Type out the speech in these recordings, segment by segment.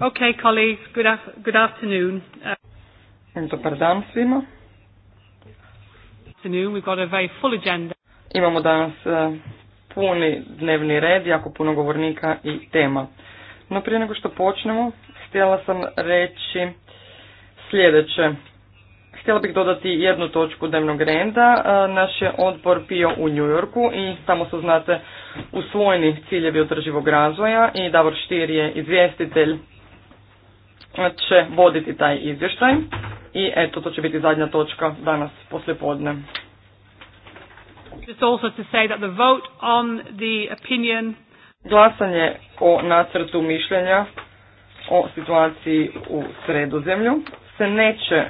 Okay, colleagues, good, good afternoon. Dobar dan svima. Afternoon, we've got a very full agenda. Imamo danas e, puni dnevni red, jako puno govornika i tema. No prije nego što počnemo, htjela sam reći sljedeće. Htjela bih dodati jednu točku dnevnog reda. E, naš je odbor bio u New Yorku i tamo su, znate, usvojeni ciljevi održivog razvoja i Davor Štir je izvjestitelj će voditi taj izvještaj i eto to će biti zadnja točka danas poslje podne. Glasanje o nacrtu mišljenja o situaciji u sredozemlju se neće e,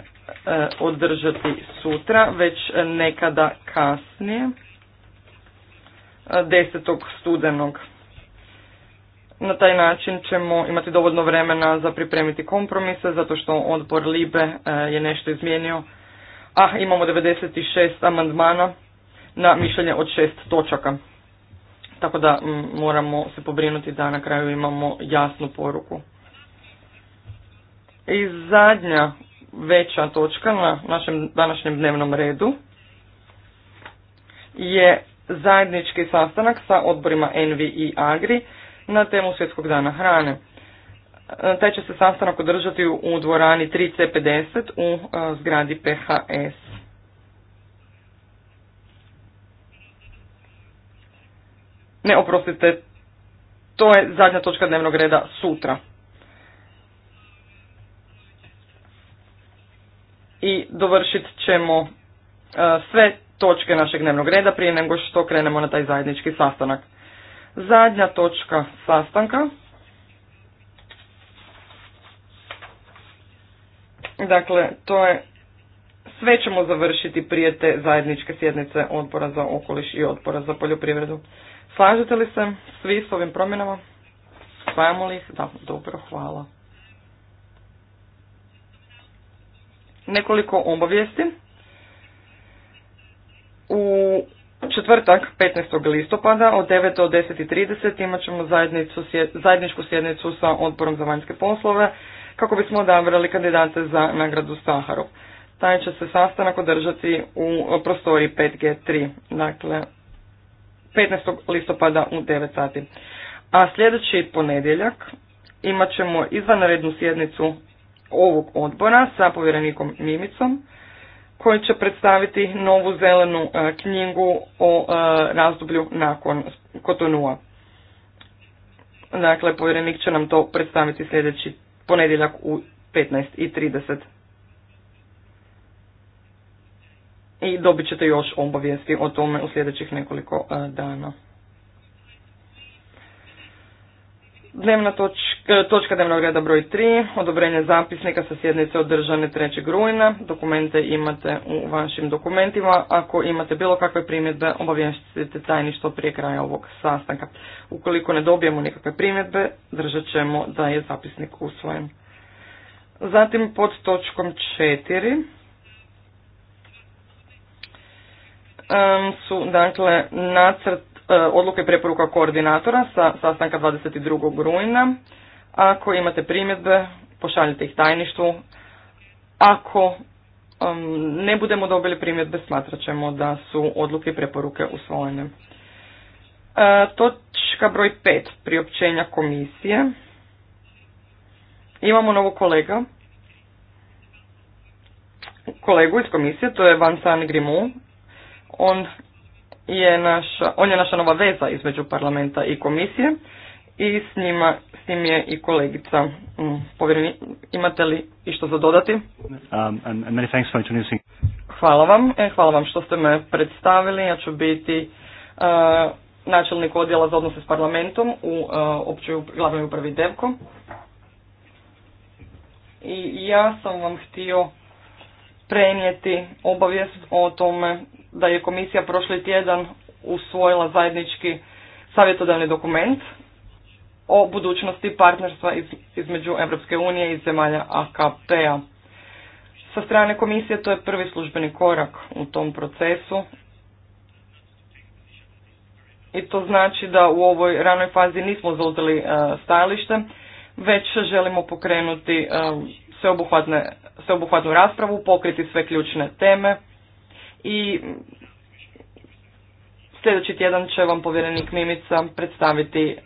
održati sutra, već nekada kasnije, 10. E, studenog. Na taj način ćemo imati dovoljno vremena za pripremiti kompromise, zato što odbor Libe e, je nešto izmijenio. A imamo 96 amandmana na mišljenje od šest točaka. Tako da moramo se pobrinuti da na kraju imamo jasnu poruku. I zadnja veća točka na našem današnjem dnevnom redu je zajednički sastanak sa odborima Envi i Agri na temu Svjetskog dana hrane. E, taj će se sastanak održati u dvorani 3C50 u e, zgradi PHS. Ne, oprostite, to je zadnja točka dnevnog reda sutra. I dovršit ćemo e, sve točke našeg dnevnog reda prije nego što krenemo na taj zajednički sastanak. Zadnja točka sastanka. Dakle, to je sve ćemo završiti prije te zajedničke sjednice odbora za okoliš i odbora za poljoprivredu. Slažete li se svi s ovim promjenama? Spajamo li ih? Da, dobro, hvala. Nekoliko obavijesti. U četvrtak 15. listopada od 9 do 10.30 imat ćemo zajedničku sjednicu sa odborom za vanjske poslove kako bismo odabrali kandidate za nagradu Saharov. Taj će se sastanak održati u prostoriji 5G3, dakle 15. listopada u 9 sati. A sljedeći ponedjeljak imat ćemo izvanrednu sjednicu ovog odbora sa povjerenikom Mimicom koji će predstaviti novu zelenu e, knjigu o e, razdoblju nakon Kotonua. Dakle, povjerenik će nam to predstaviti sljedeći ponedjeljak u 15.30. I dobit ćete još obavijesti o tome u sljedećih nekoliko e, dana. Dnevna točka, e, točka dnevnog reda broj 3, odobrenje zapisnika sa sjednice održane 3. rujna. Dokumente imate u vašim dokumentima. Ako imate bilo kakve primjedbe, obavijestite tajništvo prije kraja ovog sastanka. Ukoliko ne dobijemo nikakve primjedbe, držat ćemo da je zapisnik usvojen. Zatim pod točkom 4 su dakle nacrt E, odluke preporuka koordinatora sa sastanka 22. rujna. Ako imate primjedbe, pošaljite ih tajništvu. Ako ne budemo dobili primjedbe, smatrat ćemo da su odluke i preporuke usvojene. E, točka broj 5. Priopćenja komisije. Imamo novog kolega. Kolegu iz komisije, to je Vansan Grimu. On je naša, on je naša nova veza između parlamenta i komisije i s, njima, s njim je i kolegica mm, povjereni. Imate li išto za dodati? Um, hvala vam. E, hvala vam što ste me predstavili. Ja ću biti uh, načelnik odjela za odnose s parlamentom u uh, općoj glavnoj upravi Devko. I ja sam vam htio prenijeti obavijest o tome da je komisija prošli tjedan usvojila zajednički savjetodavni dokument o budućnosti partnerstva između Europske unije i zemalja AKP-a. Sa strane komisije to je prvi službeni korak u tom procesu i to znači da u ovoj ranoj fazi nismo zauzeli e, stajalište, već želimo pokrenuti e, sveobuhvatne sveobuhvatnu raspravu, pokriti sve ključne teme i sljedeći tjedan će vam povjerenik Mimica predstaviti e,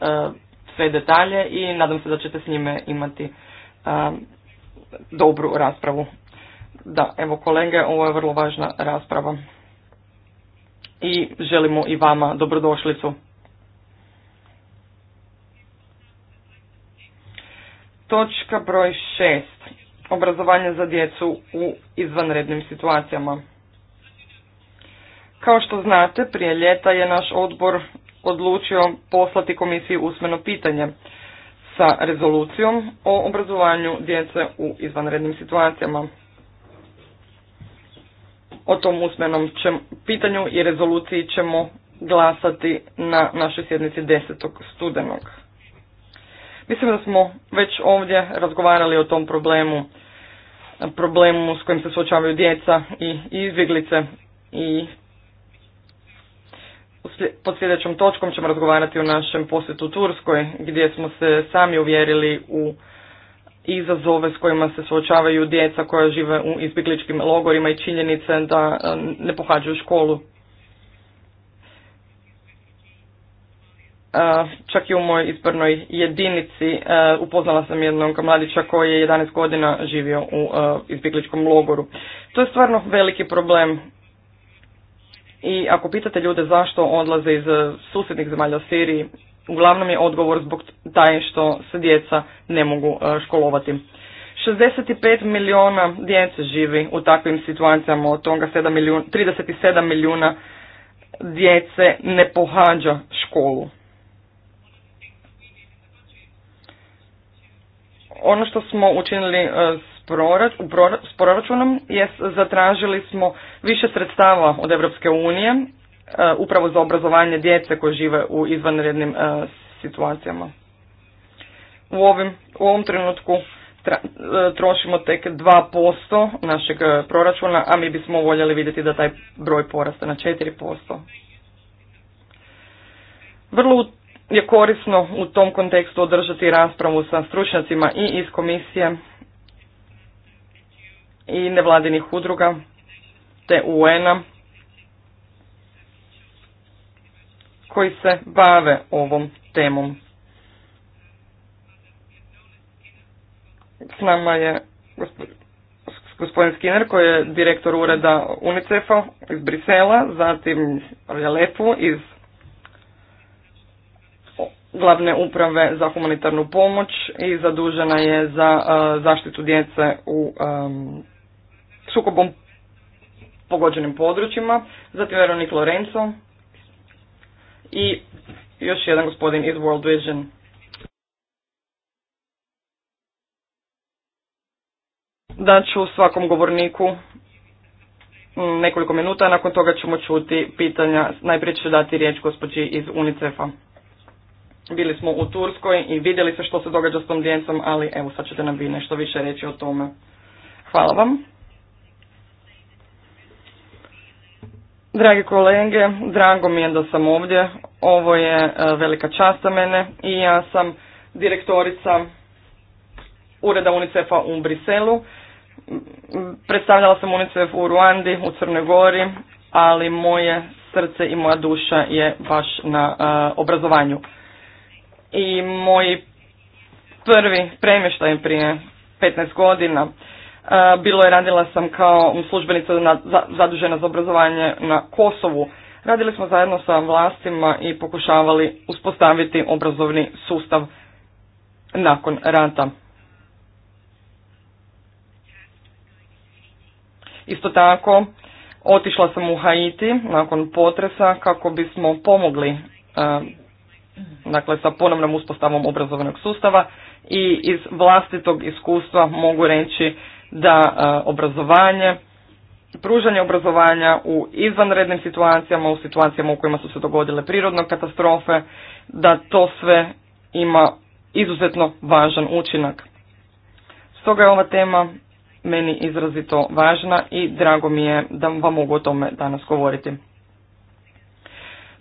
sve detalje i nadam se da ćete s njime imati e, dobru raspravu. Da, evo kolege, ovo je vrlo važna rasprava. I želimo i vama dobrodošlicu. Točka broj šest obrazovanja za djecu u izvanrednim situacijama. Kao što znate, prije ljeta je naš odbor odlučio poslati komisiji usmeno pitanje sa rezolucijom o obrazovanju djece u izvanrednim situacijama. O tom usmenom pitanju i rezoluciji ćemo glasati na našoj sjednici 10. studenog. Mislim da smo već ovdje razgovarali o tom problemu, problemu s kojim se suočavaju djeca i izbjeglice i pod sljedećom točkom ćemo razgovarati o našem posjetu Turskoj gdje smo se sami uvjerili u izazove s kojima se suočavaju djeca koja žive u izbjegličkim logorima i činjenice da e, ne pohađaju školu. čak i u mojoj izbornoj jedinici upoznala sam jednog mladića koji je 11 godina živio u izbjegličkom logoru. To je stvarno veliki problem i ako pitate ljude zašto odlaze iz susjednih zemalja u Siriji, uglavnom je odgovor zbog taj što se djeca ne mogu školovati. 65 milijuna djece živi u takvim situacijama, od toga 7 milijuna, 37 milijuna djece ne pohađa školu. Ono što smo učinili e, s proračunom je zatražili smo više sredstava od Europske unije e, upravo za obrazovanje djece koje žive u izvanrednim e, situacijama. U, ovim, u ovom trenutku trošimo tek 2% našeg proračuna, a mi bismo voljeli vidjeti da taj broj poraste na 4%. Vrlo je korisno u tom kontekstu održati raspravu sa stručnjacima i iz komisije i nevladinih udruga te UN-a koji se bave ovom temom. S nama je gospodin Skinner koji je direktor ureda UNICEF-a iz Brisela, zatim Lepu iz glavne uprave za humanitarnu pomoć i zadužena je za e, zaštitu djece u e, sukobom pogođenim područjima, zatim Veronik Lorenzo i još jedan gospodin iz World Vision. Daću svakom govorniku mm, nekoliko minuta, nakon toga ćemo čuti pitanja. Najprije ću dati riječ gospođi iz UNICEF-a. Bili smo u Turskoj i vidjeli se što se događa s tom djecom, ali evo sad ćete nam vi nešto više reći o tome. Hvala vam. Dragi kolege, drago mi je da sam ovdje. Ovo je e, velika čast za mene i ja sam direktorica Ureda UNICEF-a u Briselu. Predstavljala sam UNICEF u Ruandi, u Crnoj Gori, ali moje srce i moja duša je baš na e, obrazovanju i moj prvi premještaj prije 15 godina. E, bilo je radila sam kao službenica zadužena za obrazovanje na Kosovu. Radili smo zajedno sa vlastima i pokušavali uspostaviti obrazovni sustav nakon rata. Isto tako, otišla sam u Haiti nakon potresa kako bismo pomogli e, dakle sa ponovnom uspostavom obrazovanog sustava i iz vlastitog iskustva mogu reći da e, obrazovanje, pružanje obrazovanja u izvanrednim situacijama, u situacijama u kojima su se dogodile prirodne katastrofe, da to sve ima izuzetno važan učinak. Stoga je ova tema meni izrazito važna i drago mi je da vam mogu o tome danas govoriti.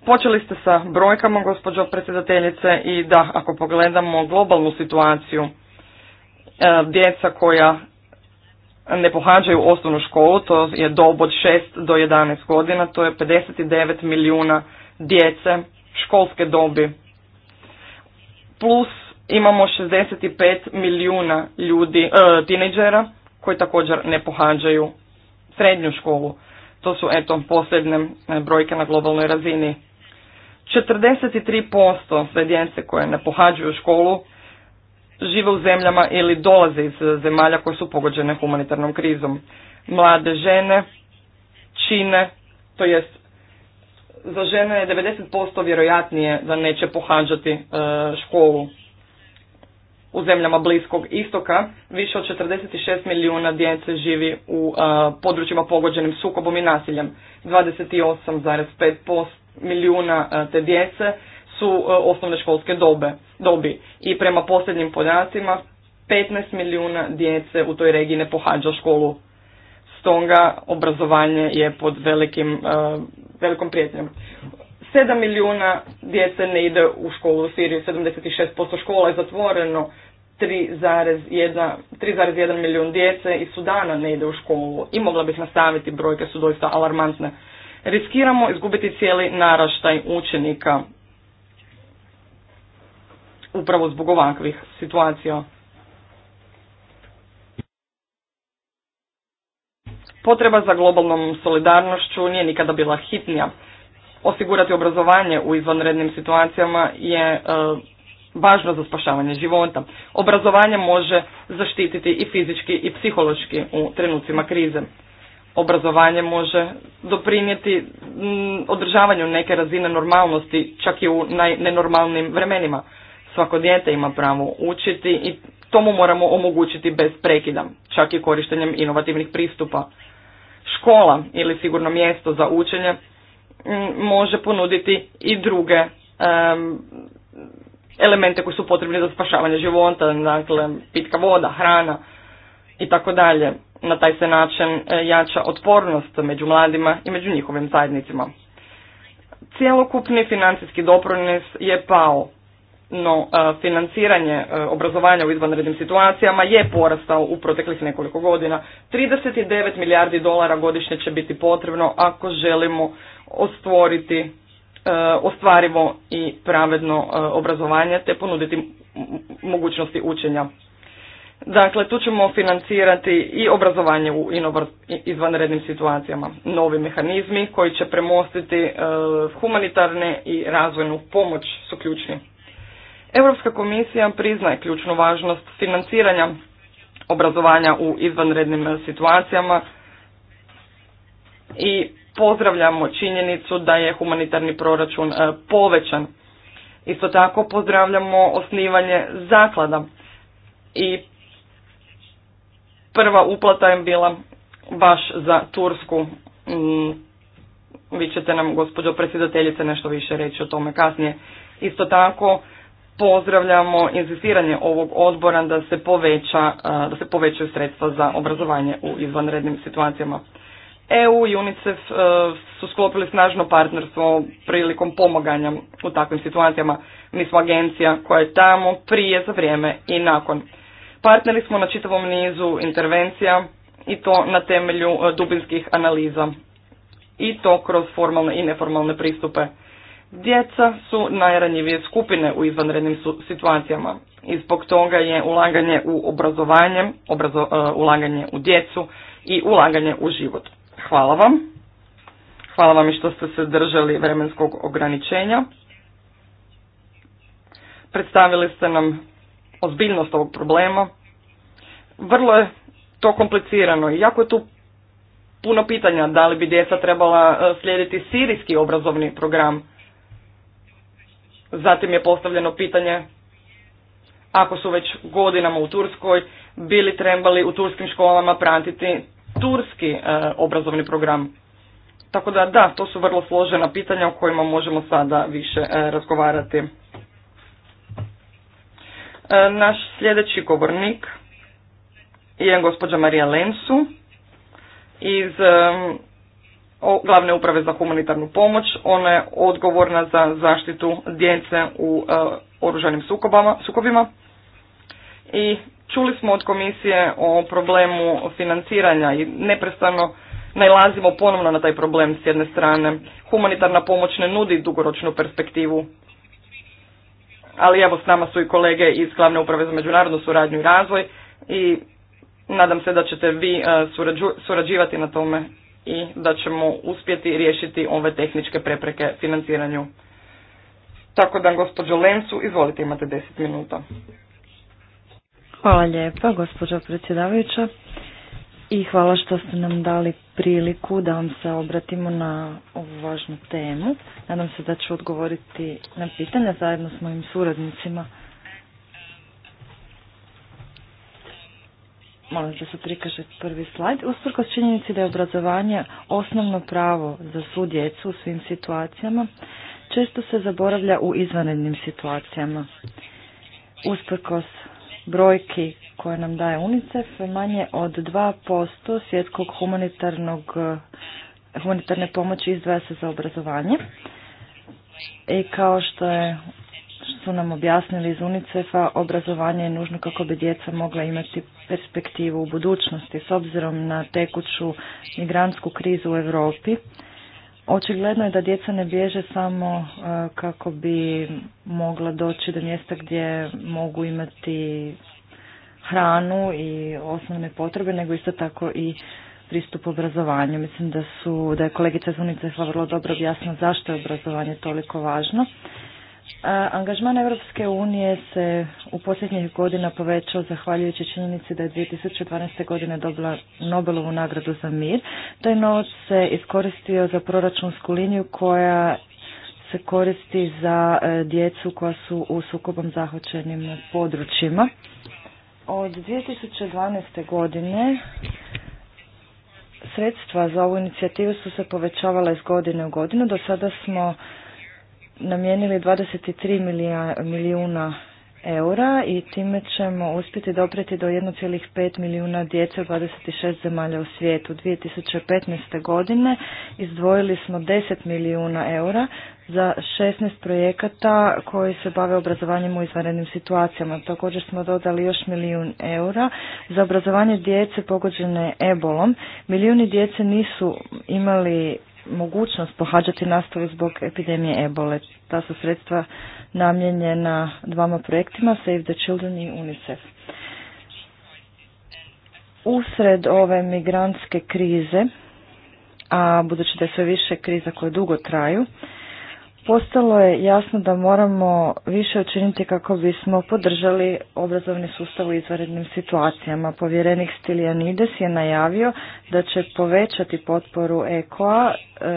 Počeli ste sa brojkama, gospođo predsjedateljice, i da, ako pogledamo globalnu situaciju, e, djeca koja ne pohađaju osnovnu školu, to je dob od 6 do 11 godina, to je 59 milijuna djece školske dobi. Plus imamo 65 milijuna ljudi, e, tineđera koji također ne pohađaju srednju školu. To su eto posljedne e, brojke na globalnoj razini. 43% sve djence koje ne pohađuju školu žive u zemljama ili dolaze iz zemalja koje su pogođene humanitarnom krizom. Mlade žene čine, to jest za žene je 90% vjerojatnije da neće pohađati e, školu. U zemljama Bliskog istoka više od 46 milijuna djece živi u e, područjima pogođenim sukobom i nasiljem. 28,5% milijuna e, te djece su e, osnovne školske dobe, dobi i prema posljednjim podacima 15 milijuna djece u toj regiji ne pohađa školu. Stoga obrazovanje je pod velikim, e, velikom prijetnjem. 7 milijuna djece ne ide u školu u Siriji, 76% škola je zatvoreno, 3,1 milijun djece iz Sudana ne ide u školu i mogla bih nastaviti, brojke su doista alarmantne riskiramo izgubiti cijeli naraštaj učenika upravo zbog ovakvih situacija. Potreba za globalnom solidarnošću nije nikada bila hitnija. Osigurati obrazovanje u izvanrednim situacijama je e, važno za spašavanje života. Obrazovanje može zaštititi i fizički i psihološki u trenucima krize obrazovanje može doprinijeti mm, održavanju neke razine normalnosti čak i u najnenormalnim vremenima. Svako dijete ima pravo učiti i tomu moramo omogućiti bez prekida, čak i korištenjem inovativnih pristupa. Škola ili sigurno mjesto za učenje mm, može ponuditi i druge elemente koji su potrebni za spašavanje života, dakle pitka voda, hrana i tako dalje. Na taj se način e, jača otpornost među mladima i među njihovim zajednicima. Cjelokupni financijski doprinos je pao, no e, financiranje e, obrazovanja u izvanrednim situacijama je porastao u proteklih nekoliko godina. 39 milijardi dolara godišnje će biti potrebno ako želimo ostvoriti ostvarivo i pravedno obrazovanje te ponuditi mogućnosti učenja. Dakle, tu ćemo financirati i obrazovanje u izvanrednim situacijama, novi mehanizmi koji će premostiti e, humanitarne i razvojnu pomoć su ključni. Europska komisija priznaje ključnu važnost financiranja obrazovanja u izvanrednim situacijama i pozdravljamo činjenicu da je humanitarni proračun e, povećan. Isto tako pozdravljamo osnivanje zaklada i Prva uplata je bila baš za Tursku. Mm, vi ćete nam, gospođo predsjedateljice, nešto više reći o tome kasnije. Isto tako, pozdravljamo inzistiranje ovog odbora da se, poveća, da se povećaju sredstva za obrazovanje u izvanrednim situacijama. EU i UNICEF e, su sklopili snažno partnerstvo prilikom pomaganja u takvim situacijama. Mi smo agencija koja je tamo prije, za vrijeme i nakon. Partneri smo na čitavom nizu intervencija i to na temelju e, dubinskih analiza i to kroz formalne i neformalne pristupe. Djeca su najranjivije skupine u izvanrednim situacijama i zbog toga je ulaganje u obrazovanje, e, ulaganje u djecu i ulaganje u život. Hvala vam. Hvala vam što ste se držali vremenskog ograničenja. Predstavili ste nam ozbiljnost ovog problema. Vrlo je to komplicirano i jako je tu puno pitanja da li bi djeca trebala e, slijediti sirijski obrazovni program. Zatim je postavljeno pitanje ako su već godinama u Turskoj bili trebali u turskim školama pratiti turski e, obrazovni program. Tako da da, to su vrlo složena pitanja o kojima možemo sada više e, razgovarati. E, naš sljedeći govornik je gospođa Marija Lensu iz e, glavne uprave za humanitarnu pomoć. Ona je odgovorna za zaštitu djece u e, oružanim sukobima. I čuli smo od komisije o problemu financiranja i neprestano najlazimo ponovno na taj problem s jedne strane. Humanitarna pomoć ne nudi dugoročnu perspektivu ali evo s nama su i kolege iz Glavne uprave za međunarodnu suradnju i razvoj i nadam se da ćete vi e, surađivati na tome i da ćemo uspjeti riješiti ove tehničke prepreke financiranju. Tako da, gospođo Lencu, izvolite, imate deset minuta. Hvala lijepa, gospođo predsjedavajuća i hvala što ste nam dali priliku da vam se obratimo na ovu važnu temu. Nadam se da ću odgovoriti na pitanja zajedno s mojim suradnicima. Molim da se prikaže prvi slajd. Usprkos činjenici da je obrazovanje osnovno pravo za svu djecu u svim situacijama, često se zaboravlja u izvanrednim situacijama. Usprkos brojki koje nam daje UNICEF, manje od 2% svjetskog humanitarnog, humanitarne pomoći izdvaja se za obrazovanje. I kao što je su nam objasnili iz UNICEF-a, obrazovanje je nužno kako bi djeca mogla imati perspektivu u budućnosti. S obzirom na tekuću migrantsku krizu u Europi, Očigledno je da djeca ne bježe samo e, kako bi mogla doći do mjesta gdje mogu imati hranu i osnovne potrebe, nego isto tako i pristup obrazovanju. Mislim da su da je kolegica Zunica vrlo dobro objasnila zašto je obrazovanje toliko važno. Angažman Europske unije se u posljednjih godina povećao zahvaljujući činjenici da je 2012. godine dobila Nobelovu nagradu za mir. Taj novac se iskoristio za proračunsku liniju koja se koristi za e, djecu koja su u sukobom zahvaćenim područjima. Od 2012. godine sredstva za ovu inicijativu su se povećavala iz godine u godinu. Do sada smo namijenili 23 milijuna eura i time ćemo uspjeti dopreti do 1,5 milijuna djece u 26 zemalja u svijetu. 2015. godine izdvojili smo 10 milijuna eura za 16 projekata koji se bave obrazovanjem u izvanrednim situacijama. Također smo dodali još milijun eura za obrazovanje djece pogođene ebolom. Milijuni djece nisu imali mogućnost pohađati nastavu zbog epidemije ebole. Ta su sredstva namjenjena dvama projektima Save the Children i UNICEF. Usred ove migrantske krize, a budući da je sve više kriza koje dugo traju, postalo je jasno da moramo više učiniti kako bismo podržali obrazovni sustav u izvanrednim situacijama. Povjerenik Stiljanides je najavio da će povećati potporu EKOA e,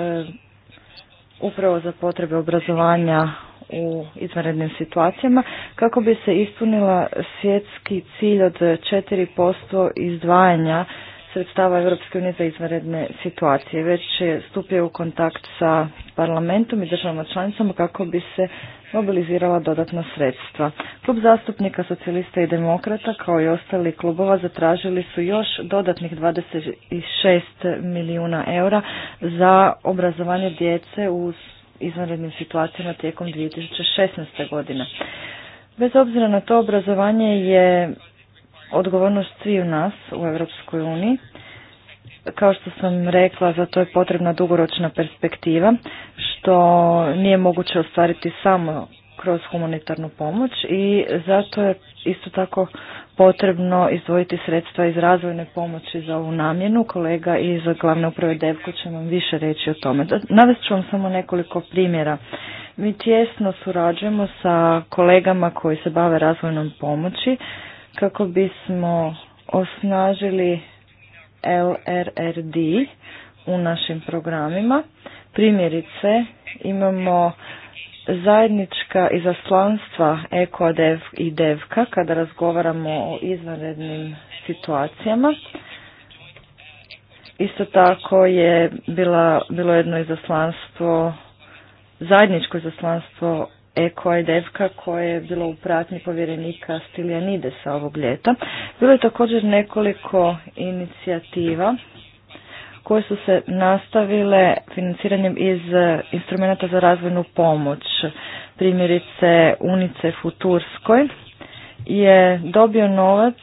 upravo za potrebe obrazovanja u izvanrednim situacijama kako bi se ispunila svjetski cilj od 4% izdvajanja sredstava Europske unije za izvanredne situacije. Već je stupio u kontakt sa parlamentom i državama članicama kako bi se mobilizirala dodatna sredstva. Klub zastupnika socijalista i demokrata kao i ostali klubova zatražili su još dodatnih 26 milijuna eura za obrazovanje djece u izvanrednim situacijama tijekom 2016. godine. Bez obzira na to obrazovanje je odgovornost u nas u Europskoj uniji. Kao što sam rekla, za to je potrebna dugoročna perspektiva, što nije moguće ostvariti samo kroz humanitarnu pomoć i zato je isto tako potrebno izdvojiti sredstva iz razvojne pomoći za ovu namjenu. Kolega iz glavne uprave Devko će vam više reći o tome. Navest ću vam samo nekoliko primjera. Mi tjesno surađujemo sa kolegama koji se bave razvojnom pomoći kako bismo osnažili LRRD u našim programima. Primjerice imamo zajednička izaslanstva EKO i DEVKA kada razgovaramo o izvanrednim situacijama. Isto tako je bila, bilo jedno izaslanstvo, zajedničko izaslanstvo Eko koje je bilo u pratnji povjerenika sa ovog ljeta. Bilo je također nekoliko inicijativa koje su se nastavile financiranjem iz instrumenta za razvojnu pomoć. Primjerice Unice Futurskoj je dobio novac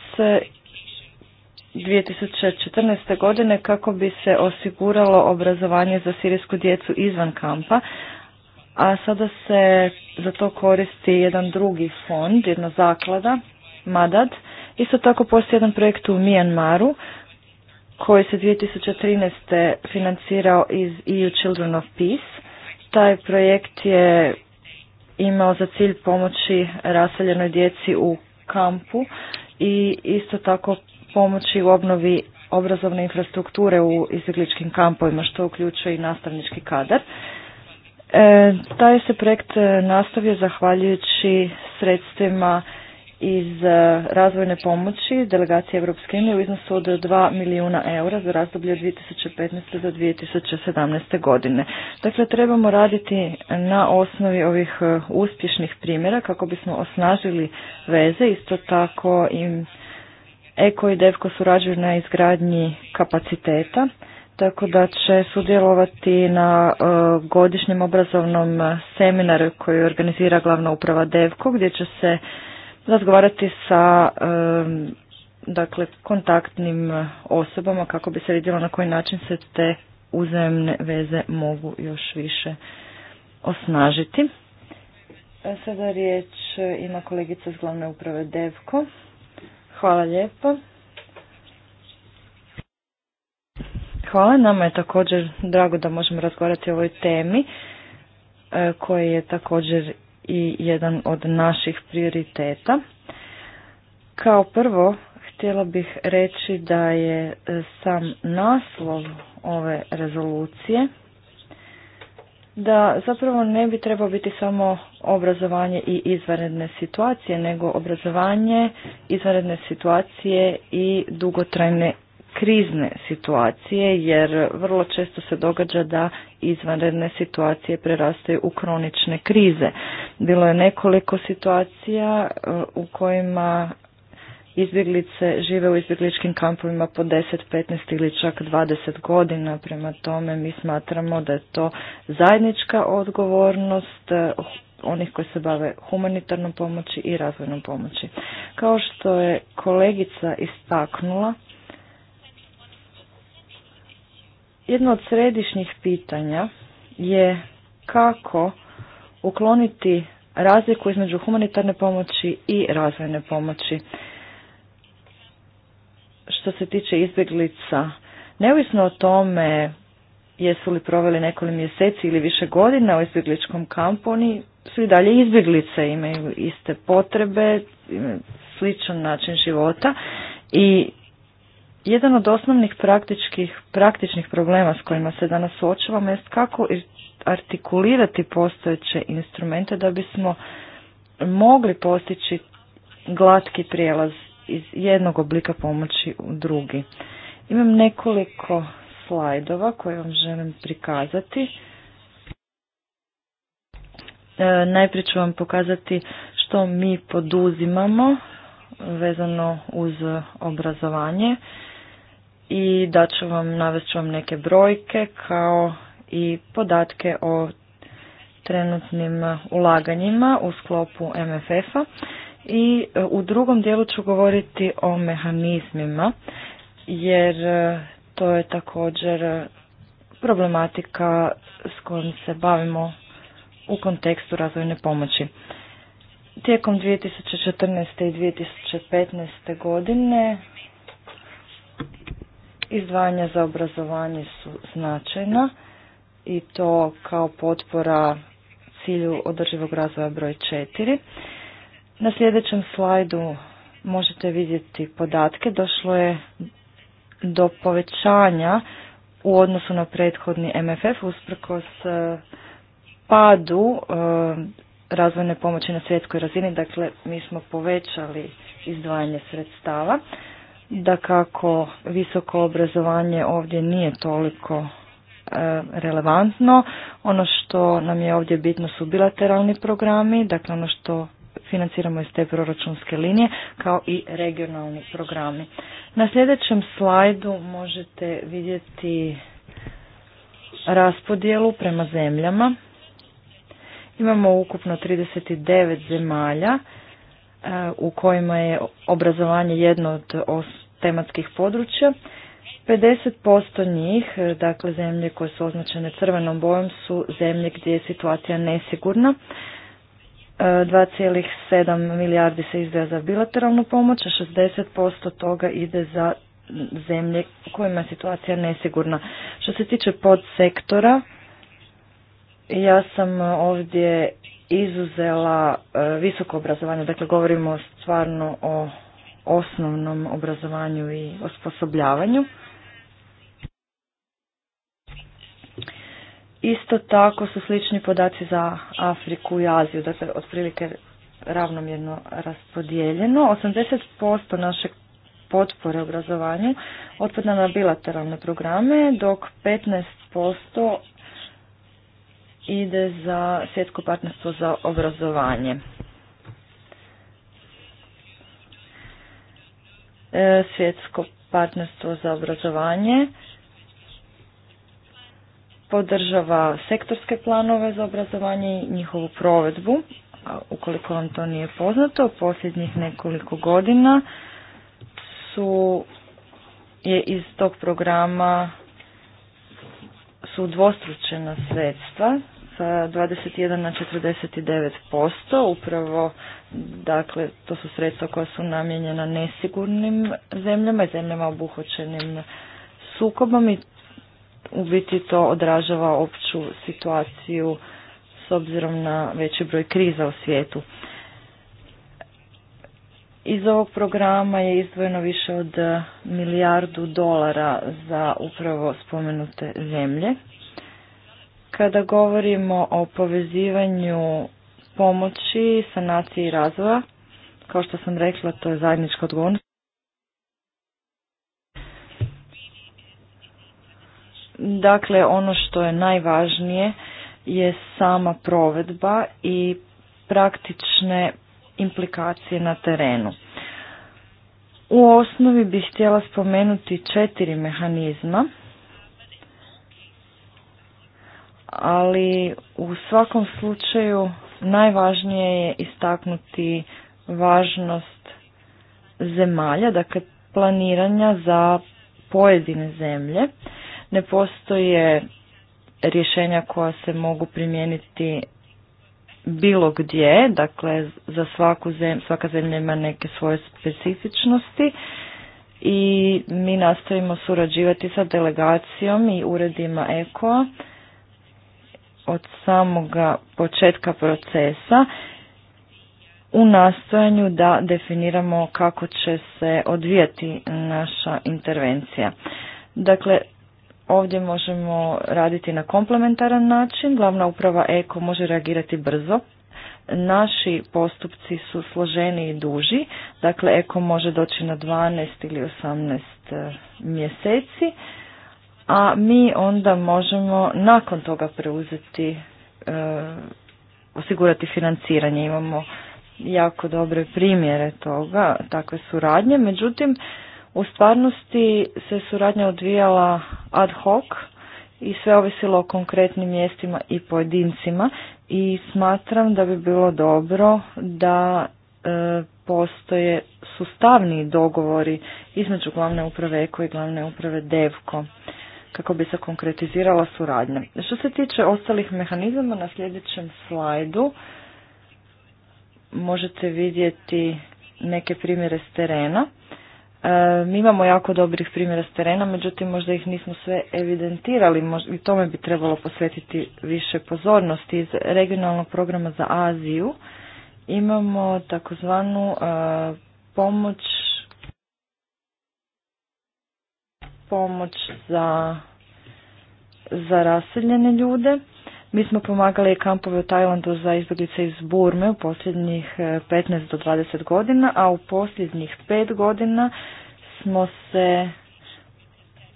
2014. godine kako bi se osiguralo obrazovanje za sirijsku djecu izvan kampa, a sada se za to koristi jedan drugi fond, jedna zaklada, Madad. Isto tako postoji jedan projekt u Mijanmaru koji se 2013. financirao iz EU Children of Peace. Taj projekt je imao za cilj pomoći raseljenoj djeci u kampu i isto tako pomoći u obnovi obrazovne infrastrukture u izbjegličkim kampovima, što uključuje i nastavnički kadar. E, taj se projekt e, nastavio zahvaljujući sredstvima iz e, razvojne pomoći delegacije Evropske unije u iznosu od 2 milijuna eura za razdoblje od 2015. do 2017. godine. Dakle, trebamo raditi na osnovi ovih uspješnih primjera kako bismo osnažili veze, isto tako i Eko i Devko surađuju na izgradnji kapaciteta tako da će sudjelovati na e, godišnjem obrazovnom seminaru koji organizira glavna uprava Devko gdje će se razgovarati sa e, dakle kontaktnim osobama kako bi se vidjelo na koji način se te uzemne veze mogu još više osnažiti. E, sada riječ ima kolegica iz glavne uprave Devko. Hvala lijepo. Hvala, nama je također drago da možemo razgovarati o ovoj temi e, koja je također i jedan od naših prioriteta. Kao prvo, htjela bih reći da je e, sam naslov ove rezolucije da zapravo ne bi trebao biti samo obrazovanje i izvanredne situacije, nego obrazovanje, izvanredne situacije i dugotrajne krizne situacije jer vrlo često se događa da izvanredne situacije prerastaju u kronične krize. Bilo je nekoliko situacija e, u kojima izbjeglice žive u izbjegličkim kampovima po 10, 15 ili čak 20 godina. Prema tome mi smatramo da je to zajednička odgovornost e, onih koji se bave humanitarnom pomoći i razvojnom pomoći. Kao što je kolegica istaknula, Jedno od središnjih pitanja je kako ukloniti razliku između humanitarne pomoći i razvojne pomoći. Što se tiče izbjeglica, neovisno o tome jesu li proveli nekoliko mjeseci ili više godina u izbjegličkom kampu, oni su i dalje izbjeglice, imaju iste potrebe, sličan način života i jedan od osnovnih praktičkih, praktičnih problema s kojima se danas suočavamo jest kako artikulirati postojeće instrumente da bismo mogli postići glatki prijelaz iz jednog oblika pomoći u drugi. Imam nekoliko slajdova koje vam želim prikazati. E, najprije ću vam pokazati što mi poduzimamo vezano uz obrazovanje i da ću vam, navest ću vam neke brojke kao i podatke o trenutnim ulaganjima u sklopu MFF-a i e, u drugom dijelu ću govoriti o mehanizmima jer e, to je također e, problematika s kojom se bavimo u kontekstu razvojne pomoći. Tijekom 2014. i 2015. godine Izdvajanja za obrazovanje su značajna i to kao potpora cilju održivog razvoja broj 4. Na sljedećem slajdu možete vidjeti podatke. Došlo je do povećanja u odnosu na prethodni MFF usprkos e, padu e, razvojne pomoći na svjetskoj razini. Dakle, mi smo povećali izdvajanje sredstava da kako visoko obrazovanje ovdje nije toliko e, relevantno. Ono što nam je ovdje bitno su bilateralni programi, dakle ono što financiramo iz te proračunske linije, kao i regionalni programi. Na sljedećem slajdu možete vidjeti raspodjelu prema zemljama. Imamo ukupno 39 zemalja e, u kojima je obrazovanje jedno od tematskih područja. 50% njih, e, dakle zemlje koje su označene crvenom bojom, su zemlje gdje je situacija nesigurna. 2,7 e, milijardi se izdaja za bilateralnu pomoć, a 60% toga ide za zemlje kojima je situacija nesigurna. Što se tiče podsektora, ja sam ovdje izuzela e, visoko obrazovanje, dakle govorimo stvarno o osnovnom obrazovanju i osposobljavanju. Isto tako su slični podaci za Afriku i Aziju, dakle otprilike ravnomjerno raspodijeljeno. 80% naše potpore obrazovanju otpada na bilateralne programe, dok 15% ide za svjetsko partnerstvo za obrazovanje. E, svjetsko partnerstvo za obrazovanje podržava sektorske planove za obrazovanje i njihovu provedbu. A ukoliko vam to nije poznato, posljednjih nekoliko godina su je iz tog programa su dvostručena sredstva sa 21 na 49%. Upravo, dakle, to su sredstva koja su namijenjena nesigurnim zemljama i zemljama obuhvaćenim sukobom i u biti to odražava opću situaciju s obzirom na veći broj kriza u svijetu. Iz ovog programa je izdvojeno više od milijardu dolara za upravo spomenute zemlje. Kada govorimo o povezivanju pomoći, sanacije i razvoja, kao što sam rekla, to je zajednička odgovornost. Dakle, ono što je najvažnije je sama provedba i praktične implikacije na terenu. U osnovi bih htjela spomenuti četiri mehanizma ali u svakom slučaju najvažnije je istaknuti važnost zemalja, dakle planiranja za pojedine zemlje. Ne postoje rješenja koja se mogu primijeniti bilo gdje, dakle za svaku svaka zemlja ima neke svoje specifičnosti i mi nastavimo surađivati sa delegacijom i uredima eko a od samoga početka procesa u nastojanju da definiramo kako će se odvijati naša intervencija. Dakle, ovdje možemo raditi na komplementaran način, glavna uprava EKO može reagirati brzo, naši postupci su složeni i duži, dakle EKO može doći na 12 ili 18 mjeseci, a mi onda možemo nakon toga preuzeti, e, osigurati financiranje. Imamo jako dobre primjere toga, takve suradnje. Međutim, u stvarnosti se suradnja odvijala ad hoc i sve ovisilo o konkretnim mjestima i pojedincima i smatram da bi bilo dobro da e, postoje sustavni dogovori između glavne uprave Eko i glavne uprave Devko kako bi se konkretizirala suradnja. Što se tiče ostalih mehanizama, na sljedećem slajdu možete vidjeti neke primjere s terena. E, mi imamo jako dobrih primjera s terena, međutim možda ih nismo sve evidentirali i tome bi trebalo posvetiti više pozornosti. Iz regionalnog programa za Aziju imamo takozvanu e, pomoć pomoć za, za raseljene ljude. Mi smo pomagali kampove u Tajlandu za izbjeglice iz Burme u posljednjih 15 e, do 20 godina, a u posljednjih 5 godina smo se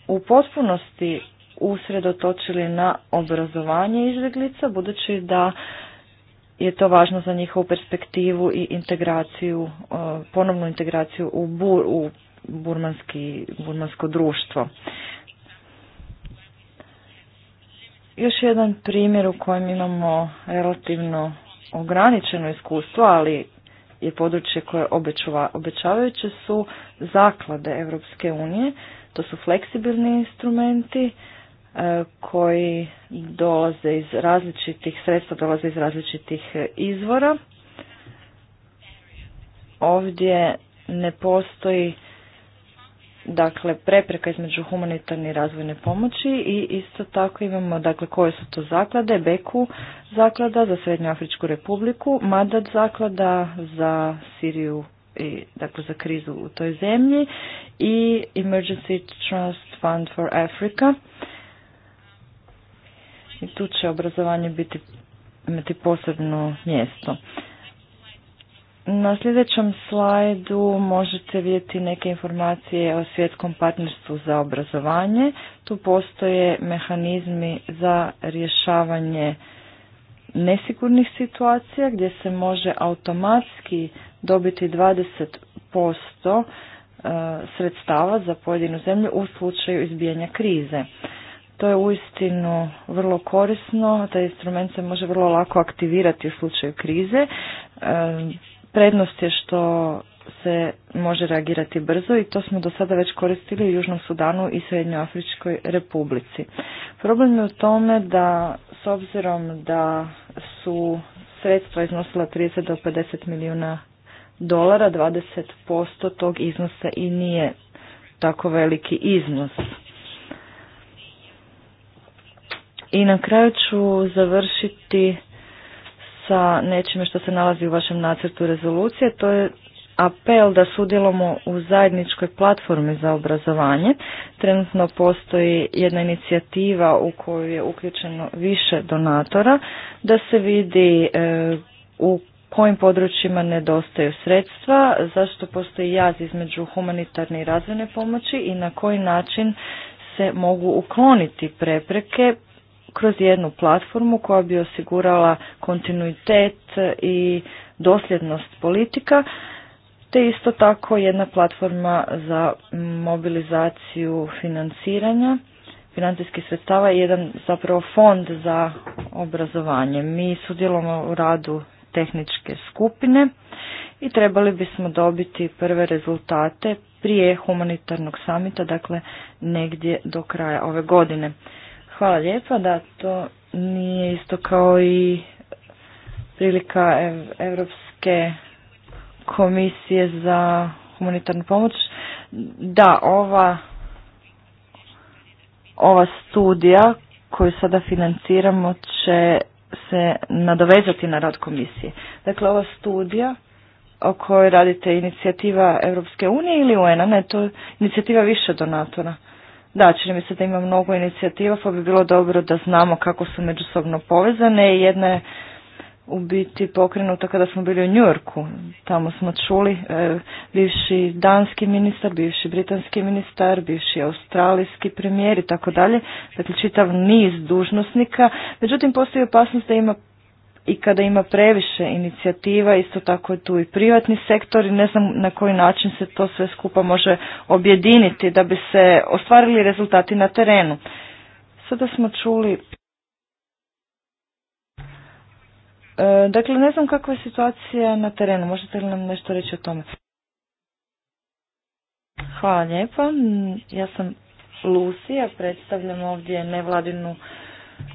u potpunosti usredotočili na obrazovanje izbjeglica, budući da je to važno za njihovu perspektivu i integraciju, e, ponovnu integraciju u, bur, u burmanski, burmansko društvo. Još jedan primjer u kojem imamo relativno ograničeno iskustvo, ali je područje koje obećava, obećavajuće su zaklade Europske unije. To su fleksibilni instrumenti e, koji dolaze iz različitih sredstva, dolaze iz različitih e, izvora. Ovdje ne postoji dakle prepreka između humanitarne i razvojne pomoći i isto tako imamo dakle koje su to zaklade, Beku zaklada za Srednju Afričku republiku, Madad zaklada za Siriju i dakle za krizu u toj zemlji i Emergency Trust Fund for Africa. I tu će obrazovanje biti imati posebno mjesto. Na sljedećem slajdu možete vidjeti neke informacije o svjetskom partnerstvu za obrazovanje. Tu postoje mehanizmi za rješavanje nesigurnih situacija gdje se može automatski dobiti 20% e, sredstava za pojedinu zemlju u slučaju izbijanja krize. To je uistinu vrlo korisno, taj instrument se može vrlo lako aktivirati u slučaju krize. E, Prednost je što se može reagirati brzo i to smo do sada već koristili u Južnom Sudanu i Srednjoafričkoj republici. Problem je u tome da s obzirom da su sredstva iznosila 30 do 50 milijuna dolara, 20% tog iznosa i nije tako veliki iznos. I na kraju ću završiti sa nečime što se nalazi u vašem nacrtu rezolucije, to je apel da sudjelujemo u zajedničkoj platformi za obrazovanje. Trenutno postoji jedna inicijativa u koju je uključeno više donatora da se vidi e, u kojim područjima nedostaju sredstva, zašto postoji jaz između humanitarne i razvojne pomoći i na koji način se mogu ukloniti prepreke kroz jednu platformu koja bi osigurala kontinuitet i dosljednost politika, te isto tako jedna platforma za mobilizaciju financiranja financijskih sredstava i jedan zapravo fond za obrazovanje. Mi sudjelujemo u radu tehničke skupine i trebali bismo dobiti prve rezultate prije humanitarnog samita, dakle negdje do kraja ove godine. Hvala lijepa, da to nije isto kao i prilika Evropske komisije za humanitarnu pomoć. Da, ova, ova studija koju sada financiramo će se nadovezati na rad komisije. Dakle, ova studija o kojoj radite inicijativa Europske unije ili un ne, to je inicijativa više donatora. Da, čini mi se da ima mnogo inicijativa, pa bi bilo dobro da znamo kako su međusobno povezane. Jedna je u biti pokrenuta kada smo bili u Njurku. Tamo smo čuli e, bivši danski ministar, bivši britanski ministar, bivši australijski premijer i tako dalje. Dakle, čitav niz dužnosnika. Međutim, postoji opasnost da ima i kada ima previše inicijativa, isto tako je tu i privatni sektor i ne znam na koji način se to sve skupa može objediniti da bi se ostvarili rezultati na terenu. Sada smo čuli... E, dakle, ne znam kakva je situacija na terenu, možete li nam nešto reći o tome? Hvala lijepa, ja sam Lucija, predstavljam ovdje nevladinu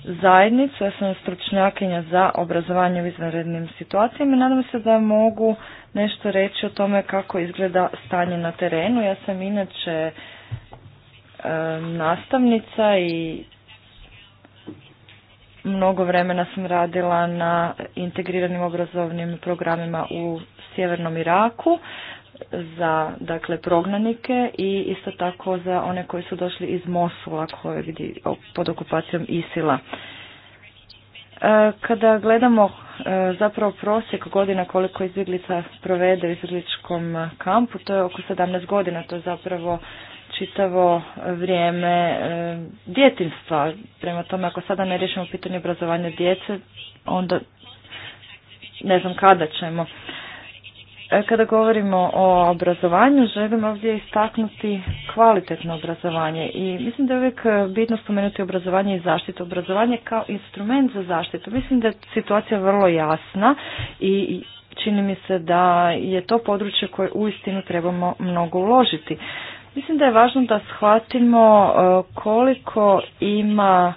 zajednicu, ja sam stručnjakinja za obrazovanje u izvanrednim situacijama i nadam se da mogu nešto reći o tome kako izgleda stanje na terenu. Ja sam inače e, nastavnica i mnogo vremena sam radila na integriranim obrazovnim programima u sjevernom Iraku za dakle prognanike i isto tako za one koji su došli iz Mosula koje vidi pod okupacijom Isila. E, kada gledamo e, zapravo prosjek godina koliko izbjeglica provede u izbjegličkom kampu, to je oko 17 godina, to je zapravo čitavo vrijeme e, djetinstva. Prema tome, ako sada ne riješimo pitanje obrazovanja djece, onda ne znam kada ćemo. E, kada govorimo o obrazovanju, želim ovdje istaknuti kvalitetno obrazovanje i mislim da je uvijek bitno spomenuti obrazovanje i zaštitu. Obrazovanje kao instrument za zaštitu. Mislim da je situacija vrlo jasna i čini mi se da je to područje koje uistinu trebamo mnogo uložiti. Mislim da je važno da shvatimo e, koliko ima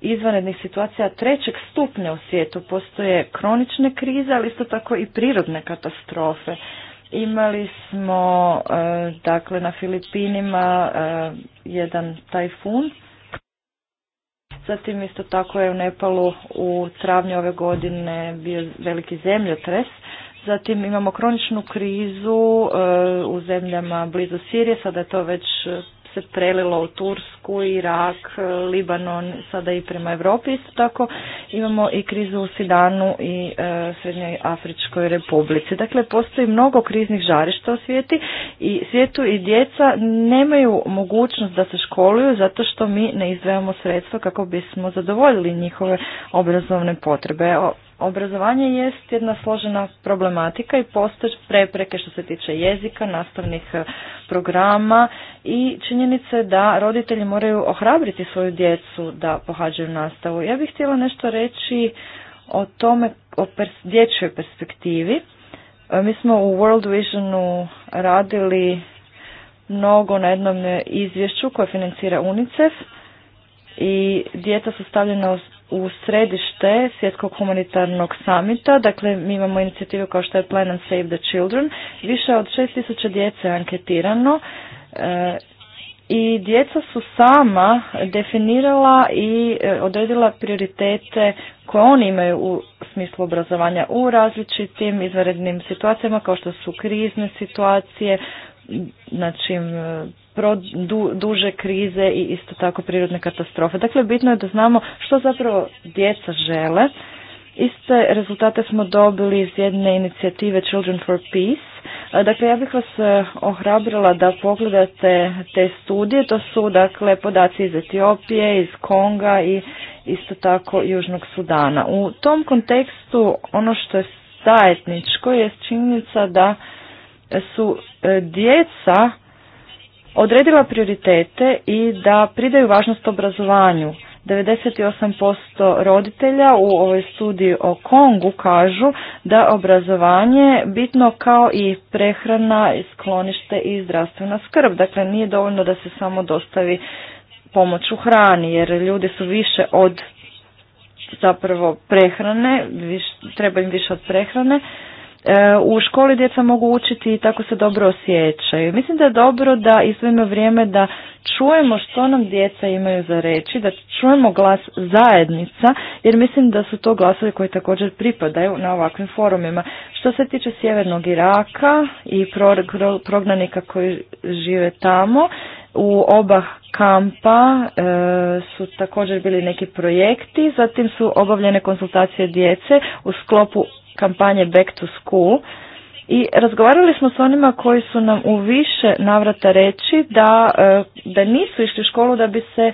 izvanrednih situacija trećeg stupnja u svijetu. Postoje kronične krize, ali isto tako i prirodne katastrofe. Imali smo e, dakle na Filipinima e, jedan tajfun. Zatim isto tako je u Nepalu u travnju ove godine bio veliki zemljotres. Zatim imamo kroničnu krizu e, u zemljama blizu Sirije, sada je to već se prelilo u Tursku, Irak, Libanon, sada i prema Europi. Isto tako imamo i krizu u Sidanu i e, Srednjoj Afričkoj Republici. Dakle, postoji mnogo kriznih žarišta u svijeti i svijetu i djeca nemaju mogućnost da se školuju zato što mi ne izdvajamo sredstva kako bismo zadovoljili njihove obrazovne potrebe. Obrazovanje jest jedna složena problematika i postoje prepreke što se tiče jezika, nastavnih e, programa i činjenice da roditelji moraju ohrabriti svoju djecu da pohađaju nastavu. Ja bih htjela nešto reći o tome, o dječjoj perspektivi. E, mi smo u World Visionu radili mnogo na jednom izvješću koje financira UNICEF i djeca su stavljena u središte svjetskog humanitarnog samita. Dakle, mi imamo inicijativu kao što je Plan and Save the Children. Više od 6000 djece je anketirano e, i djeca su sama definirala i e, odredila prioritete koje oni imaju u smislu obrazovanja u različitim izvanrednim situacijama kao što su krizne situacije, znači pro, du, duže krize i isto tako prirodne katastrofe. Dakle, bitno je da znamo što zapravo djeca žele. Iste rezultate smo dobili iz jedne inicijative Children for Peace. Dakle, ja bih vas e, ohrabrila da pogledate te studije. To su, dakle, podaci iz Etiopije, iz Konga i isto tako Južnog Sudana. U tom kontekstu ono što je zajedničko je činjenica da su e, djeca odredila prioritete i da pridaju važnost obrazovanju. 98% roditelja u ovoj studiji o Kongu kažu da obrazovanje bitno kao i prehrana, sklonište i zdravstvena skrb. Dakle, nije dovoljno da se samo dostavi pomoć u hrani, jer ljudi su više od zapravo prehrane, treba im više od prehrane. E, u školi djeca mogu učiti i tako se dobro osjećaju. Mislim da je dobro da izvojimo vrijeme da čujemo što nam djeca imaju za reći, da čujemo glas zajednica, jer mislim da su to glasovi koji također pripadaju na ovakvim forumima. Što se tiče Sjevernog Iraka i prognanika koji žive tamo, u oba kampa e, su također bili neki projekti, zatim su obavljene konsultacije djece u sklopu kampanje Back to School i razgovarali smo s onima koji su nam u više navrata reći da, e, da nisu išli u školu da bi se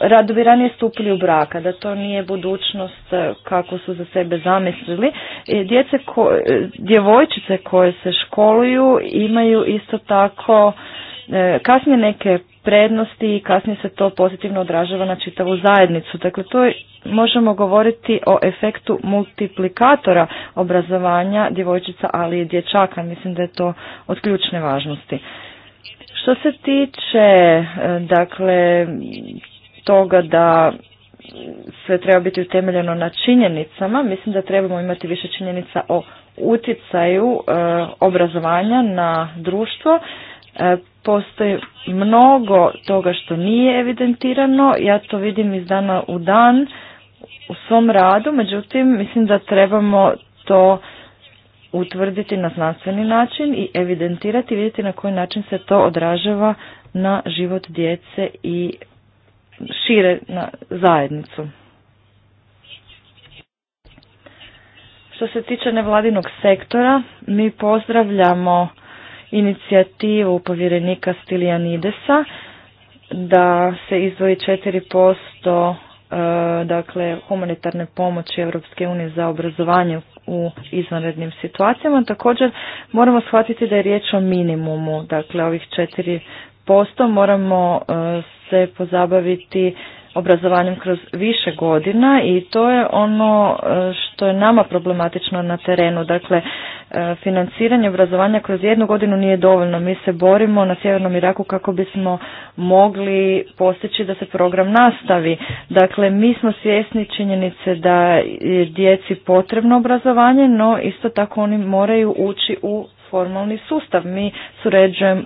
rado stupili u braka, da to nije budućnost e, kako su za sebe zamislili. E, djece ko, djevojčice koje se školuju imaju isto tako kasnije neke prednosti i kasnije se to pozitivno odražava na čitavu zajednicu. Dakle, to je, možemo govoriti o efektu multiplikatora obrazovanja djevojčica, ali i dječaka. Mislim da je to od ključne važnosti. Što se tiče, eh, dakle, toga da sve treba biti utemeljeno na činjenicama, mislim da trebamo imati više činjenica o utjecaju eh, obrazovanja na društvo, e, postoji mnogo toga što nije evidentirano, ja to vidim iz dana u dan u svom radu, međutim mislim da trebamo to utvrditi na znanstveni način i evidentirati, vidjeti na koji način se to odražava na život djece i šire na zajednicu. Što se tiče nevladinog sektora, mi pozdravljamo inicijativu povjerenika Stilijanidesa da se izdvoji 4% e, dakle humanitarne pomoći Europske unije za obrazovanje u izvanrednim situacijama. Također moramo shvatiti da je riječ o minimumu, dakle ovih 4% moramo e, se pozabaviti obrazovanjem kroz više godina i to je ono e, što je nama problematično na terenu. Dakle, e, financiranje obrazovanja kroz jednu godinu nije dovoljno. Mi se borimo na Sjevernom Iraku kako bismo mogli postići da se program nastavi. Dakle, mi smo svjesni činjenice da je djeci potrebno obrazovanje, no isto tako oni moraju ući u formalni sustav. Mi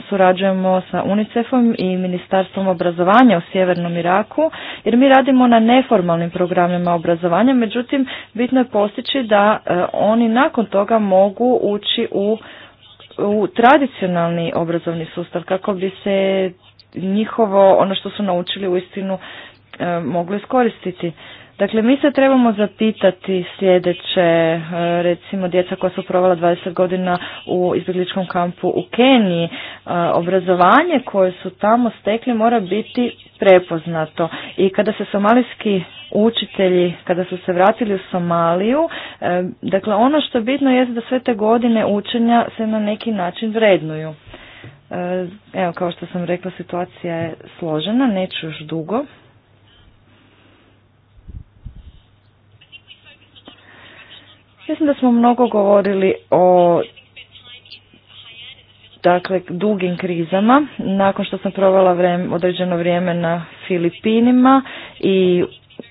surađujemo sa UNICEF-om i Ministarstvom obrazovanja u Sjevernom Iraku jer mi radimo na neformalnim programima obrazovanja, međutim bitno je postići da e, oni nakon toga mogu ući u, u tradicionalni obrazovni sustav kako bi se njihovo ono što su naučili uistinu e, mogli iskoristiti. Dakle, mi se trebamo zapitati sljedeće, e, recimo djeca koja su provala 20 godina u izbjegličkom kampu u Keniji, e, obrazovanje koje su tamo stekli mora biti prepoznato. I kada se somalijski učitelji, kada su se vratili u Somaliju, e, dakle ono što je bitno je da sve te godine učenja se na neki način vrednuju. Evo, kao što sam rekla, situacija je složena, neću još dugo. Mislim da smo mnogo govorili o dakle dugim krizama. Nakon što sam provela određeno vrijeme na Filipinima i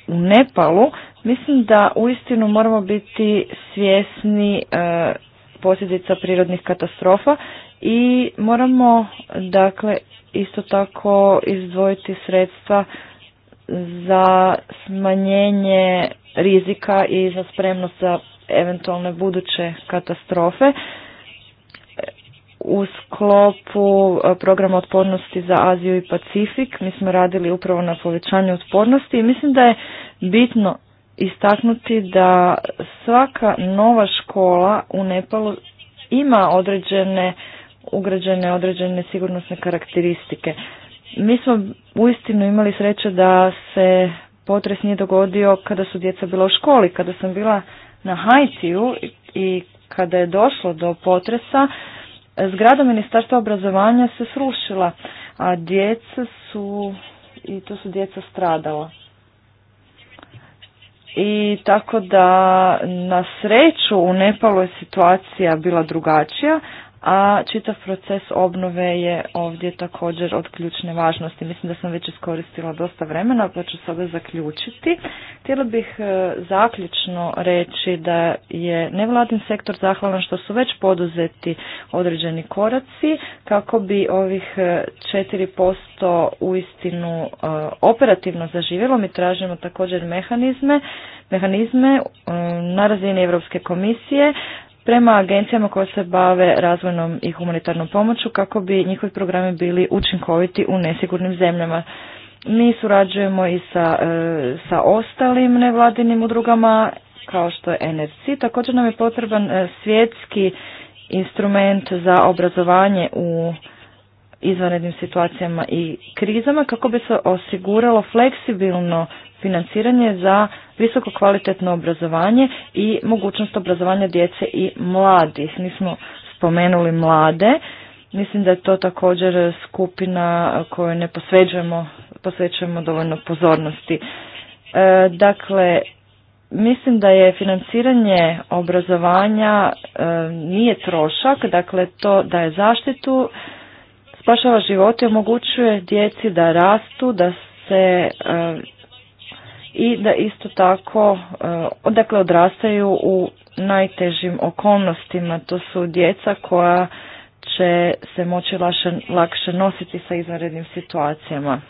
u Nepalu, mislim da uistinu moramo biti svjesni e, posljedica prirodnih katastrofa i moramo dakle isto tako izdvojiti sredstva za smanjenje rizika i za spremnost za eventualne buduće katastrofe e, u sklopu e, programa otpornosti za Aziju i Pacifik. Mi smo radili upravo na povećanju otpornosti i mislim da je bitno istaknuti da svaka nova škola u Nepalu ima određene ugrađene određene sigurnosne karakteristike. Mi smo uistinu imali sreće da se potres nije dogodio kada su djeca bila u školi. Kada sam bila na Haitiju i kada je došlo do potresa, zgrada Ministarstva obrazovanja se srušila, a djeca su, i to su djeca stradala. I tako da na sreću u Nepalu je situacija bila drugačija, a čitav proces obnove je ovdje također od ključne važnosti. Mislim da sam već iskoristila dosta vremena, pa ću sada zaključiti. Htjela bih e, zaključno reći da je nevladin sektor zahvalan što su već poduzeti određeni koraci kako bi ovih 4% e, uistinu e, operativno zaživjelo. Mi tražimo također mehanizme mehanizme na razini Europske komisije prema agencijama koje se bave razvojnom i humanitarnom pomoću kako bi njihovi programi bili učinkoviti u nesigurnim zemljama. Mi surađujemo i sa, e, sa ostalim nevladinim udrugama kao što je NRC. Također nam je potreban e, svjetski instrument za obrazovanje u izvanrednim situacijama i krizama kako bi se osiguralo fleksibilno financiranje za visoko kvalitetno obrazovanje i mogućnost obrazovanja djece i mladih. Mi smo spomenuli mlade, mislim da je to također skupina koju ne posveđujemo, posvećujemo dovoljno pozornosti. E, dakle, mislim da je financiranje obrazovanja e, nije trošak, dakle to da je zaštitu, spašava život i omogućuje djeci da rastu, da se e, i da isto tako dakle odrastaju u najtežim okolnostima. To su djeca koja će se moći lakše, lakše nositi sa izvanrednim situacijama.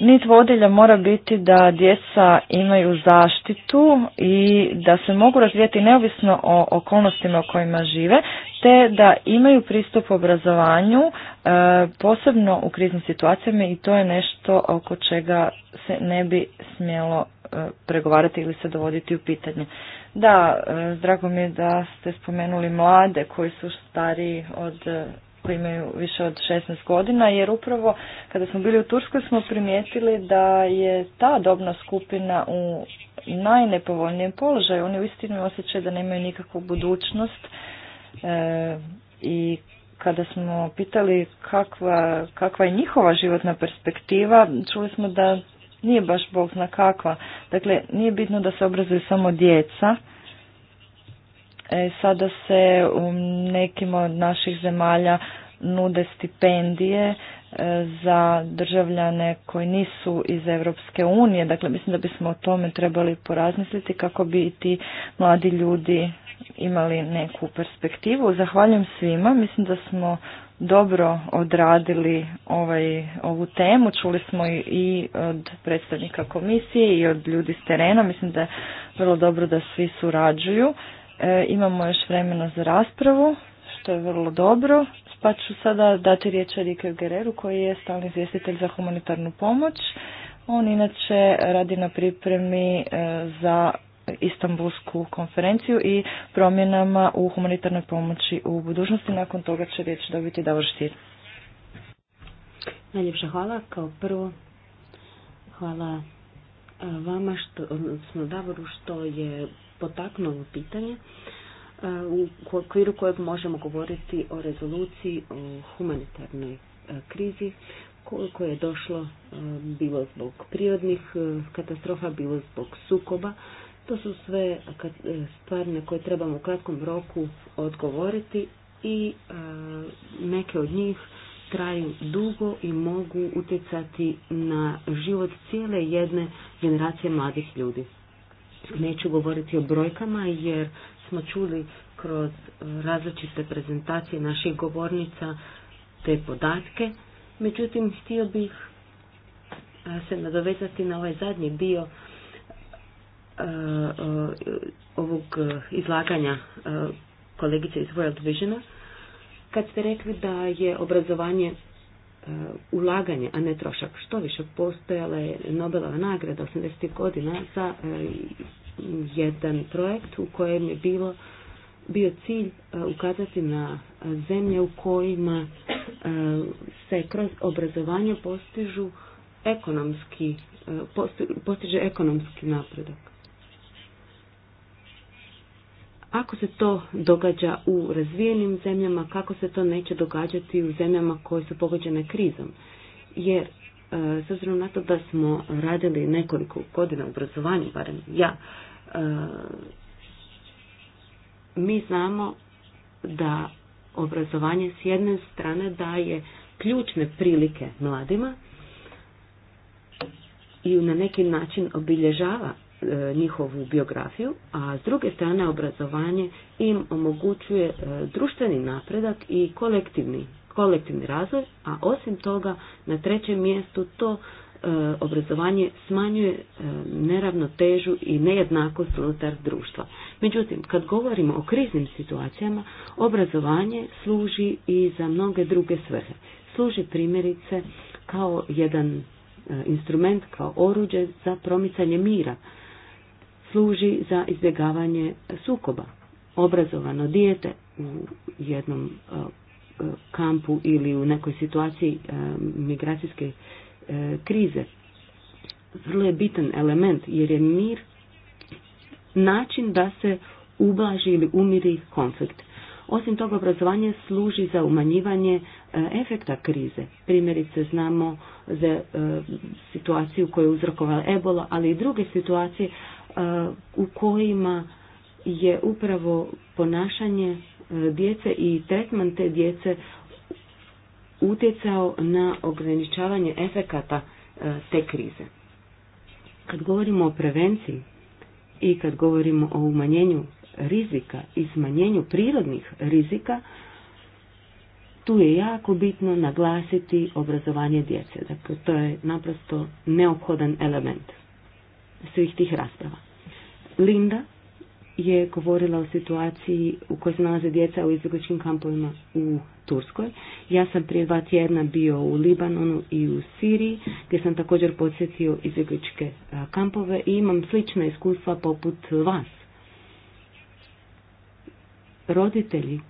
Nit vodilja mora biti da djeca imaju zaštitu i da se mogu razvijati neovisno o okolnostima u kojima žive, te da imaju pristup obrazovanju, e, posebno u kriznim situacijama i to je nešto oko čega se ne bi smjelo e, pregovarati ili se dovoditi u pitanje. Da, e, drago mi je da ste spomenuli mlade koji su stariji od koji imaju više od 16 godina, jer upravo kada smo bili u Turskoj smo primijetili da je ta dobna skupina u najnepovoljnijem položaju. Oni istinu osjećaju da nemaju nikakvu budućnost e, i kada smo pitali kakva, kakva je njihova životna perspektiva, čuli smo da nije baš Bog zna kakva. Dakle, nije bitno da se obrazuje samo djeca, E, sada se u nekim od naših zemalja nude stipendije e, za državljane koji nisu iz Europske unije. Dakle, mislim da bismo o tome trebali porazmisliti kako bi i ti mladi ljudi imali neku perspektivu. Zahvaljujem svima. Mislim da smo dobro odradili ovaj, ovu temu. Čuli smo i od predstavnika komisije i od ljudi s terena. Mislim da je vrlo dobro da svi surađuju. E, imamo još vremena za raspravu, što je vrlo dobro. Pa ću sada dati riječ Rike Gereru koji je stalni izvjestitelj za humanitarnu pomoć. On inače radi na pripremi e, za istambulsku konferenciju i promjenama u humanitarnoj pomoći u budućnosti. Nakon toga će riječ dobiti Davor Štir. Najljepša hvala kao prvo. Hvala e, vama što, odnosno Davoru što je potaknuo pitanje uh, u okviru kojeg možemo govoriti o rezoluciji o humanitarnoj uh, krizi koje je došlo uh, bilo zbog prirodnih katastrofa, bilo zbog sukoba. To su sve stvari na koje trebamo u kratkom roku odgovoriti i neke od njih traju dugo i mogu utjecati na život cijele jedne generacije mladih ljudi. Neću govoriti o brojkama jer smo čuli kroz različite prezentacije naših govornica te podatke. Međutim, htio bih e, se nadovezati na ovaj zadnji dio e, e, ovog izlaganja kolegice iz World Visiona, kad ste rekli da je obrazovanje E, ulaganje, a ne trošak. Što više postojala je Nobelova nagrada 80. godina za e, jedan projekt u kojem je bilo bio cilj e, ukazati na zemlje u kojima se kroz obrazovanje postižu ekonomski, postiže ekonomski napredak. Ako se to događa u razvijenim zemljama, kako se to neće događati u zemljama koje su pogođene krizom? Jer, e, s obzirom na to da smo radili nekoliko godina u obrazovanju, barem ja, e, mi znamo da obrazovanje s jedne strane daje ključne prilike mladima i na neki način obilježava E, njihovu biografiju, a s druge strane obrazovanje im omogućuje e, društveni napredak i kolektivni, kolektivni razvoj, a osim toga na trećem mjestu to e, obrazovanje smanjuje neravnotežu i nejednakost unutar društva. Međutim, kad govorimo o kriznim situacijama, obrazovanje služi i za mnoge druge svrhe. Služi primjerice kao jedan instrument, kao oruđe za promicanje mira služi za izbjegavanje sukoba. Obrazovano dijete u jednom e, e, kampu ili u nekoj situaciji e, migracijske krize vrlo je bitan element jer je mir način da se ublaži ili umiri konflikt. Osim toga, obrazovanje služi za umanjivanje efekta krize. Primjerice znamo za e, situaciju koju je uzrokovala ebola, ali i druge situacije e, u kojima je upravo ponašanje e, djece i tretman te djece utjecao na ograničavanje efekata te krize. Kad govorimo o prevenciji i kad govorimo o umanjenju rizika i smanjenju prirodnih rizika, tu je jako bitno naglasiti obrazovanje djece. Dakle, to je naprosto neophodan element svih tih rasprava. Linda je govorila o situaciji u kojoj se nalaze djeca u izbjegličkim kampovima u Turskoj. Ja sam prije dva tjedna bio u Libanonu i u Siriji, gdje sam također podsjetio izbjegličke kampove i imam slična iskustva poput vas. Roditelji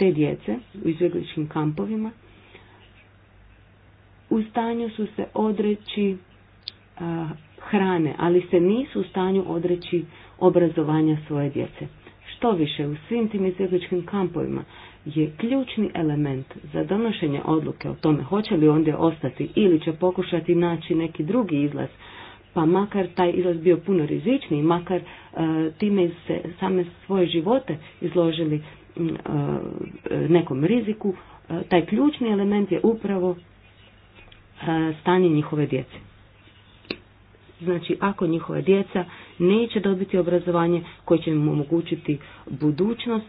te djece u izbjegličkim kampovima u stanju su se odreći hrane, ali se nisu u stanju odreći obrazovanja svoje djece. Što više, u svim tim izvjegličkim kampovima je ključni element za donošenje odluke o tome hoće li ondje ostati ili će pokušati naći neki drugi izlaz, pa makar taj izlaz bio puno rizičniji, makar time se same svoje živote izložili Mm, nekom riziku, taj ključni element je upravo stanje njihove djece. Znači, ako njihova djeca neće dobiti obrazovanje koje će im omogućiti budućnost,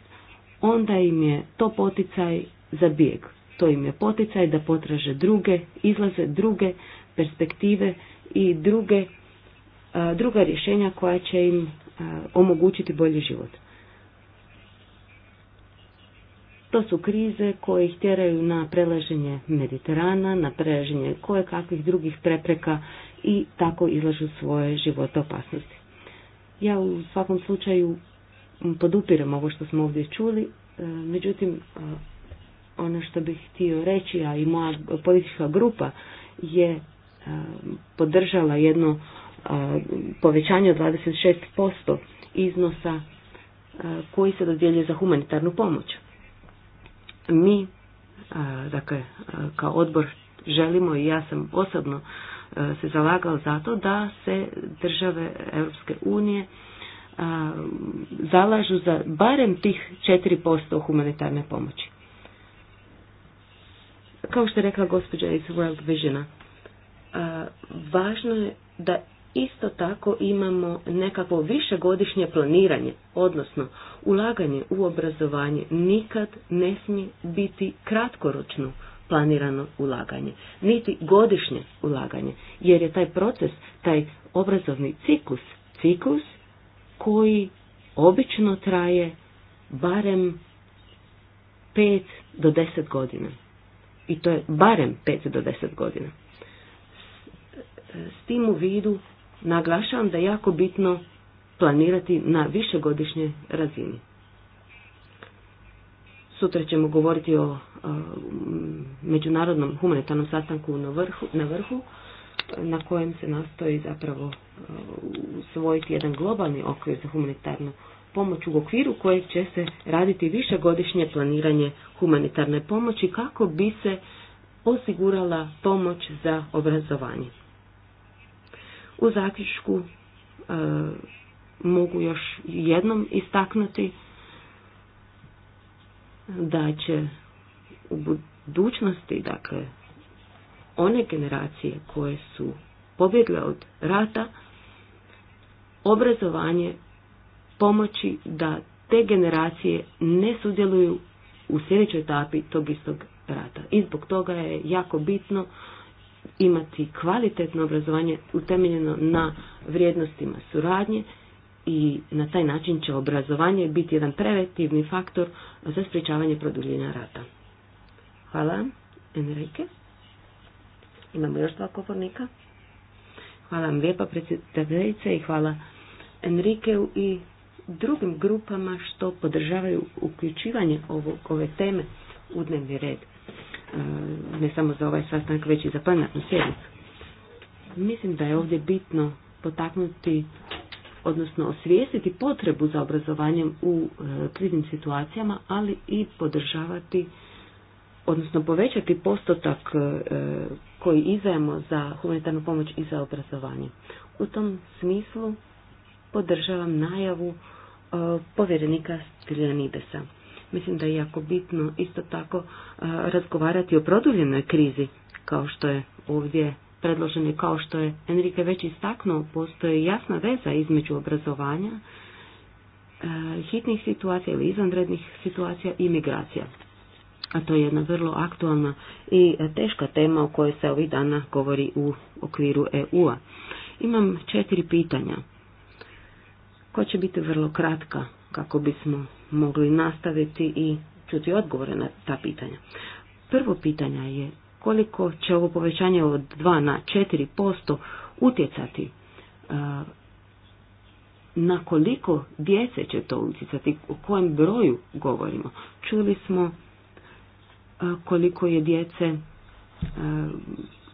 onda im je to poticaj za bijeg. To im je poticaj da potraže druge, izlaze druge perspektive i druge, druga rješenja koja će im omogućiti bolji život. To su krize koje ih tjeraju na prelaženje Mediterana, na prelaženje koje kakvih drugih prepreka i tako izlažu svoje živote opasnosti. Ja u svakom slučaju podupirem ovo što smo ovdje čuli, e, međutim e, ono što bih htio reći, a i moja politička grupa je e, podržala jedno povećanje od 26% iznosa koji se dodjeljuje za humanitarnu pomoć. Mi, e, dakle, e, kao odbor želimo i ja sam osobno e, se zalagao za to da se države Europske unije zalažu za barem tih 4% humanitarne pomoći. Kao što je rekla gospođa iz World Visiona, važno je da Isto tako imamo nekakvo višegodišnje planiranje, odnosno ulaganje u obrazovanje nikad ne smije biti kratkoročno planirano ulaganje, niti godišnje ulaganje, jer je taj proces, taj obrazovni ciklus, ciklus koji obično traje barem 5 do 10 godina. I to je barem 5 do 10 godina. S tim u vidu naglašavam da je jako bitno planirati na višegodišnje razini. Sutra ćemo govoriti o, međunarodnom humanitarnom sastanku na vrhu, na vrhu na kojem se nastoji zapravo e, usvojiti jedan globalni okvir za humanitarnu pomoć u okviru kojeg će se raditi višegodišnje planiranje humanitarne pomoći kako bi se osigurala pomoć za obrazovanje. U zaključku e, mogu još jednom istaknuti da će u budućnosti, dakle, one generacije koje su pobjegle od rata, obrazovanje pomoći da te generacije ne sudjeluju u sljedećoj etapi tog istog rata. I zbog toga je jako bitno imati kvalitetno obrazovanje utemeljeno na vrijednostima suradnje i na taj način će obrazovanje biti jedan preventivni faktor za sprječavanje produljenja rata. Hvala, Enrique. Imamo još dva govornika. Hvala vam lijepa predsjedateljice i hvala Enrikeu i drugim grupama što podržavaju uključivanje ove teme u dnevni red ne samo za ovaj sastanak, već i za plenarnu sjednicu. Mislim da je ovdje bitno potaknuti, odnosno osvijestiti potrebu za obrazovanjem u e, kriznim situacijama, ali i podržavati, odnosno povećati postotak e, koji izajemo za humanitarnu pomoć i za obrazovanje. U tom smislu podržavam najavu e, povjerenika Stiljanidesa Mislim da je jako bitno isto tako e, razgovarati o produljenoj krizi, kao što je ovdje predloženo i kao što je Enrique već istaknuo, postoji jasna veza između obrazovanja, e, hitnih situacija ili izvanrednih situacija i migracija. A to je jedna vrlo aktualna i teška tema o kojoj se ovih dana govori u okviru EU-a. Imam četiri pitanja koja će biti vrlo kratka kako bismo mogli nastaviti i čuti odgovore na ta pitanja. Prvo pitanje je koliko će ovo povećanje od 2 na 4% utjecati na koliko djece će to utjecati, o kojem broju govorimo. Čuli smo koliko je djece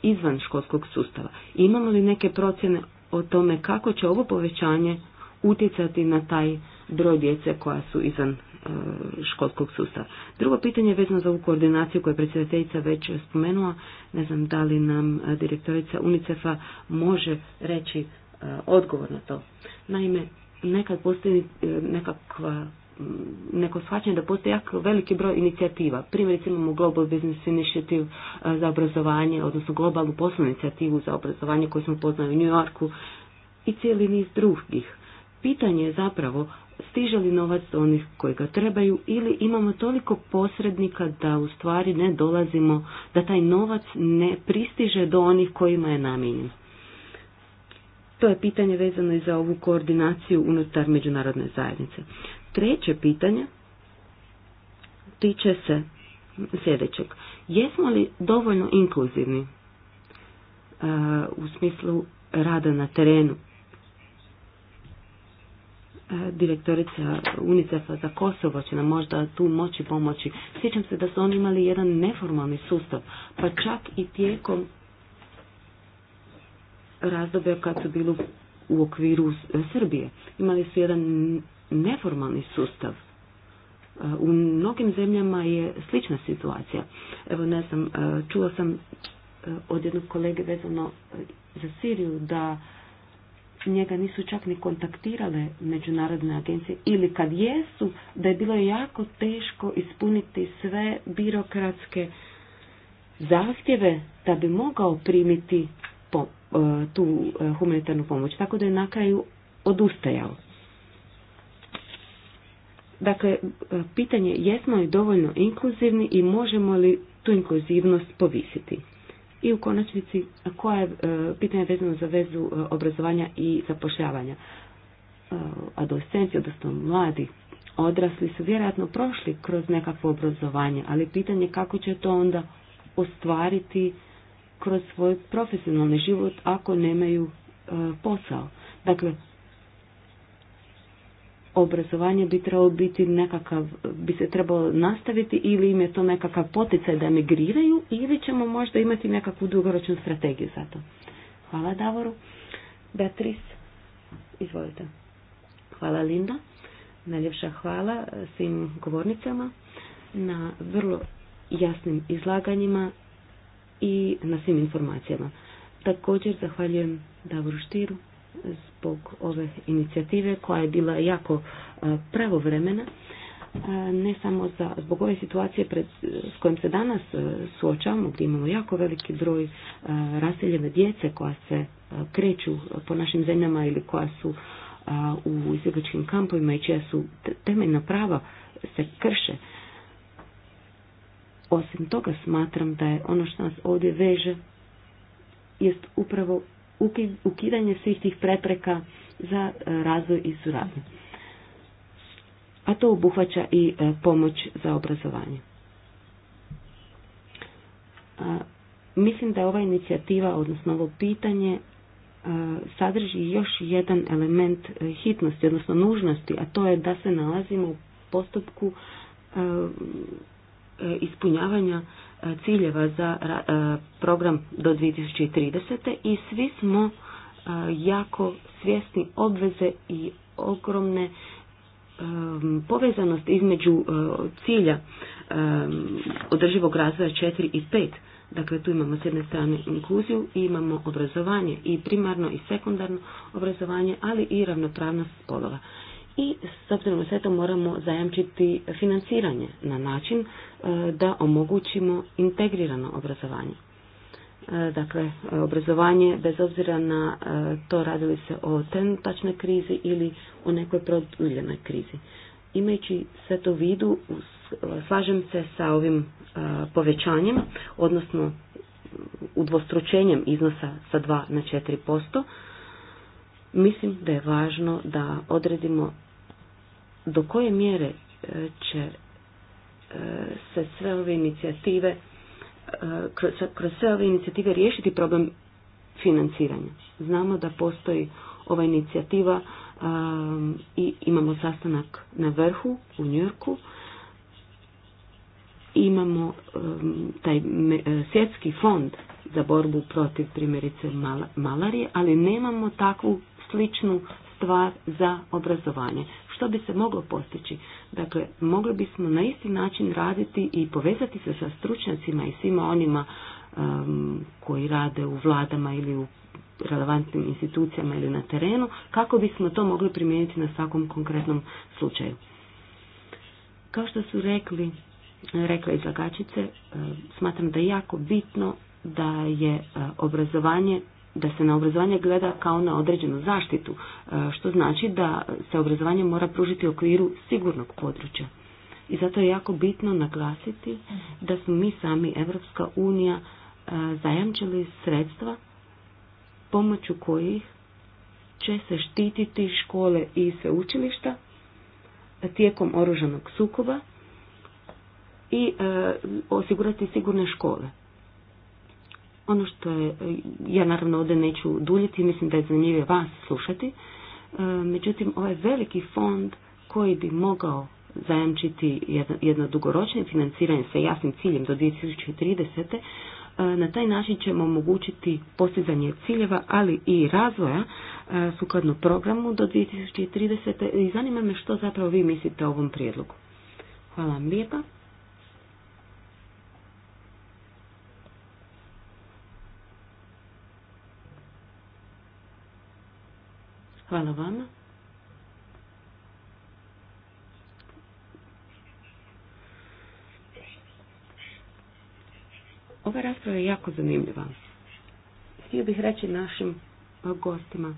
izvan školskog sustava. Imamo li neke procjene o tome kako će ovo povećanje utjecati na taj broj djece koja su izvan e, školskog sustava. Drugo pitanje je vezano za ovu koordinaciju koju je predsjedateljica već spomenula. Ne znam da li nam e, direktorica UNICEF-a može reći e, odgovor na to. Naime, nekad postoji nekakva neko shvaćanje da postoji jako veliki broj inicijativa. Primjerice imamo Global Business Initiative za obrazovanje, odnosno globalnu poslovnu inicijativu za obrazovanje koju smo poznali u New Yorku i cijeli niz drugih. Pitanje je zapravo stiže li novac do onih koji ga trebaju ili imamo toliko posrednika da u stvari ne dolazimo, da taj novac ne pristiže do onih kojima je namijenjen. To je pitanje vezano i za ovu koordinaciju unutar međunarodne zajednice. Treće pitanje tiče se sljedećeg. Jesmo li dovoljno inkluzivni e, u smislu rada na terenu direktorica UNICEF-a za Kosovo će nam možda tu moći pomoći. Sjećam se da su oni imali jedan neformalni sustav, pa čak i tijekom razdoblja kad su bili u okviru Srbije. Imali su jedan neformalni sustav. E, u mnogim zemljama je slična situacija. Evo ne znam, e, čula sam e, od jednog kolege vezano za Siriju da Znači, njega nisu čak ni kontaktirale međunarodne agencije ili kad jesu, da je bilo jako teško ispuniti sve birokratske zahtjeve da bi mogao primiti e, tu e, humanitarnu pomoć. Tako da je na kraju odustajao. Dakle, e, pitanje jesmo li dovoljno inkluzivni i možemo li tu inkluzivnost povisiti i u konačnici koja je e, pitanje vezano za vezu e, obrazovanja i zapošljavanja. E, adolescenti, odnosno mladi odrasli su vjerojatno prošli kroz nekakvo obrazovanje, ali pitanje kako će to onda ostvariti kroz svoj profesionalni život ako nemaju posao. Dakle, obrazovanje bi trebalo biti nekakav, bi se trebalo nastaviti ili im je to nekakav poticaj da migriraju ili ćemo možda imati nekakvu dugoročnu strategiju za to. Hvala Davoru. Beatriz, izvolite. Hvala Linda. Najljepša hvala svim govornicama na vrlo jasnim izlaganjima i na svim informacijama. Također zahvaljujem Davoru Štiru zbog ove inicijative koja je bila jako e, pravovremena e, ne samo za, zbog ove situacije pred, s kojim se danas e, suočavamo, gdje imamo jako veliki broj raseljene djece koja se kreću po našim zemljama ili koja su u izbjegličkim kampovima i čija su temeljna prava se krše. Osim toga smatram da je ono što nas ovdje veže jest upravo ukidanje svih tih prepreka za e, razvoj i suradnju. A to obuhvaća i e, pomoć za obrazovanje. Mislim da je ova inicijativa, odnosno ovo pitanje, e, sadrži još jedan element hitnosti, odnosno nužnosti, a to je da se nalazimo u postupku E, ispunjavanja e, ciljeva za e, program do 2030. i svi smo jako svjesni obveze i ogromne povezanost između cilja održivog razvoja 4 i 5. Dakle, tu imamo s jedne strane inkluziju i imamo obrazovanje i primarno i sekundarno obrazovanje, ali i ravnopravnost spolova i s obzirom na sve to moramo zajamčiti financiranje na način e, da omogućimo integrirano obrazovanje. E, dakle, obrazovanje bez obzira na e, to radili se o trenutačnoj krizi ili o nekoj produljenoj krizi. Imajući sve to u vidu, slažem se sa ovim povećanjem, odnosno udvostručenjem iznosa sa 2 na 4%, Mislim da je važno da odredimo do koje mjere e, će e, se sve ove inicijative e, kroz, sve ove inicijative riješiti problem financiranja. Znamo da postoji ova inicijativa i imamo sastanak na vrhu u Njurku. Imamo taj svjetski fond za borbu protiv primjerice malarije, ali nemamo takvu sličnu stvar za obrazovanje što bi se moglo postići. Dakle, mogli bismo na isti način raditi i povezati se sa stručnjacima i svima onima koji rade u vladama ili u relevantnim institucijama ili na terenu, kako bismo to mogli primijeniti na svakom konkretnom slučaju. Kao što su rekli, rekla izlagačice, smatram da je jako bitno da je obrazovanje da se na obrazovanje gleda kao na određenu zaštitu, e, što znači da se obrazovanje mora pružiti u okviru sigurnog područja. I zato je jako bitno naglasiti da smo mi sami, Evropska unija, e, zajamčili sredstva pomoću kojih će se štititi škole i sveučilišta tijekom oružanog sukoba i e, osigurati sigurne škole. Ono što je, ja naravno ovdje neću duljiti, mislim da je zanimljivo vas slušati, e, međutim ovaj veliki fond koji bi mogao zajamčiti jedno, jedno dugoročnije financiranje sa jasnim ciljem do 2030. E, na taj način ćemo omogućiti postizanje ciljeva, ali i razvoja e, sukladno programu do 2030. I zanima me što zapravo vi mislite o ovom prijedlogu. Hvala vam lijepa. Hvala vama. Ova rasprava je jako zanimljiva. Htio bih reći našim gostima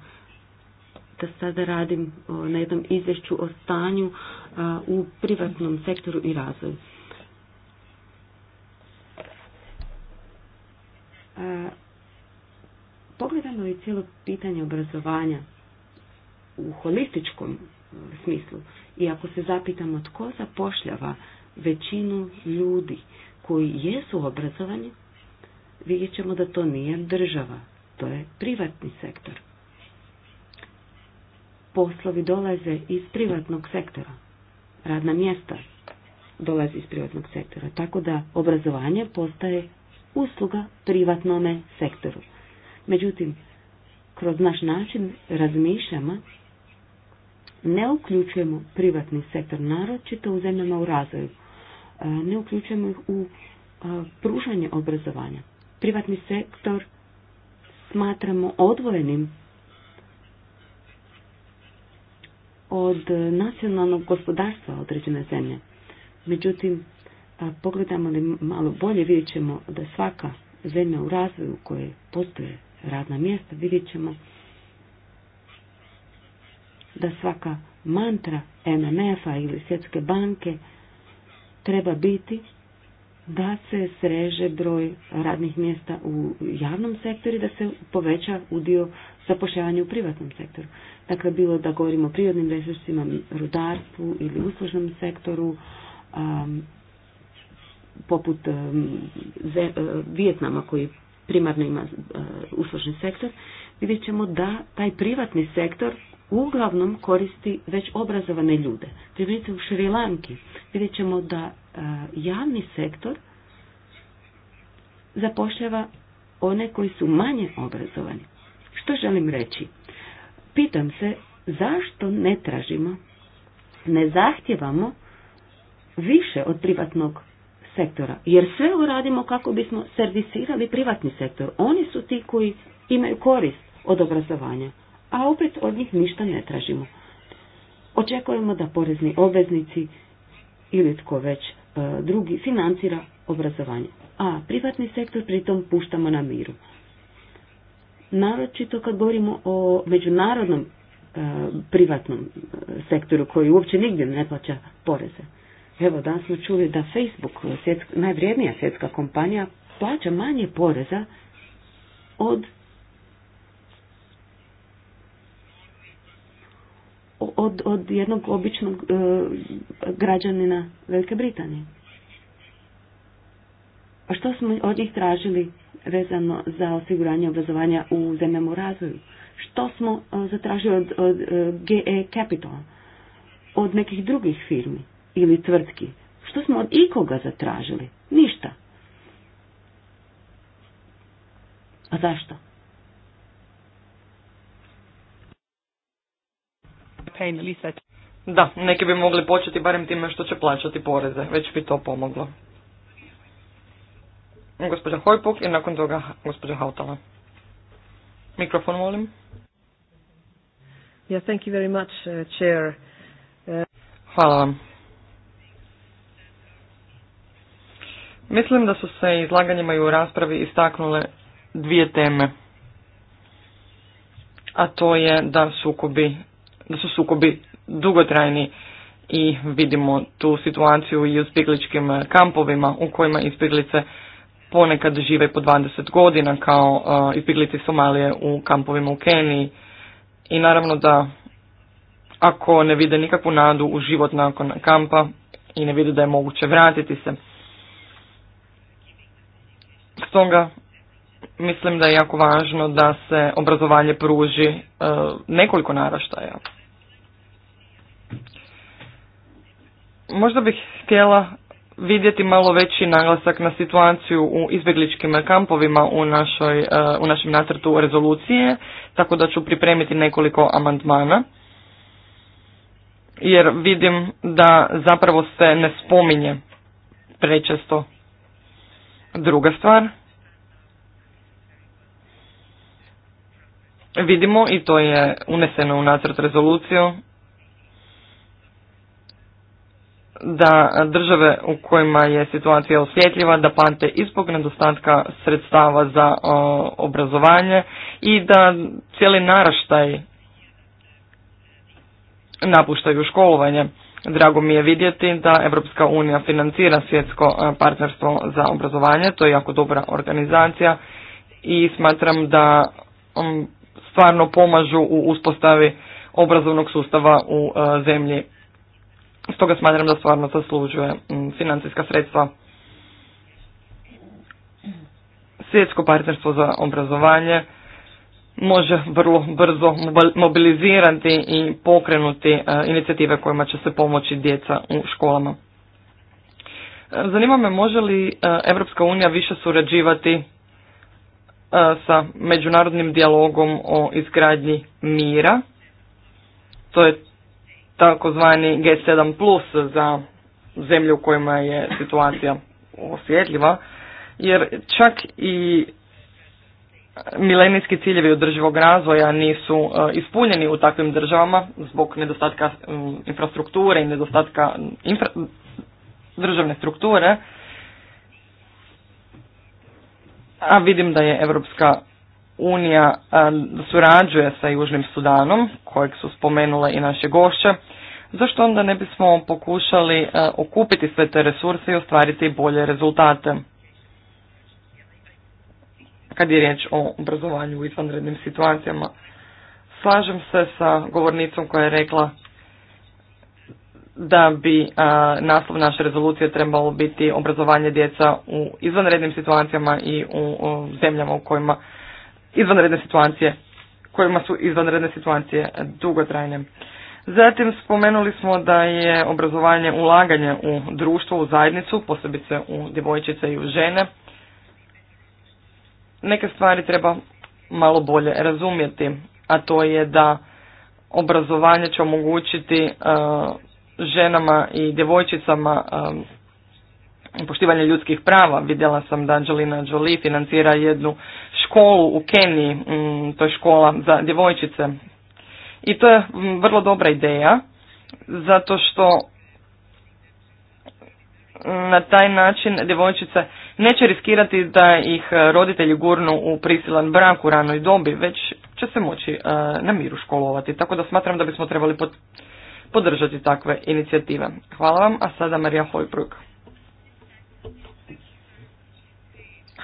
da sada radim na jednom izvješću o stanju u privatnom sektoru i razvoju. Pogledano i cijelo pitanje obrazovanja u holističkom smislu. I ako se zapitamo tko zapošljava većinu ljudi koji jesu obrazovani, vidjet ćemo da to nije država, to je privatni sektor. Poslovi dolaze iz privatnog sektora, radna mjesta dolaze iz privatnog sektora, tako da obrazovanje postaje usluga privatnome sektoru. Međutim, kroz naš način razmišljamo ne uključujemo privatni sektor, naročito u zemljama u razvoju. E, ne uključujemo ih u e, pružanje obrazovanja. Privatni sektor smatramo odvojenim od nacionalnog gospodarstva određene zemlje. Međutim, e, pogledamo li malo bolje, vidjet ćemo da svaka zemlja u razvoju koje kojoj postoje radna mjesta, vidjet ćemo da svaka mantra MMF-a ili Svjetske banke treba biti da se sreže broj radnih mjesta u javnom sektoru i da se poveća udio zapošljavanja u privatnom sektoru. Dakle, bilo da govorimo o prirodnim resursima, rudarstvu ili uslužnom sektoru, um, poput um, uh, Vijetnama koji primarno ima uh, uslužni sektor, vidjet ćemo da taj privatni sektor uglavnom koristi već obrazovane ljude. Primjerice u Šrilanki vidjet ćemo da e, javni sektor zapošljava one koji su manje obrazovani. Što želim reći? Pitam se zašto ne tražimo, ne zahtjevamo više od privatnog sektora, jer sve uradimo kako bismo servisirali privatni sektor. Oni su ti koji imaju korist od obrazovanja, a opet od njih ništa ne tražimo. Očekujemo da porezni obveznici ili tko već e, drugi financira obrazovanje, a privatni sektor pritom puštamo na miru. Naročito kad govorimo o međunarodnom e, privatnom e, sektoru koji uopće nigdje ne plaća poreze. Evo danas smo čuli da Facebook, svjetska, najvrijednija svjetska kompanija, plaća manje poreza od od, od jednog običnog e, građanina Velike Britanije. A što smo od njih tražili vezano za osiguranje obrazovanja u zemljama u razvoju? Što smo e, zatražili od, od GE e Capital, od nekih drugih firmi ili tvrtki? Što smo od ikoga zatražili? Ništa. A zašto? Da, neki bi mogli početi barem time što će plaćati poreze, već bi to pomoglo. Gospođa Hojpuk i nakon toga gospođa Hautala. Mikrofon molim. Yeah, thank you very much, uh, chair. Uh, Hvala vam. Mislim da su se izlaganjima i u raspravi istaknule dvije teme, a to je da sukobi da su sukobi dugotrajni i vidimo tu situaciju i u spigličkim kampovima u kojima izbjeglice ponekad žive po 20 godina kao e, izbjeglice Somalije u kampovima u Keniji i naravno da ako ne vide nikakvu nadu u život nakon kampa i ne vide da je moguće vratiti se. Stoga mislim da je jako važno da se obrazovanje pruži e, nekoliko naraštaja Možda bih htjela vidjeti malo veći naglasak na situaciju u izbjegličkim kampovima u, našoj, e, u našem nacrtu rezolucije, tako da ću pripremiti nekoliko amandmana. Jer vidim da zapravo se ne spominje prečesto. Druga stvar, vidimo i to je uneseno u nacrt rezoluciju da države u kojima je situacija osjetljiva da pante ispog nedostatka sredstava za obrazovanje i da cijeli naraštaj napuštaju školovanje. Drago mi je vidjeti da Europska unija financira svjetsko e, partnerstvo za obrazovanje, to je jako dobra organizacija i smatram da stvarno pomažu u uspostavi obrazovnog sustava u e, zemlji Stoga smatram da stvarno zaslužuje mm, financijska sredstva. Svjetsko partnerstvo za obrazovanje može vrlo brzo mobilizirati i pokrenuti e, inicijative kojima će se pomoći djeca u školama. E, zanima me može li Europska unija više surađivati e, sa međunarodnim dijalogom o izgradnji mira. To je takozvani G7 plus za zemlje u kojima je situacija osjetljiva, jer čak i milenijski ciljevi održivog razvoja nisu e, ispunjeni u takvim državama zbog nedostatka e, infrastrukture i nedostatka infra državne strukture, a vidim da je Europska unija surađuje sa Južnim Sudanom, kojeg su spomenule i naše gošće, zašto onda ne bismo pokušali e, okupiti sve te resurse i ostvariti bolje rezultate? Kad je riječ o obrazovanju u izvanrednim situacijama, slažem se sa govornicom koja je rekla da bi e, naslov naše rezolucije trebalo biti obrazovanje djeca u izvanrednim situacijama i u zemljama u kojima izvanredne situacije, kojima su izvanredne situacije dugotrajne. Zatim spomenuli smo da je obrazovanje ulaganje u društvo, u zajednicu, posebice u djevojčice i u žene. Neke stvari treba malo bolje razumjeti, a to je da obrazovanje će omogućiti e, ženama i djevojčicama e, poštivanje ljudskih prava. Vidjela sam da Angelina Jolie financira jednu školu u Keniji, mm, to je škola za djevojčice. I to je mm, vrlo dobra ideja, zato što mm, na taj način djevojčice neće riskirati da ih e, roditelji gurnu u prisilan brak u ranoj dobi, već će se moći e, na miru školovati. Tako da smatram da bismo trebali podržati takve inicijative. Hvala vam, a sada Marija Hojbrug.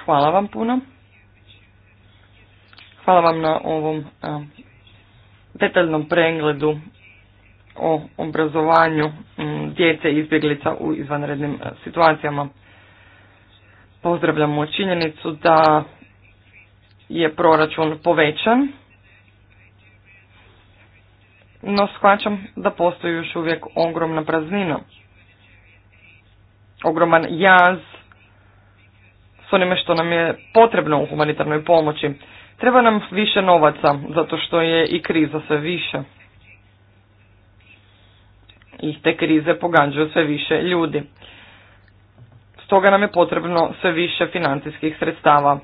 Hvala vam puno. Hvala vam na ovom detaljnom pregledu o obrazovanju djece izbjeglica u izvanrednim situacijama. Pozdravljamo činjenicu da je proračun povećan, no shvaćam da postoji još uvijek ogromna praznina, ogroman jaz s onime što nam je potrebno u humanitarnoj pomoći Treba nam više novaca, zato što je i kriza sve više. I te krize pogađaju sve više ljudi. Stoga nam je potrebno sve više financijskih sredstava.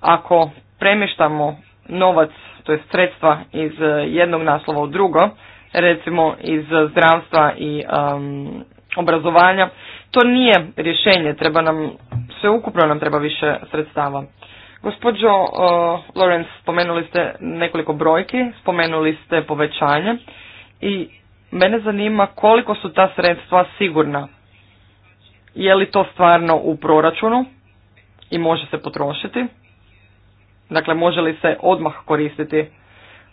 Ako premještamo novac, to je sredstva iz eh, jednog naslova u drugo, recimo iz zdravstva i ehm, obrazovanja, to nije rješenje, treba nam, sveukupno nam treba više sredstava. Gospođo uh, Lorenz, spomenuli ste nekoliko brojki, spomenuli ste povećanje i mene zanima koliko su ta sredstva sigurna. Je li to stvarno u proračunu i može se potrošiti? Dakle, može li se odmah koristiti?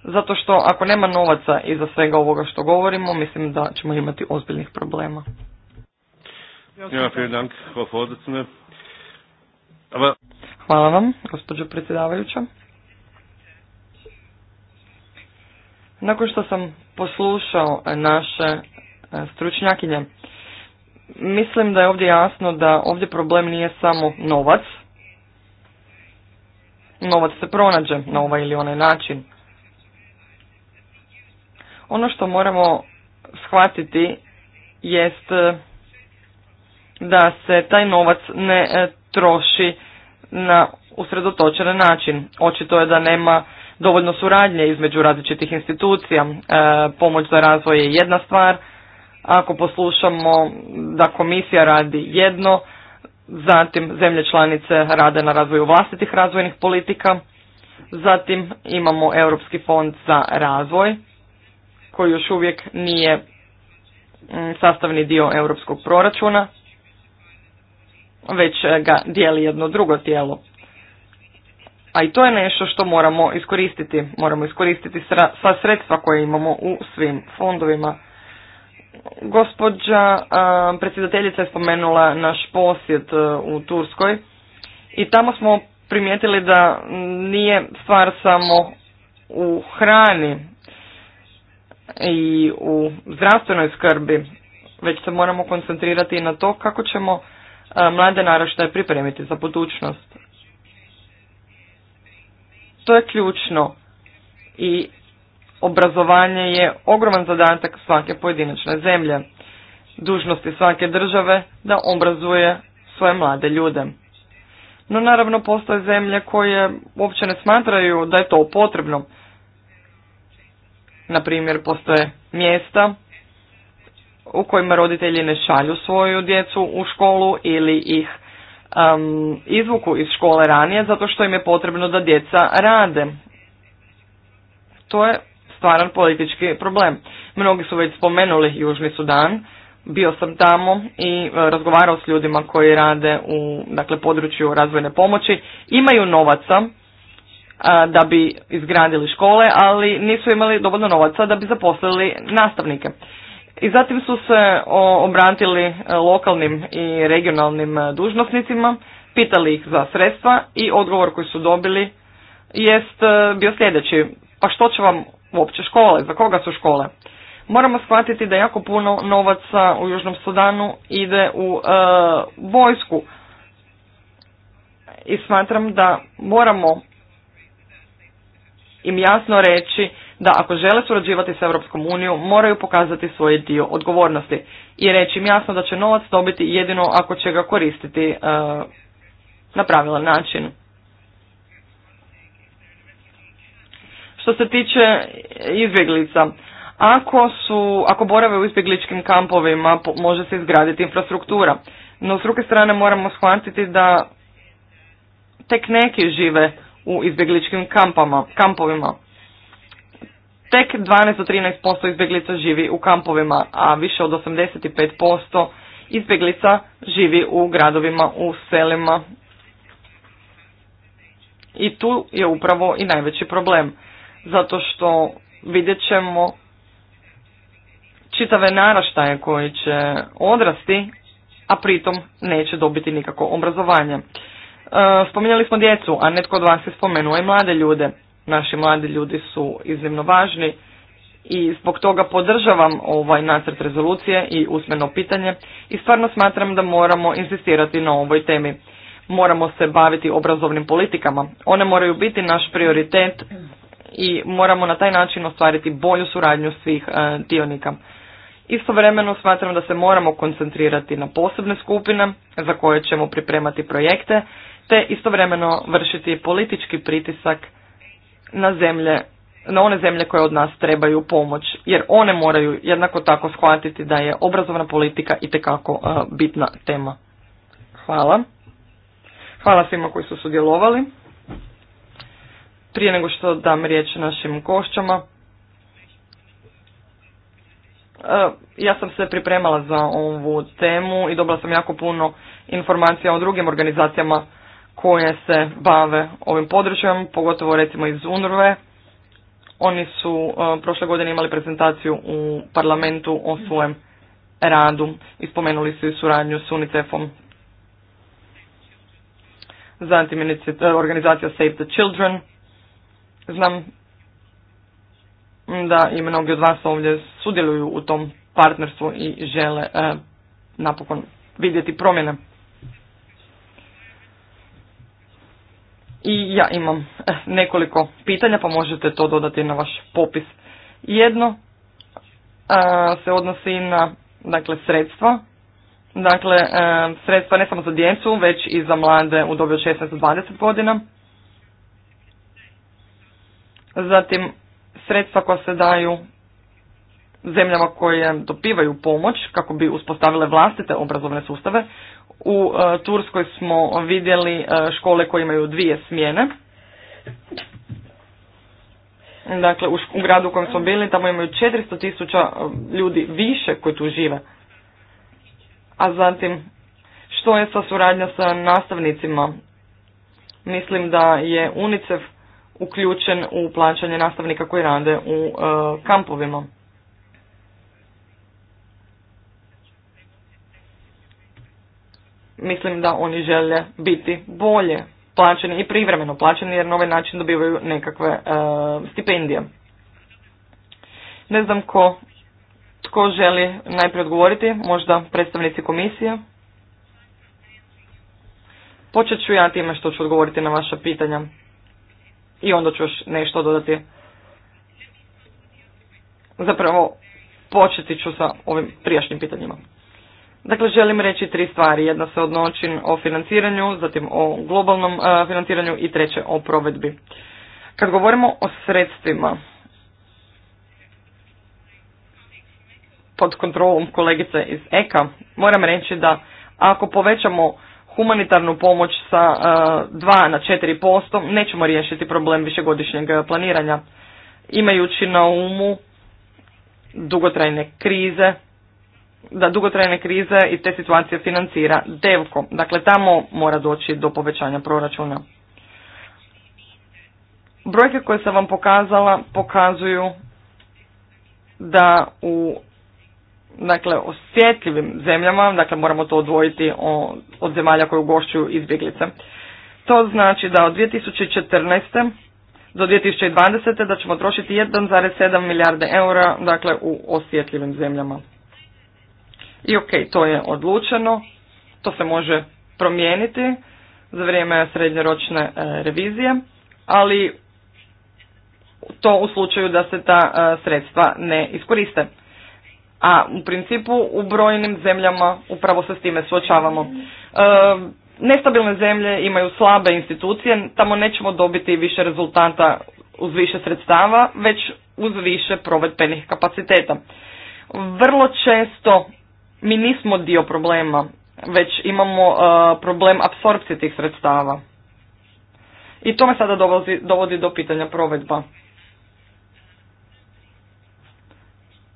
Zato što ako nema novaca iza svega ovoga što govorimo, mislim da ćemo imati ozbiljnih problema. Ja, Hvala vam, gospođo predsjedavajuća. Nakon što sam poslušao naše e, stručnjakinje, mislim da je ovdje jasno da ovdje problem nije samo novac. Novac se pronađe na ovaj ili onaj način. Ono što moramo shvatiti jest e, da se taj novac ne e, troši na usredotočen način. Očito je da nema dovoljno suradnje između različitih institucija. E, pomoć za razvoj je jedna stvar. Ako poslušamo da komisija radi jedno, zatim zemlje članice rade na razvoju vlastitih razvojnih politika, zatim imamo Europski fond za razvoj koji još uvijek nije mm, sastavni dio europskog proračuna već e, ga dijeli jedno drugo tijelo. A i to je nešto što moramo iskoristiti. Moramo iskoristiti sva sredstva koje imamo u svim fondovima. Gospođa predsjedateljica je spomenula naš posjet e, u Turskoj i tamo smo primijetili da nije stvar samo u hrani i u zdravstvenoj skrbi, već se moramo koncentrirati na to kako ćemo mlade je pripremiti za budućnost. To je ključno i obrazovanje je ogroman zadatak svake pojedinačne zemlje. Dužnosti svake države da obrazuje svoje mlade ljude. No naravno postoje zemlje koje uopće ne smatraju da je to potrebno. Na primjer, postoje mjesta u kojima roditelji ne šalju svoju djecu u školu ili ih izvuku iz škole ranije zato što im je potrebno da djeca rade. To je stvaran politički problem. Mnogi su već spomenuli Južni Sudan, bio sam tamo i e, razgovarao s ljudima koji rade u dakle, području razvojne pomoći. Imaju novaca e, da bi izgradili škole, ali nisu imali dovoljno novaca da bi zaposlili nastavnike. I zatim su se obratili e, lokalnim i regionalnim e, dužnosnicima, pitali ih za sredstva i odgovor koji su dobili jest e, bio sljedeći. Pa što će vam uopće škole? Za koga su škole? Moramo shvatiti da jako puno novaca u Južnom Sudanu ide u vojsku. I smatram da moramo im jasno reći da ako žele surađivati s Europskom unijom moraju pokazati svoj dio odgovornosti i reći im jasno da će novac dobiti jedino ako će ga koristiti e, na pravilan način. Što se tiče izbjeglica, ako, su, ako borave u izbjegličkim kampovima može se izgraditi infrastruktura, no s druge strane moramo shvatiti da tek neki žive u izbjegličkim kampama, kampovima. Tek 12 do 13% izbjeglica živi u kampovima, a više od 85% izbjeglica živi u gradovima, u selima. I tu je upravo i najveći problem, zato što vidjet ćemo čitave naraštaje koji će odrasti, a pritom neće dobiti nikako obrazovanje. E, spominjali smo djecu, a netko od vas je spomenuo i mlade ljude. Naši mladi ljudi su iznimno važni i zbog toga podržavam ovaj nacrt rezolucije i usmeno pitanje i stvarno smatram da moramo insistirati na ovoj temi. Moramo se baviti obrazovnim politikama. One moraju biti naš prioritet i moramo na taj način ostvariti bolju suradnju svih e, dionika. Istovremeno smatram da se moramo koncentrirati na posebne skupine za koje ćemo pripremati projekte te istovremeno vršiti politički pritisak na zemlje na one zemlje koje od nas trebaju pomoć, jer one moraju jednako tako shvatiti da je obrazovna politika itekako e, bitna tema. Hvala. Hvala svima koji su sudjelovali. Prije nego što dam riječ našim gošćama, e, ja sam se pripremala za ovu temu i dobila sam jako puno informacija o drugim organizacijama koje se bave ovim područjem, pogotovo recimo iz UNRVE. Oni su e, prošle godine imali prezentaciju u parlamentu o svojem radu i spomenuli su i suradnju s UNICEF-om. Zatim e, organizacija Save the Children. Znam da i mnogi od vas ovdje sudjeluju u tom partnerstvu i žele e, napokon vidjeti promjene. I ja imam eh, nekoliko pitanja, pa možete to dodati na vaš popis. Jedno eh, se odnosi na dakle, sredstva. Dakle, eh, sredstva ne samo za djecu, već i za mlade u dobi od 16 20 godina. Zatim, sredstva koja se daju zemljama koje dobivaju pomoć kako bi uspostavile vlastite obrazovne sustave, u e, Turskoj smo vidjeli e, škole koje imaju dvije smjene. Dakle, u, gradu u kojem smo bili, tamo imaju 400 tisuća e, ljudi više koji tu žive. A zatim, što je sa suradnja sa nastavnicima? Mislim da je UNICEF uključen u plaćanje nastavnika koji rade u kampovima. mislim da oni žele biti bolje plaćeni i privremeno plaćeni jer na ovaj način dobivaju nekakve e, stipendije. Ne znam ko, tko želi najprije odgovoriti, možda predstavnici komisije. Počet ću ja time što ću odgovoriti na vaša pitanja i onda ću još nešto dodati. Zapravo početi ću sa ovim prijašnjim pitanjima. Dakle, želim reći tri stvari. Jedna se odnoči o financiranju, zatim o globalnom e, financiranju i treće o provedbi. Kad govorimo o sredstvima pod kontrolom kolegice iz EKA, moram reći da ako povećamo humanitarnu pomoć sa 2 e, na 4%, nećemo riješiti problem višegodišnjeg planiranja. Imajući na umu dugotrajne krize, da dugotrajne krize i te situacije financira devko. Dakle, tamo mora doći do povećanja proračuna. Brojke koje sam vam pokazala pokazuju da u dakle, osjetljivim zemljama, dakle moramo to odvojiti od zemalja koje ugošćuju izbjeglice. To znači da od 2014. do 2020. da ćemo trošiti 1,7 milijarde eura dakle, u osjetljivim zemljama. I ok, to je odlučeno, to se može promijeniti za vrijeme srednjeročne e, revizije, ali to u slučaju da se ta e, sredstva ne iskoriste. A u principu u brojnim zemljama upravo se s time suočavamo. E, nestabilne zemlje imaju slabe institucije, tamo nećemo dobiti više rezultata uz više sredstava, već uz više provedbenih kapaciteta. Vrlo često mi nismo dio problema, već imamo uh, problem apsorpcije tih sredstava. I to me sada dovodi, dovodi do pitanja provedba.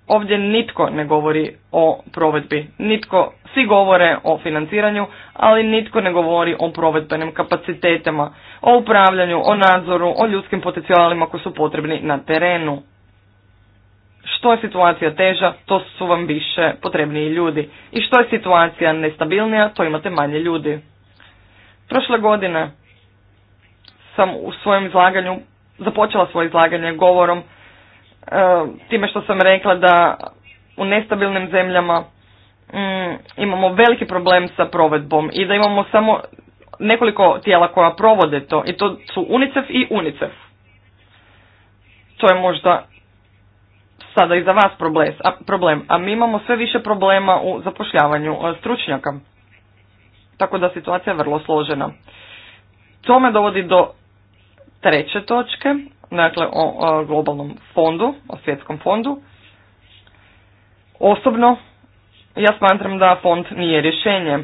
Ovdje nitko ne govori o provedbi. Nitko, svi govore o financiranju, ali nitko ne govori o provedbenim kapacitetima, o upravljanju, o nadzoru, o ljudskim potencijalima koji su potrebni na terenu što je situacija teža, to su vam više potrebniji ljudi. I što je situacija nestabilnija, to imate manje ljudi. Prošle godine sam u svojem izlaganju, započela svoje izlaganje govorom e, time što sam rekla da u nestabilnim zemljama mm, imamo veliki problem sa provedbom i da imamo samo nekoliko tijela koja provode to i to su UNICEF i UNICEF. To je možda sada i za vas problem, a mi imamo sve više problema u zapošljavanju e, stručnjaka. Tako da situacija je vrlo složena. To me dovodi do treće točke, dakle o globalnom fondu, o svjetskom fondu. Osobno ja smatram da fond nije rješenje.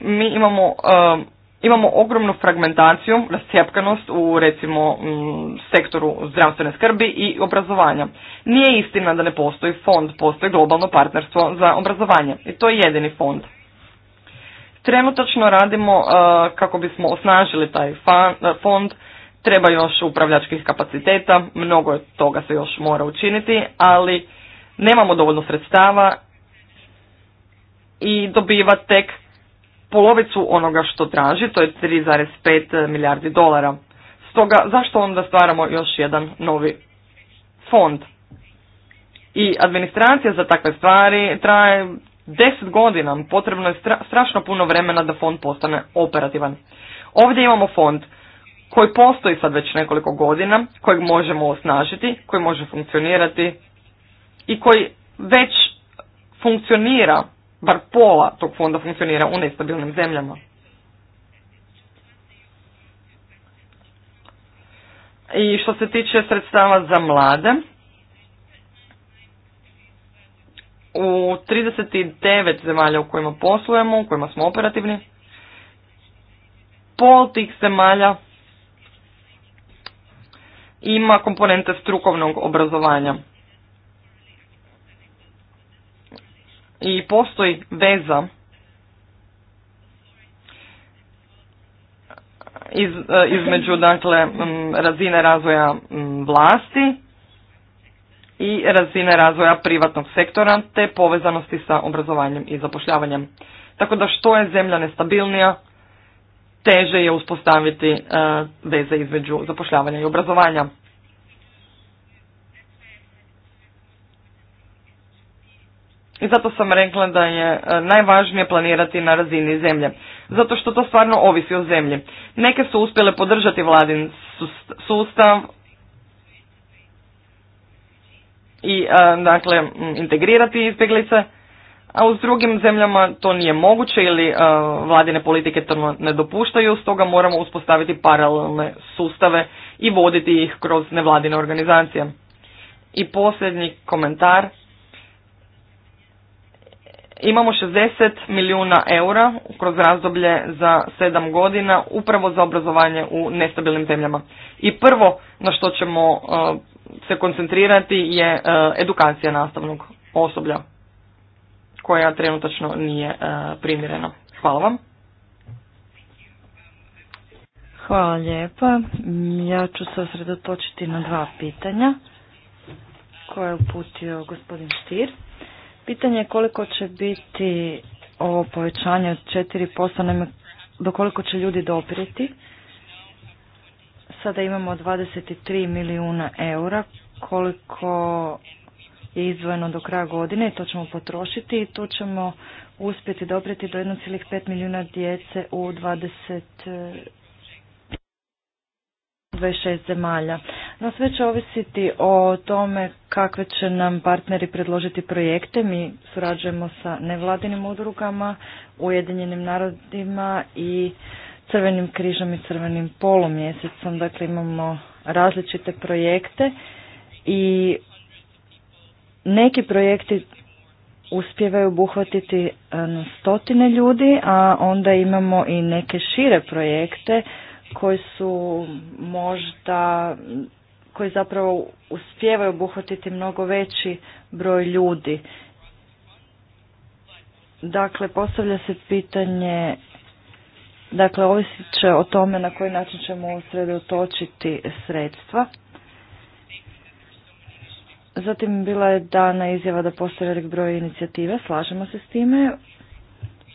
Mi imamo e, Imamo ogromnu fragmentaciju, rascijepkanost u recimo mm, sektoru zdravstvene skrbi i obrazovanja. Nije istina da ne postoji fond, postoji globalno partnerstvo za obrazovanje i to je jedini fond. Trenutačno radimo uh, kako bismo osnažili taj uh, fond, treba još upravljačkih kapaciteta, mnogo toga se još mora učiniti, ali nemamo dovoljno sredstava i dobiva tek polovicu onoga što traži, to je 3,5 milijardi dolara. Stoga zašto onda stvaramo još jedan novi fond? I administracija za takve stvari traje deset godina, potrebno je strašno puno vremena da fond postane operativan. Ovdje imamo fond koji postoji sad već nekoliko godina, kojeg možemo osnažiti, koji može funkcionirati i koji već funkcionira bar pola tog fonda funkcionira u nestabilnim zemljama. I što se tiče sredstava za mlade, u 39 zemalja u kojima poslujemo, u kojima smo operativni, pol tih zemalja ima komponente strukovnog obrazovanja. i postoji veza iz, eh, između dakle razine razvoja vlasti i razine razvoja privatnog sektora te povezanosti sa obrazovanjem i zapošljavanjem. Tako da što je zemlja nestabilnija, teže je uspostaviti eh, veze između zapošljavanja i obrazovanja. I zato sam rekla da je e, najvažnije planirati na razini zemlje. Zato što to stvarno ovisi o zemlji. Neke su uspjele podržati vladin sustav i e, dakle integrirati izbjeglice, a u drugim zemljama to nije moguće ili e, vladine politike to ne dopuštaju, stoga moramo uspostaviti paralelne sustave i voditi ih kroz nevladine organizacije. I posljednji komentar Imamo 60 milijuna eura kroz razdoblje za 7 godina upravo za obrazovanje u nestabilnim zemljama. I prvo na što ćemo e, se koncentrirati je e, edukacija nastavnog osoblja koja trenutačno nije e, primjerena. Hvala vam. Hvala lijepa. Ja ću se osredotočiti na dva pitanja koje je uputio gospodin Štirt. Pitanje je koliko će biti ovo povećanje od 4%, nema, do koliko će ljudi dopriti. Sada imamo 23 milijuna eura, koliko je izvojeno do kraja godine to ćemo potrošiti i tu ćemo uspjeti dopriti do 1,5 milijuna djece u 20, 26 zemalja. No sve će ovisiti o tome kakve će nam partneri predložiti projekte. Mi surađujemo sa nevladinim udrugama, Ujedinjenim narodima i Crvenim križom i Crvenim polumjesecom. Dakle, imamo različite projekte i neki projekti uspjevaju obuhvatiti e, stotine ljudi, a onda imamo i neke šire projekte koji su možda koji zapravo uspijevaju obuhvatiti mnogo veći broj ljudi. Dakle, postavlja se pitanje, dakle, ovisit će o tome na koji način ćemo usredotočiti sredstva. Zatim bila je dana izjava da postoji velik broj inicijative. slažemo se s time.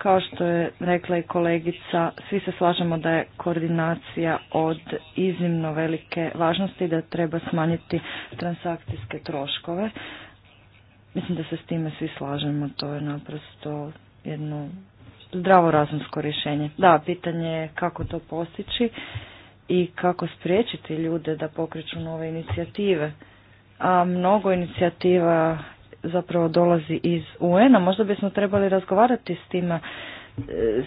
Kao što je rekla i kolegica, svi se slažemo da je koordinacija od iznimno velike važnosti da treba smanjiti transakcijske troškove. Mislim da se s time svi slažemo, to je naprosto jedno zdravo razumsko rješenje. Da, pitanje je kako to postići i kako spriječiti ljude da pokreću nove inicijative. A mnogo inicijativa zapravo dolazi iz UN-a. Možda bismo trebali razgovarati s tima e,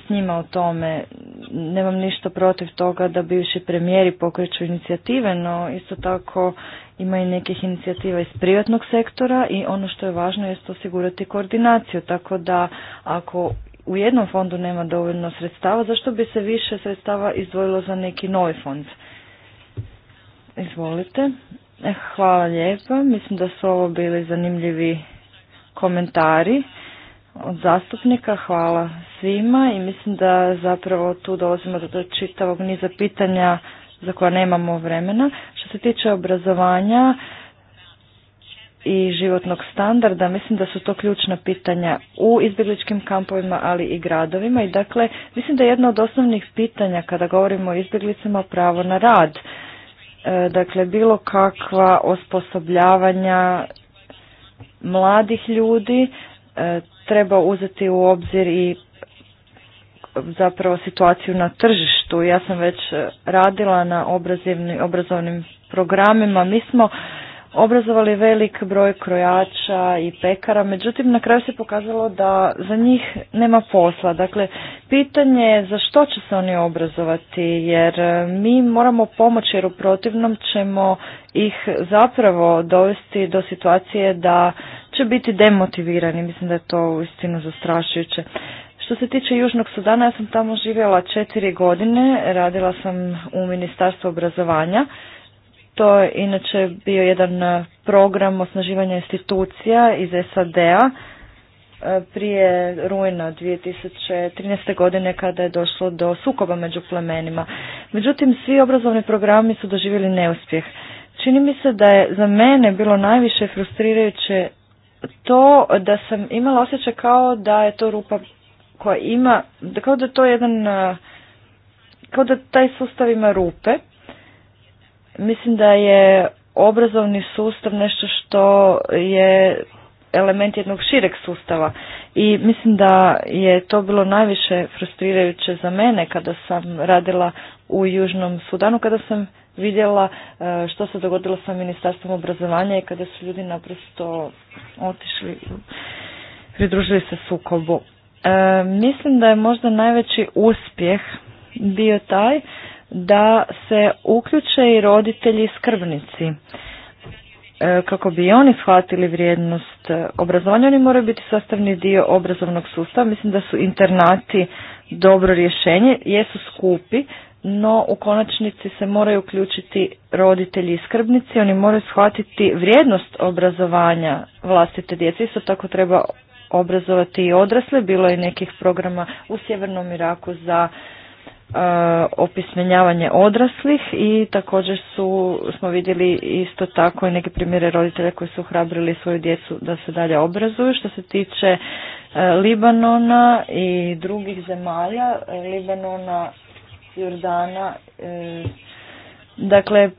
s njima o tome. Nemam ništa protiv toga da bivši premijeri pokreću inicijative, no isto tako ima i nekih inicijativa iz privatnog sektora i ono što je važno jest osigurati koordinaciju, tako da ako u jednom fondu nema dovoljno sredstava, zašto bi se više sredstava izdvojilo za neki novi fond? Izvolite. Hvala lijepa. Mislim da su ovo bili zanimljivi komentari od zastupnika. Hvala svima i mislim da zapravo tu dolazimo do čitavog niza pitanja za koja nemamo vremena. Što se tiče obrazovanja i životnog standarda, mislim da su to ključna pitanja u izbjegličkim kampovima, ali i gradovima. I dakle, mislim da je jedno od osnovnih pitanja kada govorimo o izbjeglicama pravo na rad E, dakle bilo kakva osposobljavanja mladih ljudi e, treba uzeti u obzir i zapravo situaciju na tržištu. Ja sam već radila na obrazovnim programima. Mi smo obrazovali velik broj krojača i pekara, međutim na kraju se pokazalo da za njih nema posla. Dakle, pitanje je za što će se oni obrazovati, jer e, mi moramo pomoći jer u protivnom ćemo ih zapravo dovesti do situacije da će biti demotivirani. Mislim da je to uistinu zastrašujuće. Što se tiče Južnog Sudana, ja sam tamo živjela četiri godine, radila sam u Ministarstvu obrazovanja to je inače bio jedan e, program osnaživanja institucija iz SAD-a e, prije rujna 2013. godine kada je došlo do sukoba među plemenima. Međutim, svi obrazovni programi su doživjeli neuspjeh. Čini mi se da je za mene bilo najviše frustrirajuće to da sam imala osjećaj kao da je to rupa koja ima, kao da je to jedan, e, kao da taj sustav ima rupe Mislim da je obrazovni sustav nešto što je element jednog šireg sustava i mislim da je to bilo najviše frustrirajuće za mene kada sam radila u Južnom Sudanu, kada sam vidjela e, što se dogodilo sa Ministarstvom obrazovanja i kada su ljudi naprosto otišli, pridružili se sukobu. E, mislim da je možda najveći uspjeh bio taj da se uključe i roditelji i skrbnici. E, kako bi oni shvatili vrijednost e, obrazovanja, oni moraju biti sastavni dio obrazovnog sustava. Mislim da su internati dobro rješenje, jesu skupi, no u konačnici se moraju uključiti roditelji i skrbnici, oni moraju shvatiti vrijednost obrazovanja vlastite djece. Isto tako treba obrazovati i odrasle, bilo je nekih programa u Sjevernom Iraku za E, opismenjavanje odraslih i također su, smo vidjeli isto tako i neke primjere roditelja koji su hrabrili svoju djecu da se dalje obrazuju. Što se tiče e, Libanona i drugih zemalja, Libanona, Jordana, e, dakle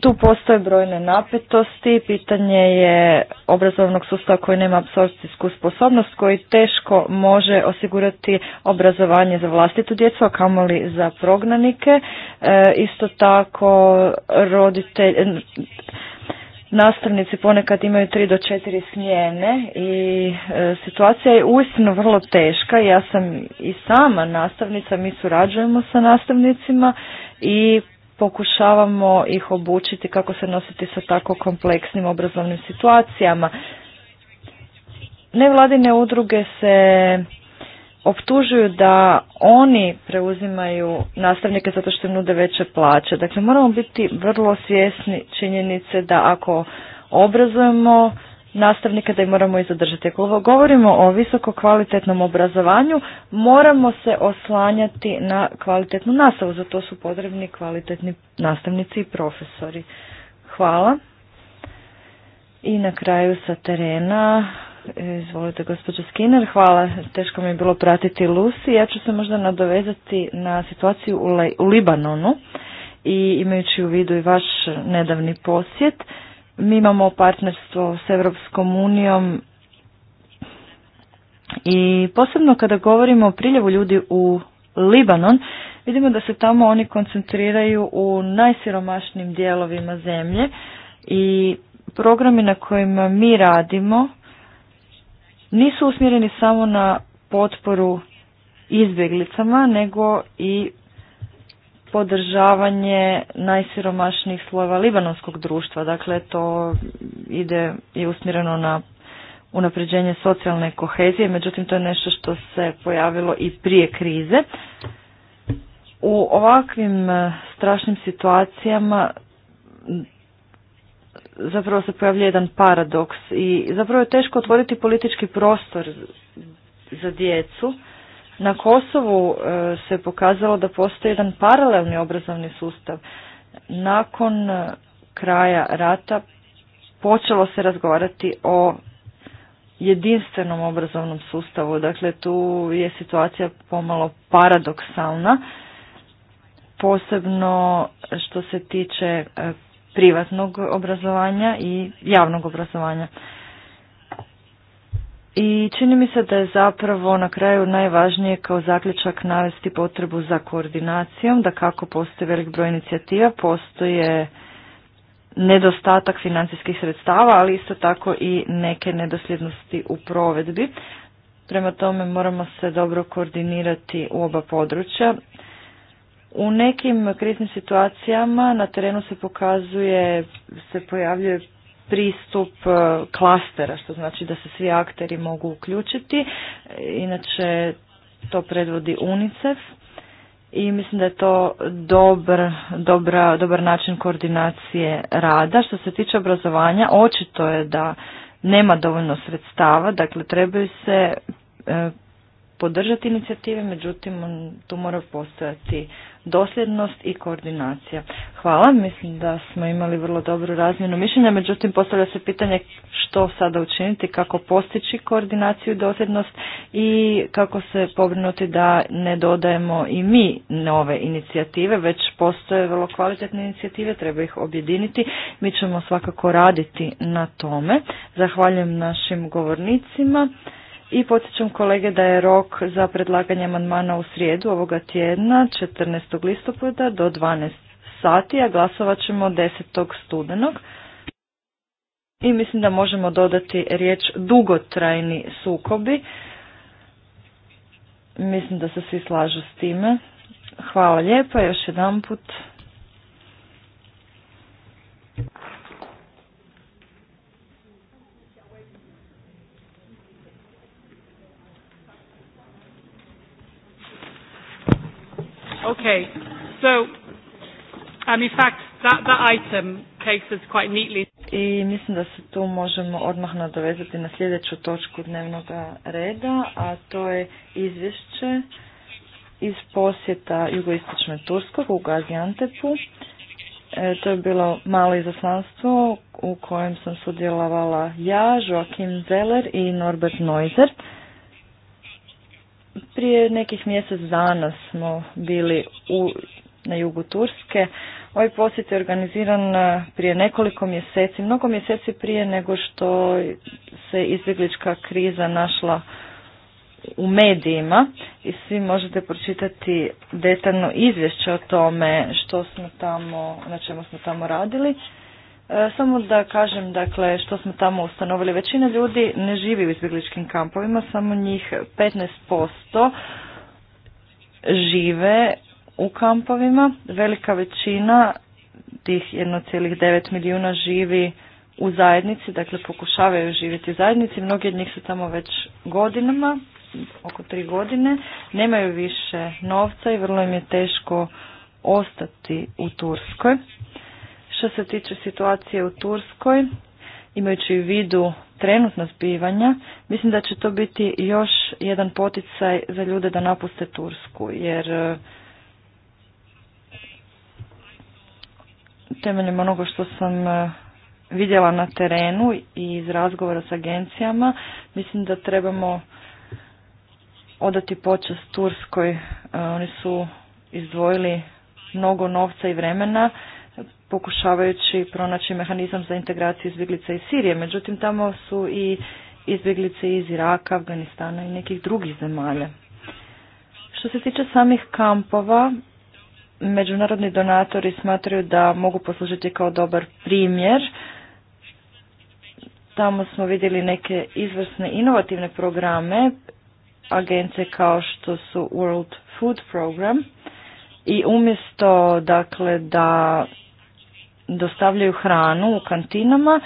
tu postoje brojne napetosti, pitanje je obrazovnog sustava koji nema apsorpcijsku sposobnost, koji teško može osigurati obrazovanje za vlastitu djecu, a kamoli za prognanike. E, isto tako roditelj, nastavnici ponekad imaju tri do četiri smjene i e, situacija je uistinu vrlo teška. Ja sam i sama nastavnica, mi surađujemo sa nastavnicima i pokušavamo ih obučiti kako se nositi sa tako kompleksnim obrazovnim situacijama. Nevladine udruge se optužuju da oni preuzimaju nastavnike zato što im nude veće plaće. Dakle, moramo biti vrlo svjesni činjenice da ako obrazujemo nastavnika da ih moramo i zadržati. Ako govorimo o visoko kvalitetnom obrazovanju, moramo se oslanjati na kvalitetnu nastavu, za to su potrebni kvalitetni nastavnici i profesori. Hvala. I na kraju sa terena, izvolite gospođo Skinner, hvala, teško mi je bilo pratiti Lucy, ja ću se možda nadovezati na situaciju u Libanonu i imajući u vidu i vaš nedavni posjet, mi imamo partnerstvo s Europskom unijom i posebno kada govorimo o priljevu ljudi u Libanon, vidimo da se tamo oni koncentriraju u najsiromašnijim dijelovima zemlje i programi na kojima mi radimo nisu usmjereni samo na potporu izbjeglicama, nego i podržavanje najsiromašnijih slojeva libanonskog društva. Dakle, to ide i usmjereno na unapređenje socijalne kohezije, međutim to je nešto što se pojavilo i prije krize. U ovakvim e, strašnim situacijama zapravo se pojavlja jedan paradoks i zapravo je teško otvoriti politički prostor za djecu na Kosovu e, se pokazalo da postoji jedan paralelni obrazovni sustav. Nakon e, kraja rata počelo se razgovarati o jedinstvenom obrazovnom sustavu. Dakle, tu je situacija pomalo paradoksalna, posebno što se tiče e, privatnog obrazovanja i javnog obrazovanja. I čini mi se da je zapravo na kraju najvažnije kao zaključak navesti potrebu za koordinacijom, da kako postoji velik broj inicijativa, postoje nedostatak financijskih sredstava, ali isto tako i neke nedosljednosti u provedbi. Prema tome moramo se dobro koordinirati u oba područja. U nekim kriznim situacijama na terenu se pokazuje, se pojavljuje pristup e, klastera, što znači da se svi akteri mogu uključiti. E, inače, to predvodi UNICEF i mislim da je to dobar, dobra, dobar način koordinacije rada. Što se tiče obrazovanja, očito je da nema dovoljno sredstava, dakle trebaju se e, podržati inicijative, međutim tu mora postojati dosljednost i koordinacija. Hvala, mislim da smo imali vrlo dobru razmjenu mišljenja, međutim postavlja se pitanje što sada učiniti, kako postići koordinaciju i dosljednost i kako se pobrinuti da ne dodajemo i mi nove inicijative, već postoje vrlo kvalitetne inicijative, treba ih objediniti. Mi ćemo svakako raditi na tome. Zahvaljujem našim govornicima. I podsjećam kolege da je rok za predlaganje amandmana u srijedu ovoga tjedna 14. listopada do 12 sati, a glasovat ćemo 10. studenog. I mislim da možemo dodati riječ dugotrajni sukobi. Mislim da se svi slažu s time. Hvala lijepa još jedan put. Okay. So, um, in fact, that, that item takes quite neatly. I mislim da se tu možemo odmah nadovezati na sljedeću točku dnevnog reda, a to je izvješće iz posjeta jugoistočne Turskog u Gaziantepu. E, to je bilo malo izaslanstvo u kojem sam sudjelovala ja, Joakim Zeller i Norbert Neuser. Prije nekih mjesec dana smo bili u, na jugu Turske. Ovaj posjet je organiziran e, prije nekoliko mjeseci, mnogo mjeseci prije nego što se izbjeglička kriza našla u medijima i svi možete pročitati detaljno izvješće o tome što smo tamo, na čemu smo tamo radili. E, samo da kažem, dakle, što smo tamo ustanovili. Većina ljudi ne živi u izbjegličkim kampovima, samo njih 15% žive u kampovima. Velika većina tih 1,9 milijuna živi u zajednici, dakle pokušavaju živjeti u zajednici. Mnogi od njih su tamo već godinama, oko tri godine, nemaju više novca i vrlo im je teško ostati u Turskoj. Što se tiče situacije u Turskoj, imajući u vidu trenutna zbivanja, mislim da će to biti još jedan poticaj za ljude da napuste Tursku, jer e, temeljem onoga što sam e, vidjela na terenu i iz razgovora s agencijama, mislim da trebamo odati počast Turskoj. E, oni su izdvojili mnogo novca i vremena pokušavajući pronaći mehanizam za integraciju izbjeglica iz Sirije. Međutim, tamo su i izbjeglice iz Iraka, Afganistana i nekih drugih zemalja. Što se tiče samih kampova, međunarodni donatori smatraju da mogu poslužiti kao dobar primjer. Tamo smo vidjeli neke izvrsne inovativne programe, agencije kao što su World Food Program i umjesto dakle da dostavljaju hranu u kantinama,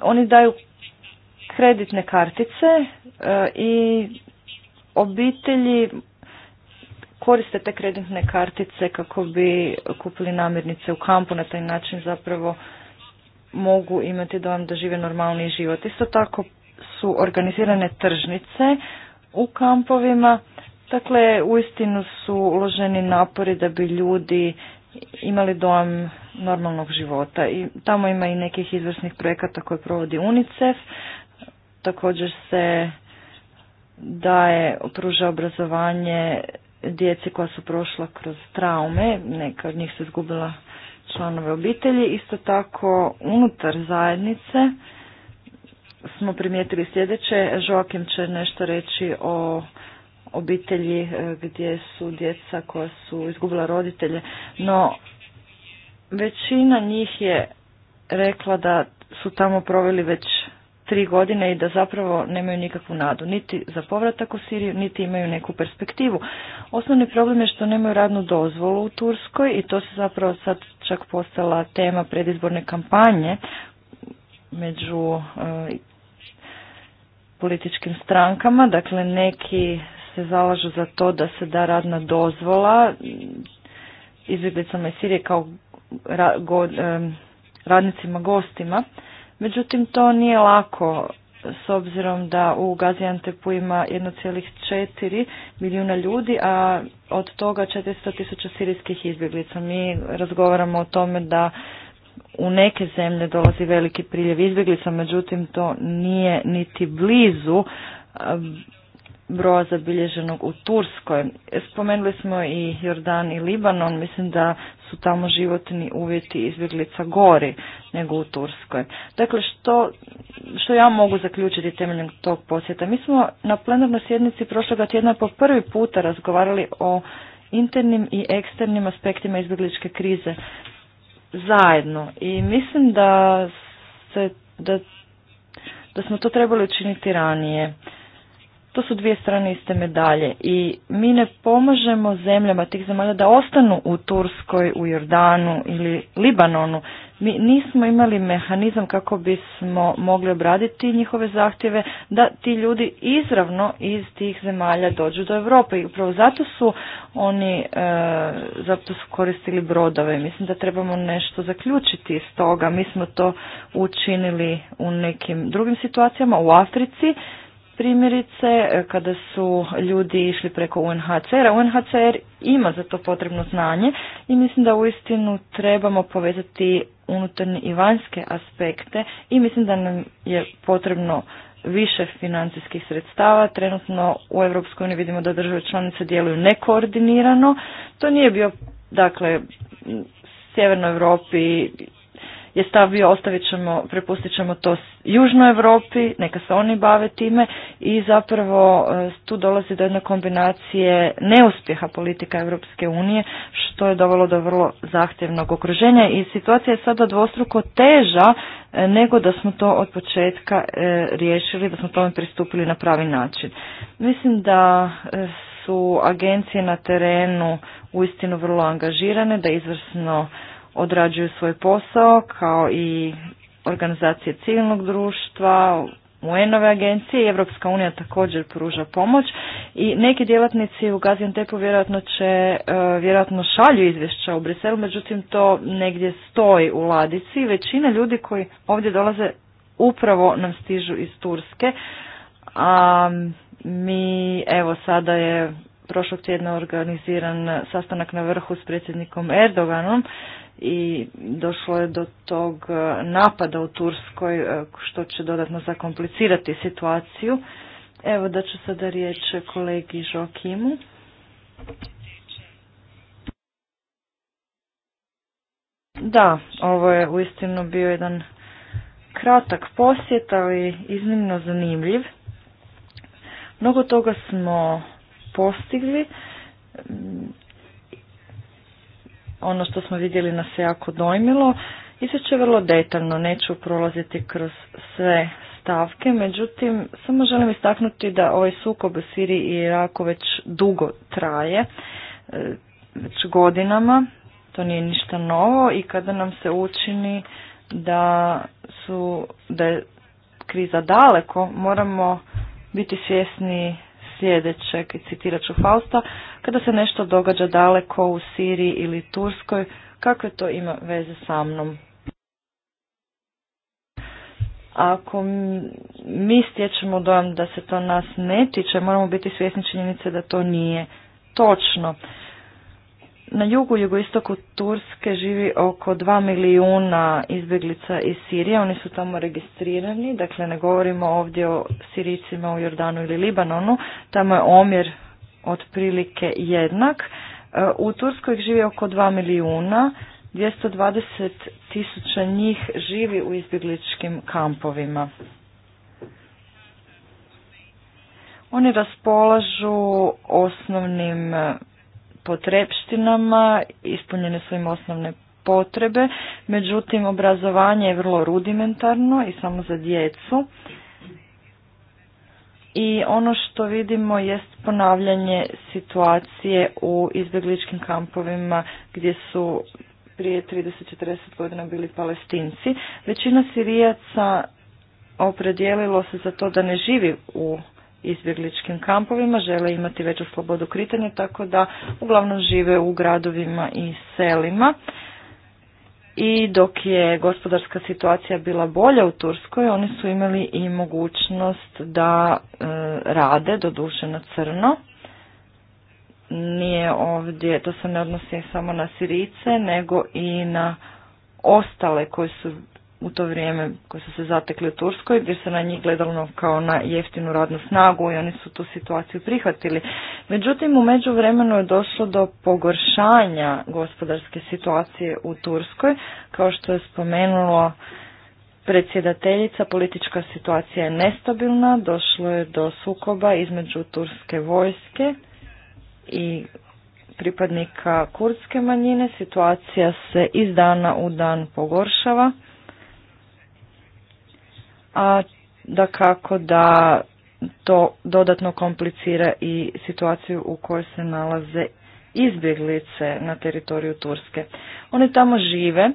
oni daju kreditne kartice e, i obitelji koriste te kreditne kartice kako bi kupili namirnice u kampu, na taj način zapravo mogu imati dojam da žive normalni život. Isto tako su organizirane tržnice u kampovima, dakle uistinu su uloženi napori da bi ljudi imali dojam normalnog života. I tamo ima i nekih izvrsnih projekata koje provodi UNICEF. Također se daje, pruža obrazovanje djeci koja su prošla kroz traume, neka od njih se izgubila članove obitelji. Isto tako unutar zajednice smo primijetili sljedeće, Žoakim će nešto reći o obitelji e, gdje su djeca koja su izgubila roditelje, no većina njih je rekla da su tamo proveli već tri godine i da zapravo nemaju nikakvu nadu, niti za povratak u Siriju, niti imaju neku perspektivu. Osnovni problem je što nemaju radnu dozvolu u Turskoj i to se zapravo sad čak postala tema predizborne kampanje među e, političkim strankama, dakle neki se zalažu za to da se da radna dozvola izbjeglicama iz Sirije kao radnicima gostima. Međutim, to nije lako s obzirom da u Gaziantepu ima 1,4 milijuna ljudi, a od toga 400 tisuća sirijskih izbjeglica. Mi razgovaramo o tome da u neke zemlje dolazi veliki priljev izbjeglica, međutim to nije niti blizu broja zabilježenog u Turskoj. Spomenuli smo i Jordan i Libanon, mislim da su tamo životni uvjeti izbjeglica gori nego u Turskoj. Dakle, što, što ja mogu zaključiti temeljem tog posjeta? Mi smo na plenarnoj sjednici prošloga tjedna po prvi puta razgovarali o internim i eksternim aspektima izbjegličke krize zajedno i mislim da, se, da, da smo to trebali učiniti ranije to su dvije strane iste medalje i mi ne pomažemo zemljama tih zemalja da ostanu u Turskoj, u Jordanu ili Libanonu. Mi nismo imali mehanizam kako bismo mogli obraditi njihove zahtjeve da ti ljudi izravno iz tih zemalja dođu do Europe i upravo zato su oni e, zato su koristili brodove. Mislim da trebamo nešto zaključiti iz toga. Mi smo to učinili u nekim drugim situacijama u Africi Primjerice, kada su ljudi išli preko UNHCR-a, UNHCR ima za to potrebno znanje i mislim da uistinu trebamo povezati unutarnje i vanjske aspekte i mislim da nam je potrebno više financijskih sredstava. Trenutno u EU vidimo da države članice djeluju nekoordinirano. To nije bio, dakle, Sjevernoj Europi je stav bio ostavit ćemo, prepustit ćemo to Južnoj Europi, neka se oni bave time i zapravo e, tu dolazi do jedne kombinacije neuspjeha politika Europske unije što je dovelo do vrlo zahtjevnog okruženja i situacija je sada dvostruko teža e, nego da smo to od početka e, riješili, da smo tome pristupili na pravi način. Mislim da su agencije na terenu uistinu vrlo angažirane, da izvrsno odrađuju svoj posao kao i organizacije civilnog društva, UN-ove agencije i Evropska unija također pruža pomoć i neki djelatnici u Gaziantepu vjerojatno će, e, vjerojatno šalju izvješća u Briselu, međutim to negdje stoji u ladici. Većina ljudi koji ovdje dolaze upravo nam stižu iz Turske, a mi evo sada je prošlog tjedna organiziran sastanak na vrhu s predsjednikom Erdoganom i došlo je do tog e, napada u Turskoj e, što će dodatno zakomplicirati situaciju. Evo da ću sada riječ kolegi Žokimu. Da, ovo je uistinu bio jedan kratak posjet, ali iznimno zanimljiv. Mnogo toga smo postigli ono što smo vidjeli nas se jako dojmilo. će vrlo detaljno, neću prolaziti kroz sve stavke, međutim, samo želim istaknuti da ovaj sukob u Siriji i Iraku već dugo traje, e, već godinama, to nije ništa novo i kada nam se učini da, su, da je kriza daleko, moramo biti svjesni sljedećeg, citirat ću Fausta, kada se nešto događa daleko u Siriji ili Turskoj, kakve to ima veze sa mnom? Ako mi stječemo dojam da se to nas ne tiče, moramo biti svjesni činjenice da to nije točno. Na jugu, jugoistoku Turske živi oko 2 milijuna izbjeglica iz Sirije. Oni su tamo registrirani, dakle ne govorimo ovdje o Sirijcima u Jordanu ili Libanonu. Tamo je omjer otprilike jednak. E, u Turskoj živi oko 2 milijuna, 220 tisuća njih živi u izbjegličkim kampovima. Oni raspolažu osnovnim e, potrebštinama, ispunjene su im osnovne potrebe, međutim obrazovanje je vrlo rudimentarno i samo za djecu i ono što vidimo jest ponavljanje situacije u izbjegličkim kampovima gdje su prije 30-40 godina bili palestinci. Većina sirijaca opredjelilo se za to da ne živi u izbjegličkim kampovima, žele imati veću slobodu kritanja, tako da uglavnom žive u gradovima i selima i dok je gospodarska situacija bila bolja u Turskoj, oni su imali i mogućnost da e, rade, doduše na crno. Nije ovdje, to se ne odnosi samo na Sirice, nego i na ostale koji su u to vrijeme koji su se zatekli u Turskoj, gdje se na njih gledalo kao na jeftinu radnu snagu i oni su tu situaciju prihvatili. Međutim, u međuvremenu je došlo do pogoršanja gospodarske situacije u Turskoj. Kao što je spomenulo predsjedateljica, politička situacija je nestabilna, došlo je do sukoba između turske vojske i pripadnika kurdske manjine. Situacija se iz dana u dan pogoršava. A da kako da to dodatno komplicira i situaciju u kojoj se nalaze izbjeglice na teritoriju Turske. Oni tamo žive.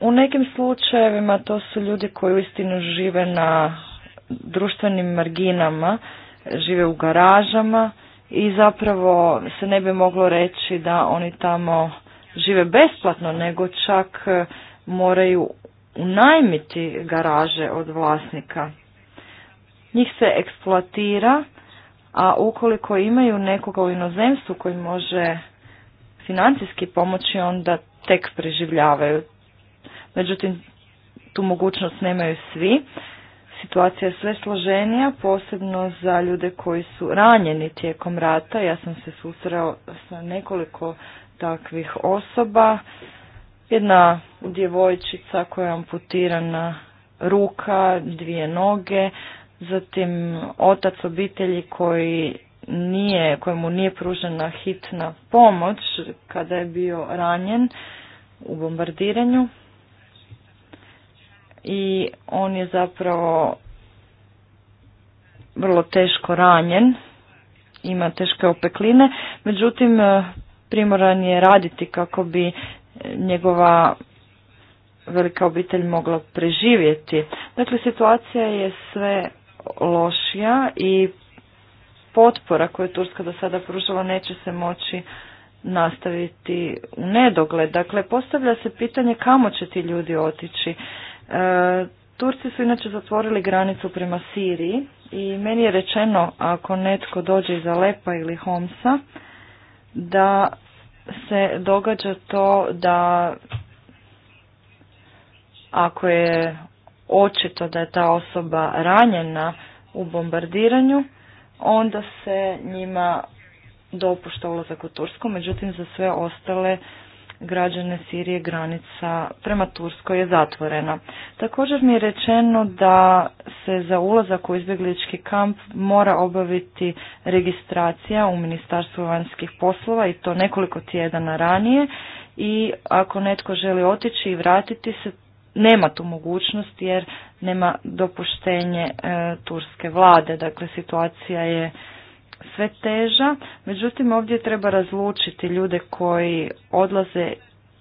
U nekim slučajevima to su ljudi koji uistinu žive na društvenim marginama, žive u garažama i zapravo se ne bi moglo reći da oni tamo žive besplatno, nego čak moraju unajmiti garaže od vlasnika njih se eksploatira, a ukoliko imaju nekoga u inozemstvu koji može financijski pomoći, onda tek preživljavaju. Međutim, tu mogućnost nemaju svi. Situacija je sve složenija, posebno za ljude koji su ranjeni tijekom rata. Ja sam se susreo sa nekoliko takvih osoba. Jedna djevojčica koja je amputirana ruka, dvije noge, zatim otac obitelji koji nije, kojemu nije pružena hitna pomoć kada je bio ranjen u bombardiranju i on je zapravo vrlo teško ranjen, ima teške opekline, međutim primoran je raditi kako bi njegova velika obitelj mogla preživjeti. Dakle, situacija je sve lošija i potpora koju je Turska do sada pružila neće se moći nastaviti u nedogled. Dakle, postavlja se pitanje kamo će ti ljudi otići. E, Turci su inače zatvorili granicu prema Siriji i meni je rečeno ako netko dođe iz Alepa ili Homsa da se događa to da ako je očito da je ta osoba ranjena u bombardiranju, onda se njima dopušta ulazak u Tursku, međutim za sve ostale građane Sirije granica prema Turskoj je zatvorena. Također mi je rečeno da se za ulazak u izbjeglički kamp mora obaviti registracija u Ministarstvu vanjskih poslova i to nekoliko tjedana ranije i ako netko želi otići i vratiti se nema tu mogućnost jer nema dopuštenje e, turske vlade, dakle situacija je sve teža. Međutim, ovdje treba razlučiti ljude koji odlaze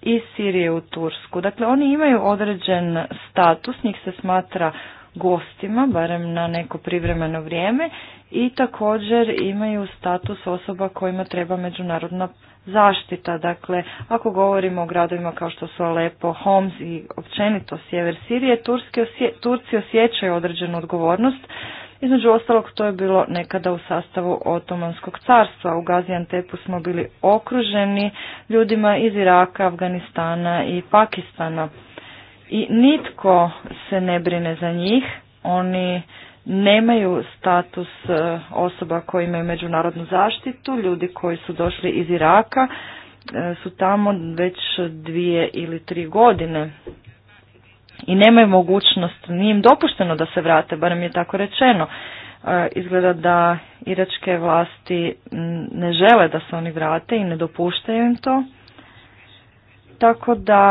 iz Sirije u Tursku. Dakle, oni imaju određen status, njih se smatra gostima, barem na neko privremeno vrijeme i također imaju status osoba kojima treba međunarodna zaštita. Dakle, ako govorimo o gradovima kao što su Alepo, Homs i općenito sjever Sirije, Turski osje, Turci osjećaju određenu odgovornost. Između ostalog, to je bilo nekada u sastavu Otomanskog carstva. U Gaziantepu smo bili okruženi ljudima iz Iraka, Afganistana i Pakistana i nitko se ne brine za njih. Oni nemaju status e, osoba koji imaju međunarodnu zaštitu, ljudi koji su došli iz Iraka e, su tamo već dvije ili tri godine i nemaju mogućnost, nije im dopušteno da se vrate, barem je tako rečeno. E, izgleda da iračke vlasti ne žele da se oni vrate i ne dopuštaju im to. Tako da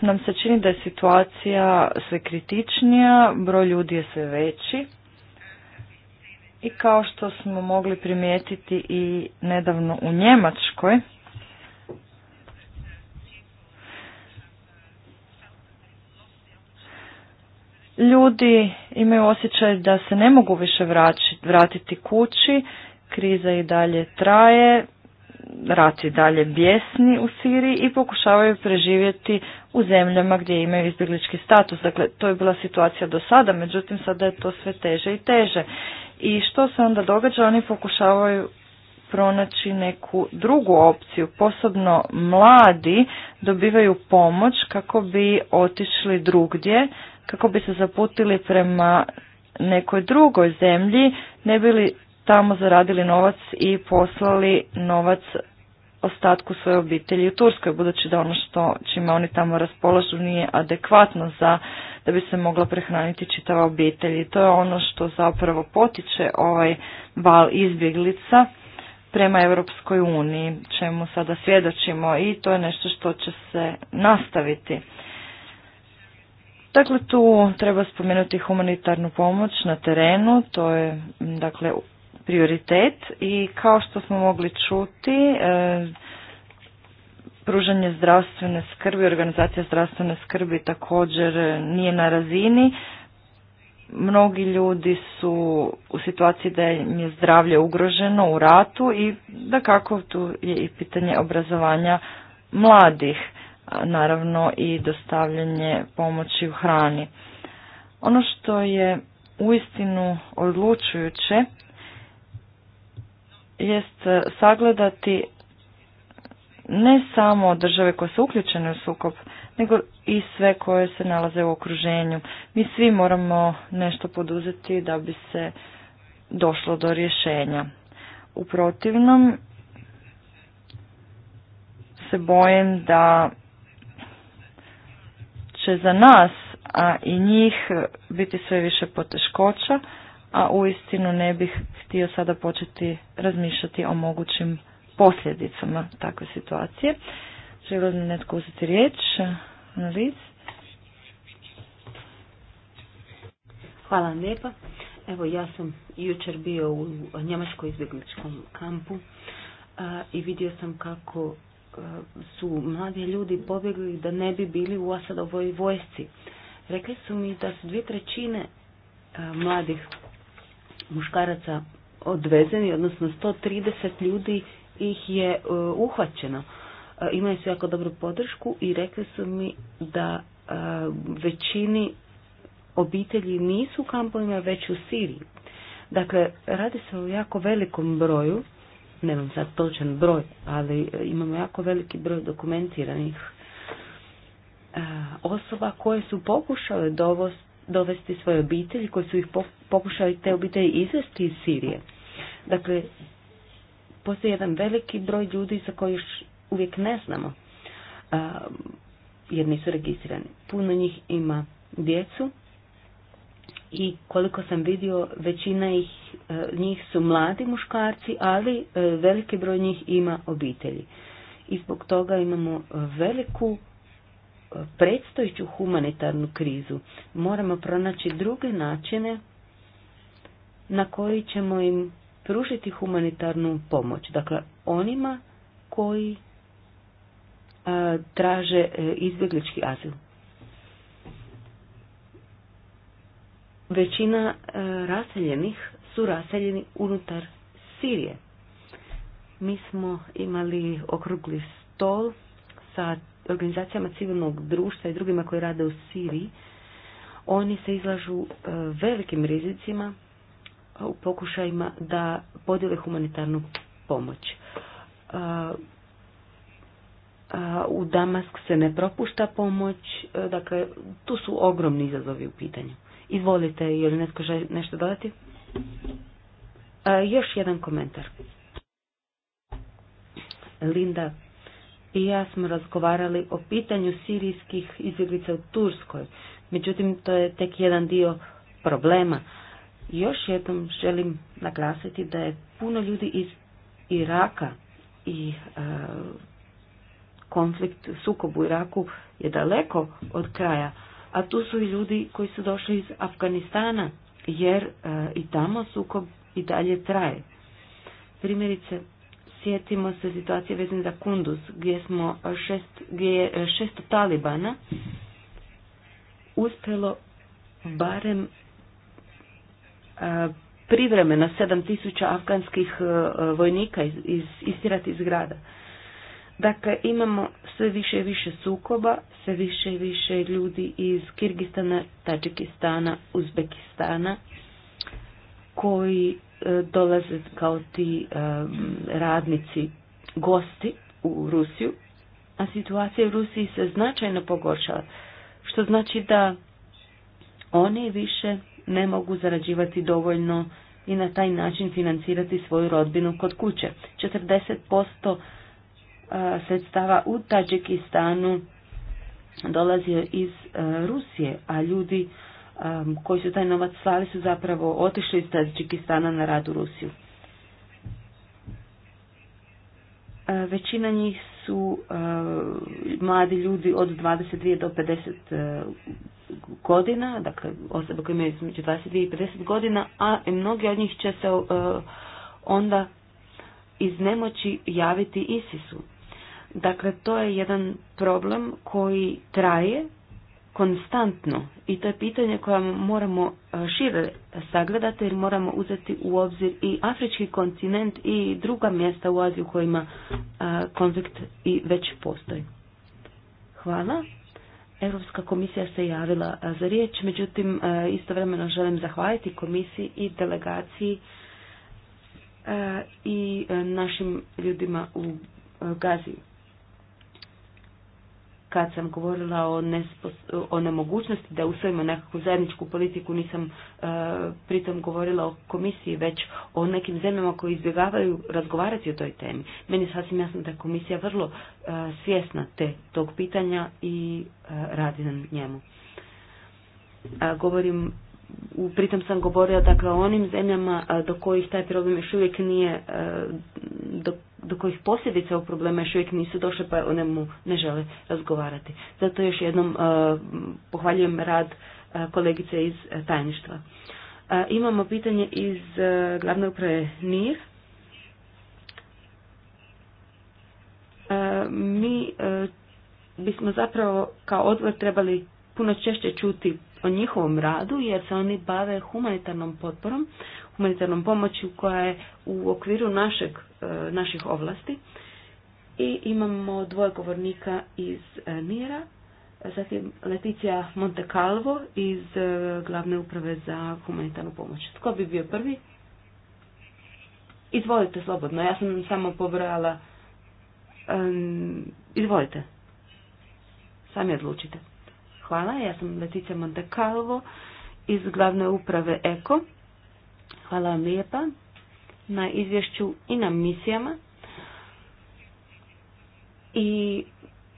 nam se čini da je situacija sve kritičnija, broj ljudi je sve veći. I kao što smo mogli primijetiti i nedavno u Njemačkoj, ljudi imaju osjećaj da se ne mogu više vratiti kući, kriza i dalje traje, rat dalje bjesni u Siriji i pokušavaju preživjeti u zemljama gdje imaju izbjeglički status. Dakle, to je bila situacija do sada, međutim sada je to sve teže i teže. I što se onda događa? Oni pokušavaju pronaći neku drugu opciju. Posebno mladi dobivaju pomoć kako bi otišli drugdje, kako bi se zaputili prema nekoj drugoj zemlji, ne bili tamo zaradili novac i poslali novac ostatku svoje obitelji u Turskoj, budući da ono što čime oni tamo raspolažu nije adekvatno za da bi se mogla prehraniti čitava obitelj. I to je ono što zapravo potiče ovaj val izbjeglica prema Europskoj uniji, čemu sada svjedočimo i to je nešto što će se nastaviti. Dakle, tu treba spomenuti humanitarnu pomoć na terenu, to je dakle prioritet i kao što smo mogli čuti, e, pružanje zdravstvene skrbi, organizacija zdravstvene skrbi također nije na razini. Mnogi ljudi su u situaciji da im je zdravlje ugroženo u ratu i da kako tu je i pitanje obrazovanja mladih, naravno i dostavljanje pomoći u hrani. Ono što je uistinu odlučujuće jest e, sagledati ne samo države koje su uključene u sukob, nego i sve koje se nalaze u okruženju. Mi svi moramo nešto poduzeti da bi se došlo do rješenja. U protivnom se bojem da će za nas, a i njih biti sve više poteškoća a uistinu ne bih htio sada početi razmišljati o mogućim posljedicama takve situacije. Želio netko uzeti riječ? Analiz? Hvala vam lijepa. Evo ja sam jučer bio u njemačkoj izbjegličkom kampu a, i vidio sam kako su mladi ljudi pobjegli da ne bi bili u Asadovoj vojsci. Rekli su mi da su dvije trećine a, mladih muškaraca odvezeni, odnosno 130 ljudi ih je e, uhvaćeno. E, imaju su jako dobru podršku i rekli su mi da e, većini obitelji nisu u kampovima, već u Siriji. Dakle, radi se o jako velikom broju, nemam sad točan broj, ali imamo jako veliki broj dokumentiranih osoba koje su pokušale dovost dovesti svoje obitelji koji su ih pokušali te obitelji izvesti iz Sirije. Dakle, postoji jedan veliki broj ljudi za koji još uvijek ne znamo jer nisu registrirani. Puno njih ima djecu i koliko sam vidio većina ih, e, njih su mladi muškarci, ali e, veliki broj njih ima obitelji. I zbog toga imamo veliku predstojiću humanitarnu krizu. Moramo pronaći druge načine na koji ćemo im pružiti humanitarnu pomoć. Dakle, onima koji e, traže e, izbjeglički azil. Većina e, raseljenih su raseljeni unutar Sirije. Mi smo imali okrugli stol sa organizacijama civilnog društva i drugima koji rade u Siriji, oni se izlažu e, velikim rizicima e, u pokušajima da podijele humanitarnu pomoć. E, u Damask se ne propušta pomoć, dakle tu su ogromni izazovi u pitanju. Izvolite, je li netko želi nešto dodati? Još jedan komentar. Linda i ja smo razgovarali o pitanju sirijskih izbjeglica u Turskoj. Međutim, to je tek jedan dio problema. Još jednom želim naglasiti da je puno ljudi iz Iraka i e, konflikt, sukob u Iraku je daleko od kraja, a tu su i ljudi koji su došli iz Afganistana, jer e, i tamo sukob i dalje traje. Primjerice, sjetimo se situacije vezane za Kunduz, gdje, smo šest, gdje je šesto Talibana uspjelo barem e, privremeno 7000 afganskih e, vojnika iz, iz, istirati iz grada. Dakle, imamo sve više i više sukoba, sve više i više ljudi iz Kirgistana, Tadžikistana, Uzbekistana koji E, dolaze kao ti e, radnici gosti u Rusiju, a situacija u Rusiji se značajno pogoršala, što znači da oni više ne mogu zarađivati dovoljno i na taj način financirati svoju rodbinu kod kuće. 40% e, sredstava u Tadžikistanu dolazi iz Rusije, a ljudi Um, koji su taj novac slali su zapravo otišli iz Tadžikistana na rad u Rusiju. Uh, većina njih su uh, mladi ljudi od 22 do 50 uh, godina, dakle osobe koje imaju između 22 i 50 godina, a mnogi od njih će se onda iz nemoći javiti ISIS-u. Dakle, to je jedan problem koji traje konstantno i to je pitanje koje moramo e, šire sagledati jer moramo uzeti u obzir i afrički kontinent i druga mjesta u Aziji u kojima e, konflikt i već postoji. Hvala. Europska komisija se javila e, za riječ, međutim istovremeno želim zahvaliti komisiji i delegaciji i našim ljudima u Gazi kad sam govorila o, nespos o nemogućnosti da usvojimo nekakvu zajedničku politiku, nisam e, pritom govorila o komisiji, već o nekim zemljama koji izbjegavaju razgovarati o toj temi. Meni je sasvim jasno da je komisija vrlo e, svjesna te tog pitanja i e, radi na njemu. Govorim pritom sam govorila dakle o onim zemljama do kojih taj problem još uvijek nije, e, do, do kojih posljedica ovog problema još uvijek nisu došle pa o njemu ne žele razgovarati. Zato još jednom e, pohvaljujem rad e, kolegice iz tajništva. Imamo pitanje iz glavne uprave NIR. Mi bismo zapravo kao odvor trebali puno češće čuti o njihovom radu jer se oni bave humanitarnom potporom, humanitarnom pomoći koja je u okviru našeg, e, naših ovlasti. I imamo dvoje govornika iz e, MIRA, zatim Leticija Montecalvo iz e, glavne uprave za humanitarnu pomoć. Tko bi bio prvi? Izvolite slobodno, ja sam samo pobrojala. izvolite. Sami odlučite. Hvala, ja sam Letica Calvo iz glavne uprave EKO. Hvala vam lijepa na izvješću i na misijama. I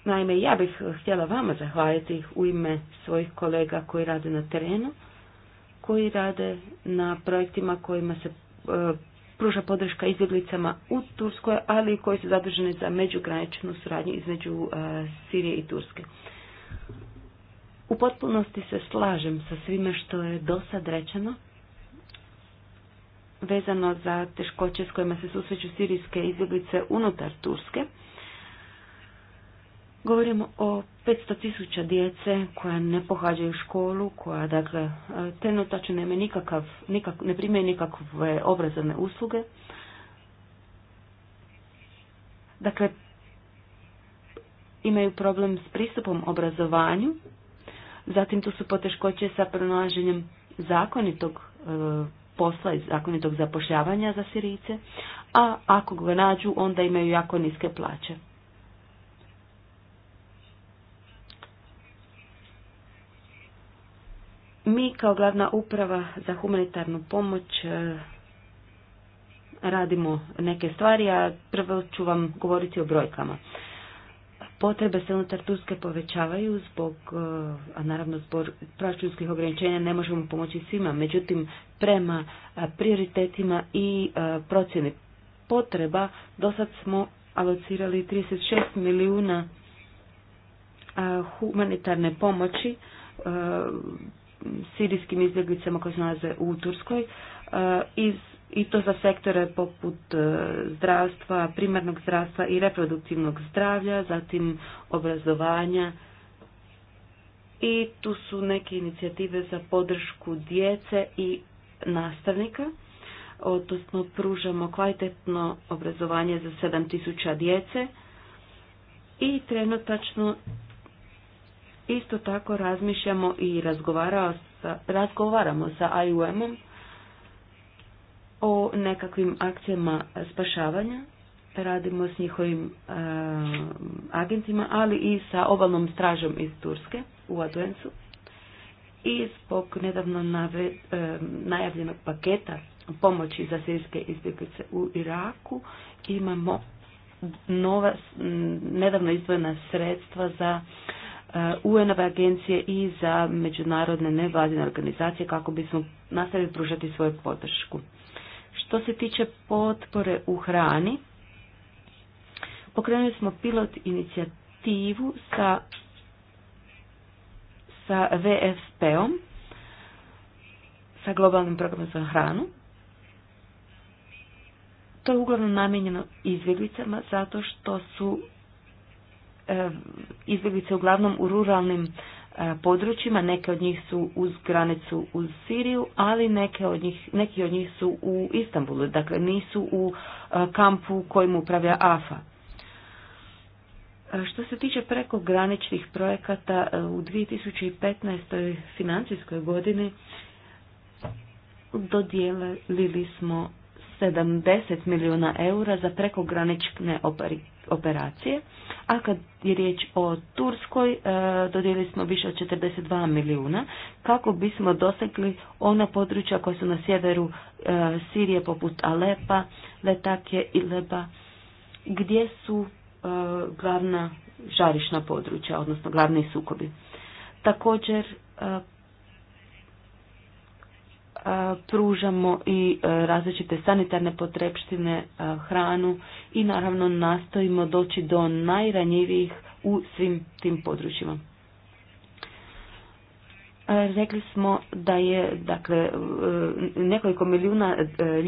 naime, ja bih htjela vama zahvaliti u ime svojih kolega koji rade na terenu, koji rade na projektima kojima se e, pruža podrška izbjeglicama u Turskoj, ali koji su zaduženi za međugraničnu suradnju između e, Sirije i Turske. U potpunosti se slažem sa svime što je do sad rečeno vezano za teškoće s kojima se susreću sirijske izbjeglice unutar Turske. Govorimo o 500 tisuća djece koja ne pohađaju školu, koja dakle trenutačno nema nikakav, nikak, ne primaju nikakve obrazovne usluge. Dakle, imaju problem s pristupom obrazovanju Zatim tu su poteškoće sa pronalaženjem zakonitog e, posla i zakonitog zapošljavanja za Sirice, a ako ga nađu onda imaju jako niske plaće. Mi kao glavna uprava za humanitarnu pomoć e, radimo neke stvari, a prvo ću vam govoriti o brojkama. Potrebe se unutar Turske povećavaju zbog, e, a naravno zbog proračunskih ograničenja ne možemo pomoći svima, međutim prema e, prioritetima i e, procjeni potreba do sad smo alocirali 36 milijuna humanitarne pomoći sirijskim izbjeglicama koje se nalaze u Turskoj iz i to za sektore poput e, zdravstva, primarnog zdravstva i reproduktivnog zdravlja, zatim obrazovanja i tu su neke inicijative za podršku djece i nastavnika, odnosno pružamo kvalitetno obrazovanje za 7000 djece i trenutačno isto tako razmišljamo i razgovaramo sa IUM-om o nekakvim akcijama spašavanja, radimo s njihovim e, agentima, ali i sa obalnom stražom iz Turske u Advencu. I zbog nedavno e, najavljenog paketa pomoći za sirijske izbjeglice u Iraku imamo nova, nedavno izdvojena sredstva za e, un agencije i za međunarodne nevladine organizacije kako bismo nastavili pružati svoju podršku. Što se tiče potpore u hrani, pokrenuli smo pilot inicijativu sa, sa VFP-om, sa globalnim programom za hranu. To je uglavnom namijenjeno izbjeglicama zato što su e, izbjeglice uglavnom u ruralnim E, područjima, neke od njih su uz granicu uz Siriju, ali neke od njih, neki od njih su u Istanbulu, dakle nisu u e, kampu kojim upravlja AFA. E, što se tiče prekograničnih projekata, u 2015. financijskoj godini dodijelili smo 70 milijuna eura za prekogranične operacije, a kad je riječ o Turskoj, e, dodijeli smo više od 42 milijuna kako bismo dosegli ona područja koja su na sjeveru e, Sirije poput Alepa, Letakije i Leba, gdje su e, glavna žarišna područja, odnosno glavni sukobi. Također pružamo i različite sanitarne potrepštine, hranu i naravno nastojimo doći do najranjivijih u svim tim područjima. Rekli smo da je dakle, nekoliko milijuna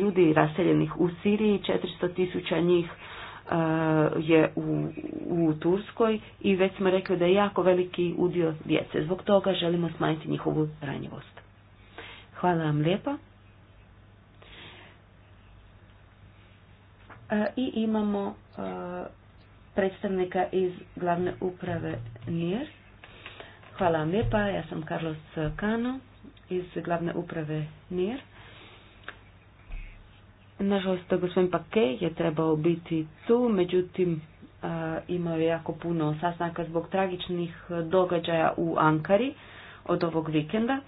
ljudi raseljenih u Siriji, 400 tisuća njih je u, u Turskoj i već smo rekli da je jako veliki udio djece. Zbog toga želimo smanjiti njihovu ranjivost. Hvala vam lijepa. E, I imamo e, predstavnika iz glavne uprave NIR. Hvala vam lijepa, ja sam Carlos Cano iz glavne uprave NIR. Nažalost, gospodin Pake je trebao biti tu, međutim, e, imao je jako puno sastanka zbog tragičnih događaja u Ankari od ovog vikenda.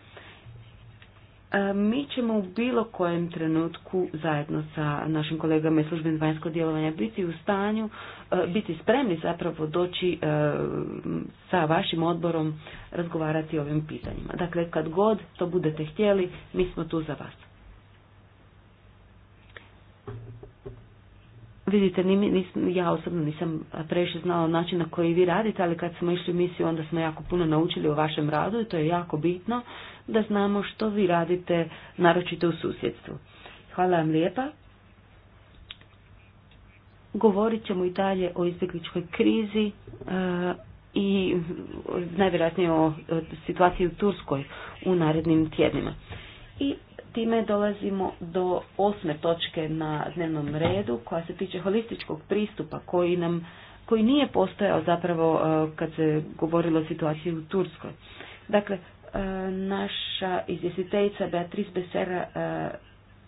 E, mi ćemo u bilo kojem trenutku zajedno sa našim kolegama iz službe vanjskog djelovanja biti u stanju, e, biti spremni zapravo doći e, sa vašim odborom razgovarati o ovim pitanjima. Dakle, kad god to budete htjeli, mi smo tu za vas. Vidite, ja osobno nisam previše znala način na koji vi radite, ali kad smo išli u misiju onda smo jako puno naučili o vašem radu i to je jako bitno da znamo što vi radite, naročito u susjedstvu. Hvala vam lijepa. Govorit ćemo i dalje o izbjegličkoj krizi e, i najvjerojatnije o situaciji u Turskoj u narednim tjednima. I Time dolazimo do osme točke na dnevnom redu koja se tiče holističkog pristupa koji nam koji nije postojao zapravo e, kad se govorilo o situaciji u Turskoj. Dakle, e, naša izvjestiteljica Beatrice Besera e,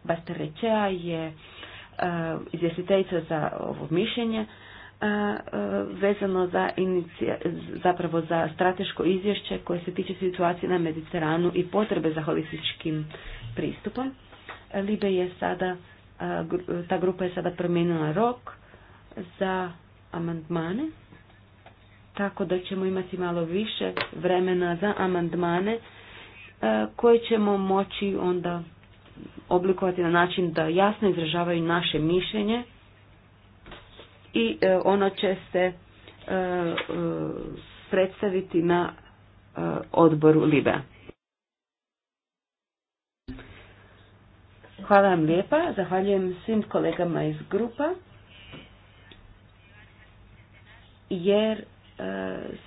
Basterećea je izvjestiteljica za ovo mišljenje vezano za inicija, zapravo za strateško izvješće koje se tiče situacije na Mediteranu i potrebe za holističkim pristupom. Libe je sada, ta grupa je sada promijenila rok za amandmane, tako da ćemo imati malo više vremena za amandmane koje ćemo moći onda oblikovati na način da jasno izražavaju naše mišljenje i e, ono će se e, e, predstaviti na odboru libe. Hvala vam lijepa, zahvaljujem svim kolegama iz grupa, jer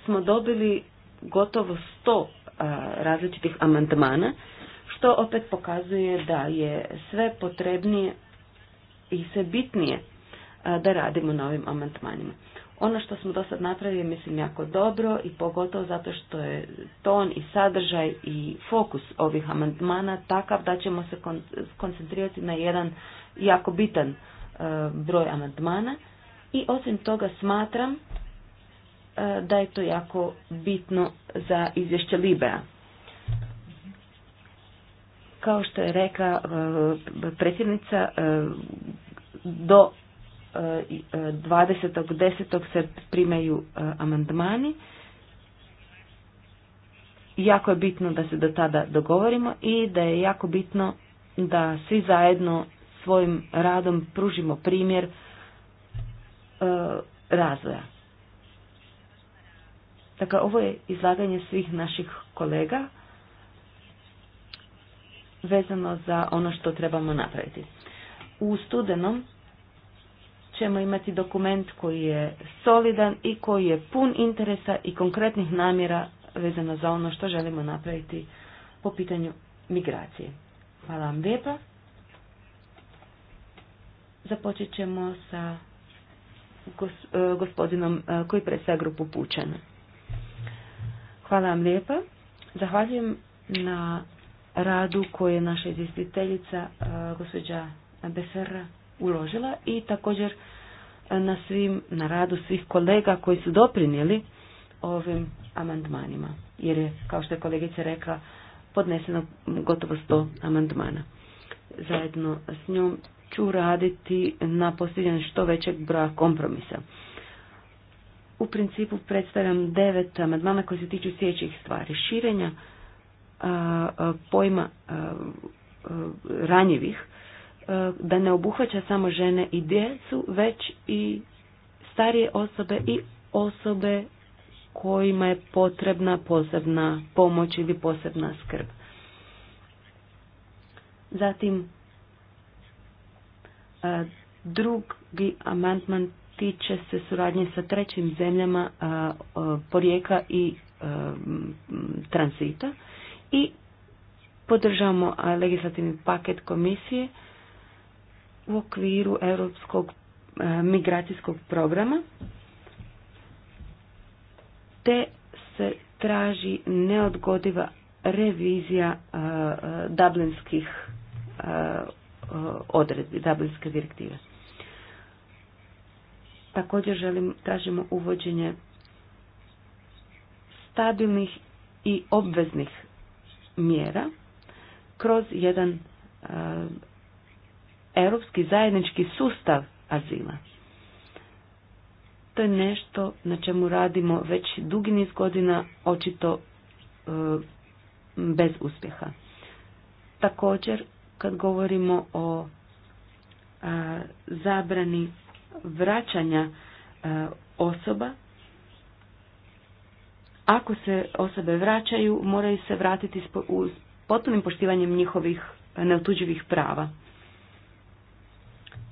smo dobili gotovo sto različitih amandmana, što opet pokazuje da je sve potrebnije i sve bitnije da radimo na ovim amantmanima. Ono što smo do sad napravili mislim jako dobro i pogotovo zato što je ton i sadržaj i fokus ovih amandmana takav da ćemo se koncentrirati na jedan jako bitan e, broj amandmana i osim toga smatram e, da je to jako bitno za izvješće Libera. Kao što je rekla e, predsjednica, do 20.10. se primaju e, amandmani. Jako je bitno da se do tada dogovorimo i da je jako bitno da svi zajedno svojim radom pružimo primjer e, razvoja. Dakle, ovo je izlaganje svih naših kolega vezano za ono što trebamo napraviti. U studenom ćemo imati dokument koji je solidan i koji je pun interesa i konkretnih namjera vezano za ono što želimo napraviti po pitanju migracije. Hvala vam lijepa. Započet ćemo sa e, gospodinom e, koji predstavlja grupu Pučana. Hvala vam lijepa. Zahvaljujem na radu koje je naša izvjestiteljica e, gospođa Beserra uložila i također e, na svim, na radu svih kolega koji su doprinijeli ovim amandmanima. Jer je, kao što je kolegica rekla, podneseno gotovo sto amandmana. Zajedno s njom ću raditi na postizanju što većeg broja kompromisa. U principu predstavljam devet amandmana koji se tiču sljedećih stvari. Širenja pojma ranjivih E, da ne obuhvaća samo žene i djecu, već i starije osobe i osobe kojima je potrebna posebna pomoć ili posebna skrb. Zatim, e, drugi amantman tiče se suradnje sa trećim zemljama e, porijeka i transita i podržavamo legislativni paket komisije u okviru europskog e, migracijskog programa te se traži neodgodiva revizija e, e, dublinskih odredbi, dublinske direktive. Također želim, tražimo uvođenje stabilnih i obveznih mjera kroz jedan europski zajednički sustav azila. To je nešto na čemu radimo već dugi niz godina, očito e, bez uspjeha. Također, kad govorimo o e, zabrani vraćanja e, osoba, ako se osobe vraćaju, moraju se vratiti s u, potpunim poštivanjem njihovih neotuđivih prava.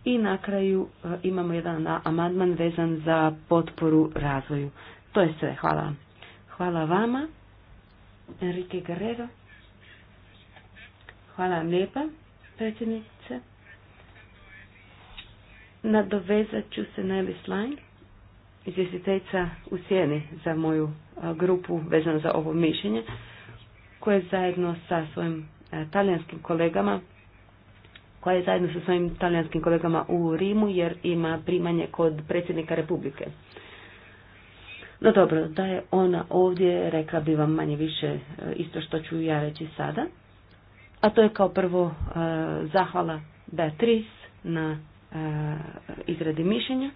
I na kraju e, imamo jedan amandman vezan za potporu razvoju. To je sve. Hvala Hvala vama. Enrique Guerrero. Hvala vam lijepa, predsjednice. Nadovezat ću se na Elis Line, izvjestiteljica u sjeni za moju e, grupu vezano za ovo mišljenje, koje zajedno sa svojim e, talijanskim kolegama koja je zajedno sa svojim talijanskim kolegama u Rimu jer ima primanje kod predsjednika Republike. No dobro, da je ona ovdje, rekla bi vam manje više e, isto što ću ja reći sada. A to je kao prvo e, zahvala Beatrice na e, izradi mišljenja.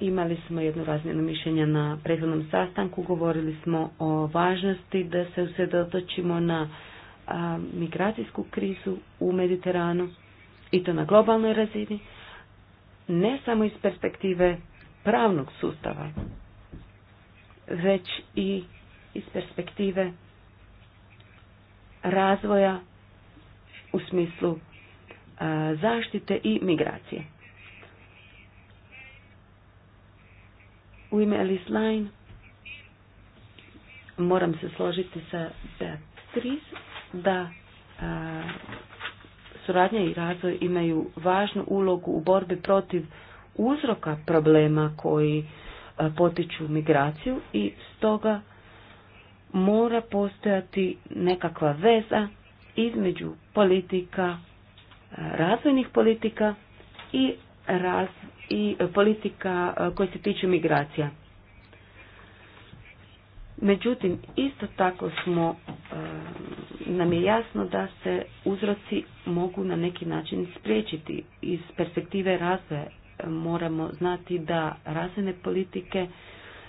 Imali smo jednu razmjenu mišljenja na prethodnom sastanku, govorili smo o važnosti da se usredotočimo na a, migracijsku krizu u Mediteranu i to na globalnoj razini, ne samo iz perspektive pravnog sustava, već i iz perspektive razvoja u smislu zaštite i migracije. U ime Alice Line moram se složiti sa Beatrice da e, suradnja i razvoj imaju važnu ulogu u borbi protiv uzroka problema koji e, potiču migraciju i stoga mora postojati nekakva veza između politika, e, razvojnih politika i, raz, i politika koji se tiču migracija. Međutim, isto tako smo nam je jasno da se uzroci mogu na neki način spriječiti. Iz perspektive razve moramo znati da razvojne politike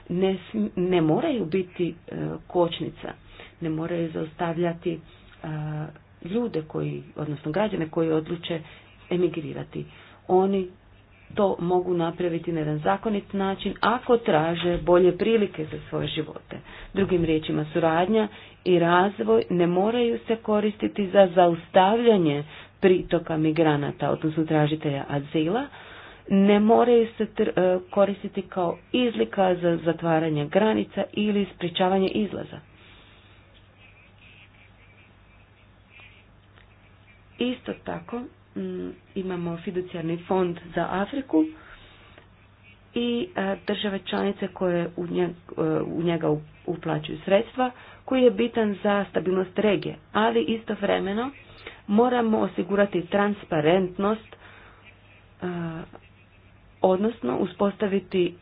ne, ne moraju biti e, kočnica, ne moraju zaustavljati e, ljude koji, odnosno građane koji odluče emigrirati. Oni to mogu napraviti na jedan zakonit način ako traže bolje prilike za svoje živote. Drugim riječima suradnja i razvoj ne moraju se koristiti za zaustavljanje pritoka migranata, odnosno tražitelja azila, ne moraju se e, koristiti kao izlika za zatvaranje granica ili spričavanje izlaza. Isto tako, Mm, imamo fiducijarni fond za Afriku i e, države članice koje u e, njega uplaćuju sredstva koji je bitan za stabilnost regije, ali istovremeno moramo osigurati transparentnost e, odnosno uspostaviti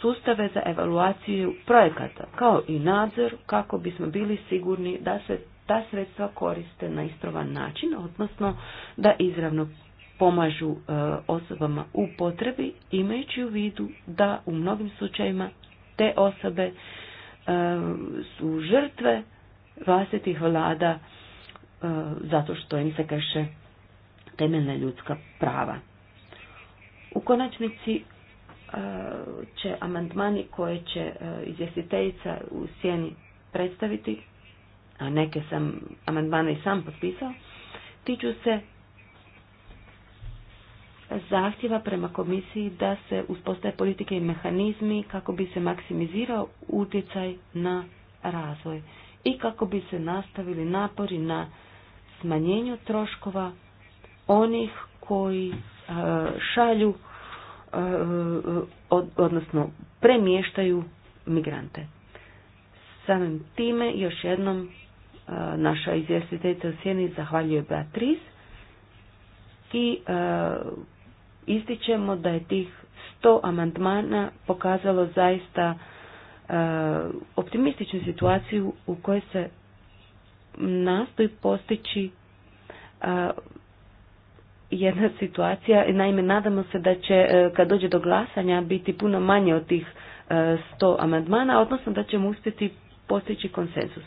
sustave za evaluaciju projekata, kao i nadzor kako bismo bili sigurni da se ta sredstva koriste na ispravan način, odnosno da izravno pomažu e, osobama u potrebi, imajući u vidu da u mnogim slučajevima te osobe e, su žrtve vlastitih vlada e, zato što im se krše temeljna ljudska prava. U konačnici će amandmani koje će izvjestiteljica u sjeni predstaviti a neke sam amandmane i sam potpisao, tiču se zahtjeva prema komisiji da se uspostaje politike i mehanizmi kako bi se maksimizirao utjecaj na razvoj i kako bi se nastavili napori na smanjenju troškova onih koji e, šalju e, odnosno premještaju migrante. Samim time još jednom naša izvjestiteljica u sjeni zahvaljuje Beatriz i e, ističemo da je tih sto amandmana pokazalo zaista e, optimističnu situaciju u kojoj se nastoji postići e, jedna situacija, naime nadamo se da će kad dođe do glasanja biti puno manje od tih sto amandmana, odnosno da ćemo uspjeti postići konsensus.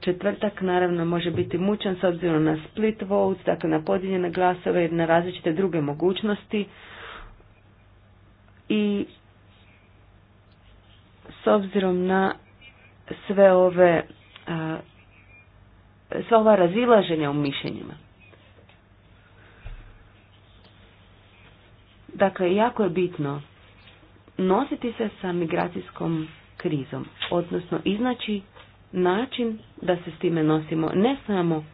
Četvrtak naravno može biti mučan s obzirom na split votes, dakle na podijeljene glasove i na različite druge mogućnosti. I s obzirom na sve ove sva ova razilaženja u mišljenjima. Dakle, jako je bitno nositi se sa migracijskom krizom, odnosno iznaći način da se s time nosimo ne samo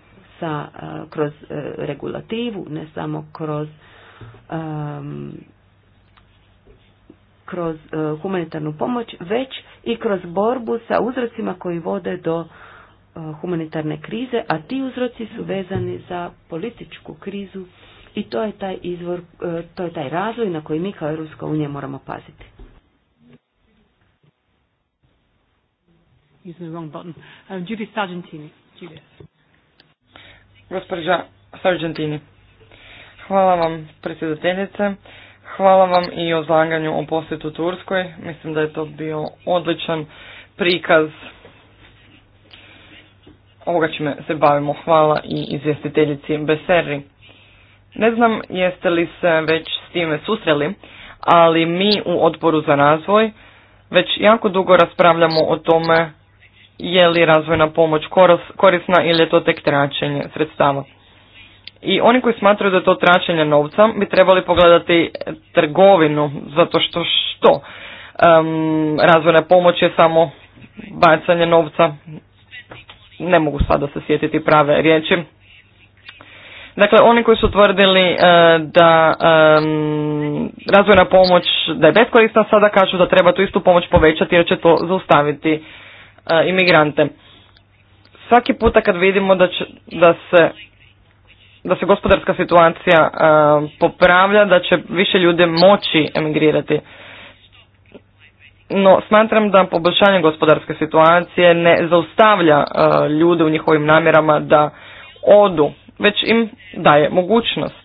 sa, e, kroz e, regulativu, ne samo kroz kroz e, humanitarnu pomoć, već i kroz borbu sa uzrocima koji vode do humanitarne krize, a ti uzroci su vezani za političku krizu i to je taj izvor, to je taj razvoj na koji mi kao EU moramo paziti. using the wrong button. Um, Judith Sargentini. Judith. Sargentini. Hvala vam, predsjedateljice. Hvala vam i o zlaganju o posjetu Turskoj. Mislim da je to bio odličan prikaz ovoga čime se bavimo. Hvala i izvjestiteljici Beseri. Ne znam jeste li se već s time susreli, ali mi u odboru za razvoj već jako dugo raspravljamo o tome je li razvojna pomoć korisna ili je to tek tračenje sredstava. I oni koji smatraju da je to tračenje novca bi trebali pogledati trgovinu, zato što što? razvojna pomoć je samo bacanje novca, ne mogu sada se sjetiti prave riječi. Dakle, oni koji su tvrdili eh, da razvojna pomoć da je beskorisna, sada kažu da treba tu istu pomoć povećati jer će to zaustaviti Eh, imigrante. Svaki puta kad vidimo da, će, da se da se gospodarska situacija eh, popravlja, da će više ljude moći emigrirati. No, smatram da poboljšanje gospodarske situacije ne zaustavlja eh, ljude u njihovim namjerama da odu, već im daje mogućnost.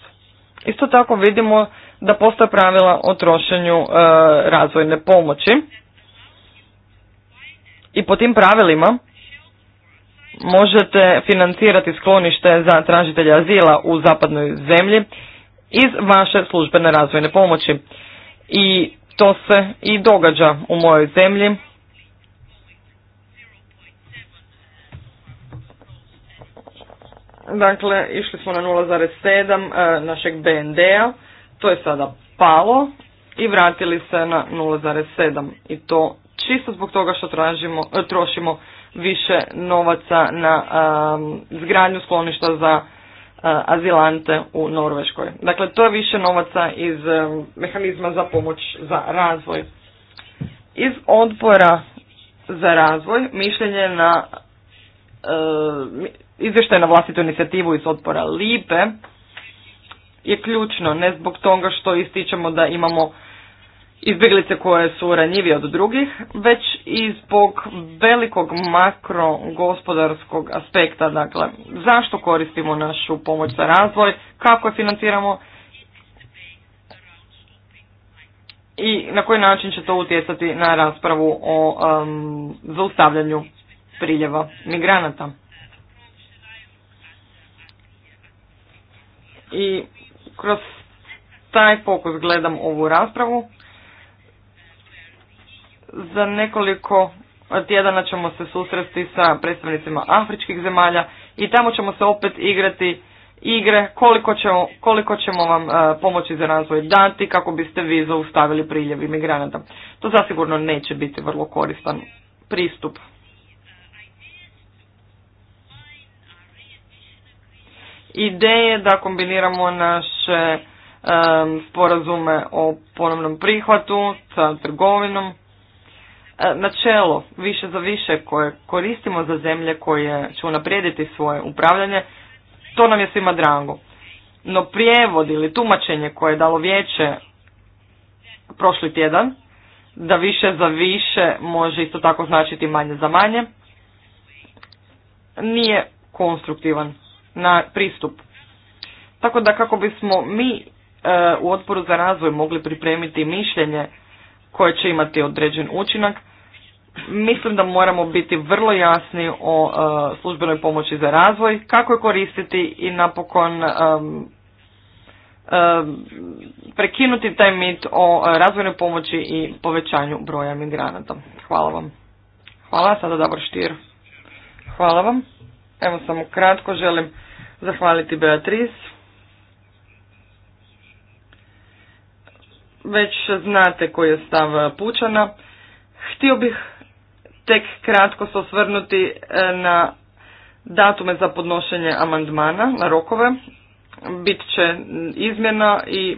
Isto tako vidimo da postoje pravila o trošenju razvojne pomoći i po tim pravilima možete financirati sklonište za tražitelja azila u zapadnoj zemlji iz vaše službene razvojne pomoći. I to se i događa u mojoj zemlji. Dakle, išli smo na 0,7 e, našeg BND-a, to je sada palo i vratili se na 0,7 i to čisto zbog toga što tražimo, e, trošimo više novaca na um, zgradnju skloništa za e, azilante u Norveškoj. Dakle, to je više novaca iz e, mehanizma za pomoć za razvoj. Iz odbora za razvoj mišljenje na izvještaj na vlastitu inicijativu iz odbora LIPE je ključno, ne zbog toga što ističemo da imamo izbjeglice koje su ranjivije od drugih, već i zbog velikog makrogospodarskog aspekta, dakle, zašto koristimo našu pomoć za razvoj, kako je financiramo i na koji način će to utjecati na raspravu o um, zaustavljanju priljeva migranata. I kroz taj fokus gledam ovu raspravu za nekoliko tjedana ćemo se susresti sa predstavnicima afričkih zemalja i tamo ćemo se opet igrati igre koliko ćemo, koliko ćemo vam e, pomoći za razvoj dati kako biste vi zaustavili priljev imigranata. To zasigurno neće biti vrlo koristan pristup. Ideje da kombiniramo naše e, sporazume o ponovnom prihvatu sa trgovinom E, načelo više za više koje koristimo za zemlje koje će unaprijediti svoje upravljanje, to nam je svima drago. No prijevod ili tumačenje koje je dalo vijeće prošli tjedan, da više za više može isto tako značiti manje za manje, nije konstruktivan na pristup. Tako da kako bismo mi e, u odboru za razvoj mogli pripremiti mišljenje koje će imati određen učinak, mislim da moramo biti vrlo jasni o e, službenoj pomoći za razvoj, kako je koristiti i napokon e, e, prekinuti taj mit o razvojnoj pomoći i povećanju broja migranata. Hvala vam. Hvala, sada Davor Štir. Hvala vam. Evo samo kratko želim zahvaliti Beatriz. Već znate koji je stav Pučana. Htio bih tek kratko se osvrnuti e, na datume za podnošenje amandmana, na rokove. Bit će izmjena i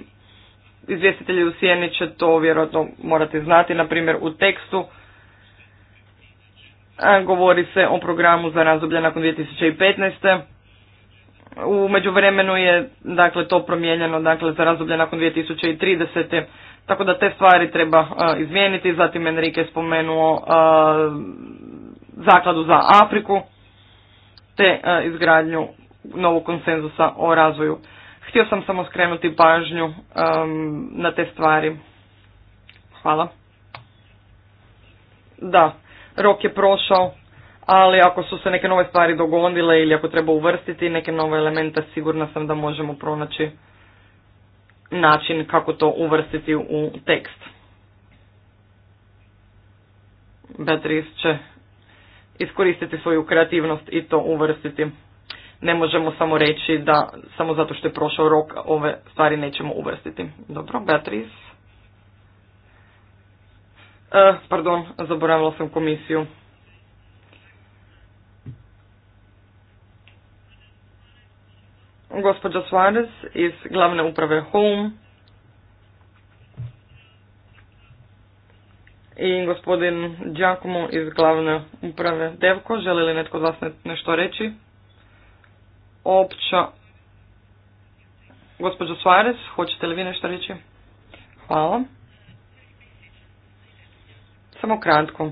izvjestitelji u Sijeni će to vjerojatno morati znati. Na primjer u tekstu e, govori se o programu za razdoblje nakon 2015. U međuvremenu je dakle to promijenjeno dakle za razdoblje nakon 2030. Tako da te stvari treba e, izmijeniti. Zatim Enrique je spomenuo e, zakladu za Afriku te e, izgradnju novog konsenzusa o razvoju. Htio sam samo skrenuti pažnju na te stvari. Hvala. Da, rok je prošao, ali ako su se neke nove stvari dogodile ili ako treba uvrstiti neke nove elemente, sigurna sam da možemo pronaći način kako to uvrstiti u tekst. Beatrice će iskoristiti svoju kreativnost i to uvrstiti. Ne možemo samo reći da samo zato što je prošao rok ove stvari nećemo uvrstiti. Dobro, Beatrice. E, pardon, zaboravila sam komisiju. gospođa Suarez iz glavne uprave Home i gospodin Giacomo iz glavne uprave Devko. Želi li netko od vas nešto reći? Opća. Gospođo Suarez, hoćete li vi nešto reći? Hvala. Samo kratko.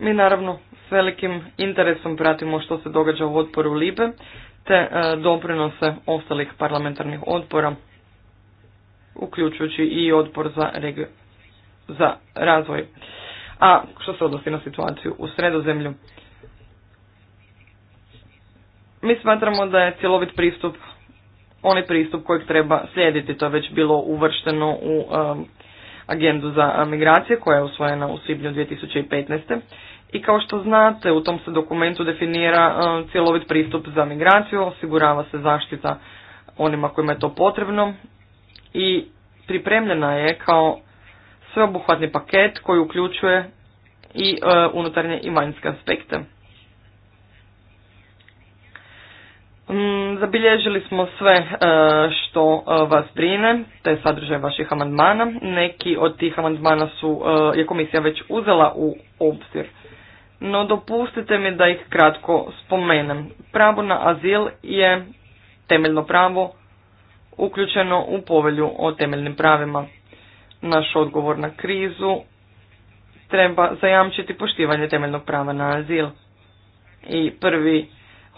Mi naravno s velikim interesom pratimo što se događa u odporu Libe te e, doprinose ostalih parlamentarnih odbora, uključujući i odbor za, za razvoj. A što se odnosi na situaciju u sredozemlju? Mi smatramo da je cjelovit pristup onaj pristup kojeg treba slijediti. To je već bilo uvršteno u um, agendu za migracije koja je usvojena u svibnju 2015 i kao što znate u tom se dokumentu definira e, cjelovit pristup za migraciju, osigurava se zaštita onima kojima je to potrebno i pripremljena je kao sveobuhvatni paket koji uključuje i e, unutarnje i vanjske aspekte. Mm, zabilježili smo sve e, što vas brine, te sadržaj vaših amandmana. Neki od tih amandmana su, je komisija već uzela u obzir no dopustite mi da ih kratko spomenem. Pravo na azil je temeljno pravo uključeno u povelju o temeljnim pravima. Naš odgovor na krizu treba zajamčiti poštivanje temeljnog prava na azil. I prvi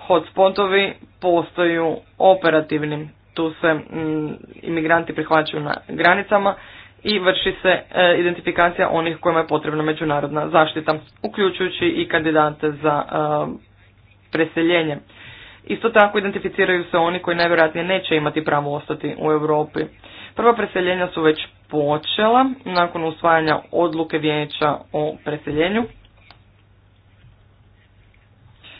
hotspotovi postaju operativnim. Tu se mm, imigranti prihvaćaju na granicama i vrši se e, identifikacija onih kojima je potrebna međunarodna zaštita, uključujući i kandidate za e, preseljenje. Isto tako identificiraju se oni koji najvjerojatnije neće imati pravo ostati u Europi. Prva preseljenja su već počela nakon usvajanja odluke vijeća o preseljenju.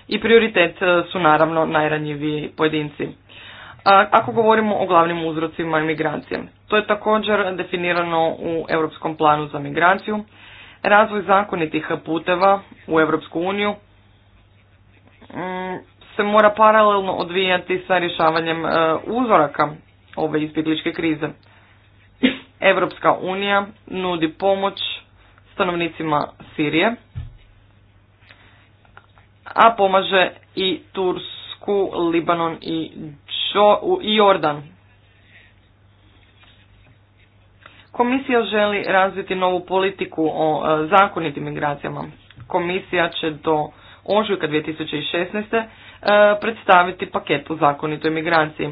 I prioritet e, su naravno najranjiviji pojedinci ako govorimo o glavnim uzrocima imigracije, To je također definirano u Europskom planu za migraciju, razvoj zakonitih puteva u Europsku uniju mm, se mora paralelno odvijati sa rješavanjem e, uzoraka ove izbjegličke krize. Europska unija nudi pomoć stanovnicima Sirije, a pomaže i Tursku, Libanon i i Jordan. Komisija želi razviti novu politiku o e, zakonitim migracijama. Komisija će do ožujka 2016. E, predstaviti paket o zakonitoj migraciji.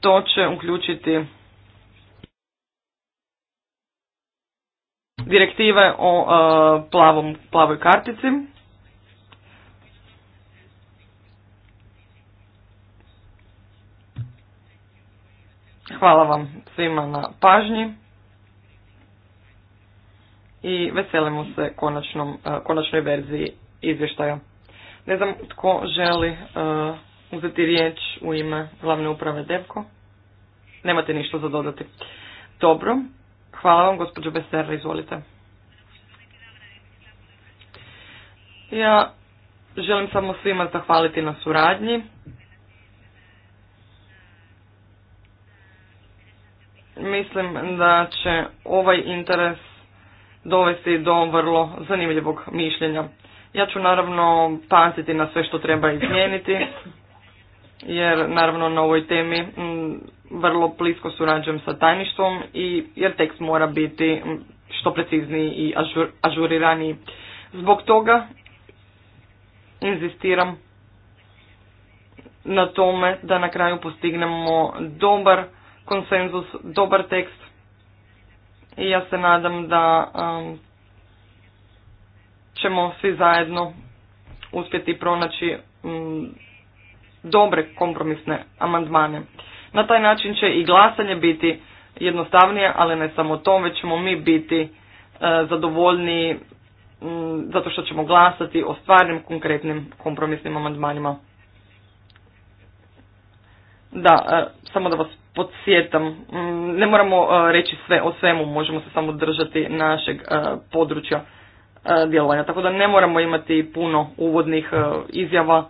To će uključiti direktive o e, plavom, plavoj kartici, Hvala vam svima na pažnji i veselimo se konačnom, e, konačnoj verziji izvještaja. Ne znam tko želi e, uzeti riječ u ime glavne uprave Devko. Nemate ništa za dodati. Dobro, hvala vam gospođo Besera, izvolite. Ja želim samo svima zahvaliti na suradnji. mislim da će ovaj interes dovesti do vrlo zanimljivog mišljenja. Ja ću naravno paziti na sve što treba izmijeniti, jer naravno na ovoj temi mm, vrlo blisko surađujem sa tajništvom i jer tekst mora biti što precizniji i ažur, ažuriraniji. Zbog toga inzistiram na tome da na kraju postignemo dobar konsenzus, dobar tekst i ja se nadam da um, ćemo svi zajedno uspjeti pronaći um, dobre kompromisne amandmane. Na taj način će i glasanje biti jednostavnije, ali ne samo to, već ćemo mi biti uh, zadovoljni um, zato što ćemo glasati o stvarnim konkretnim kompromisnim amandmanima. Da, uh, samo da vas podsjetam, mm, ne moramo e, reći sve o svemu, možemo se samo držati našeg e, područja e, djelovanja. Tako da ne moramo imati puno uvodnih izjava,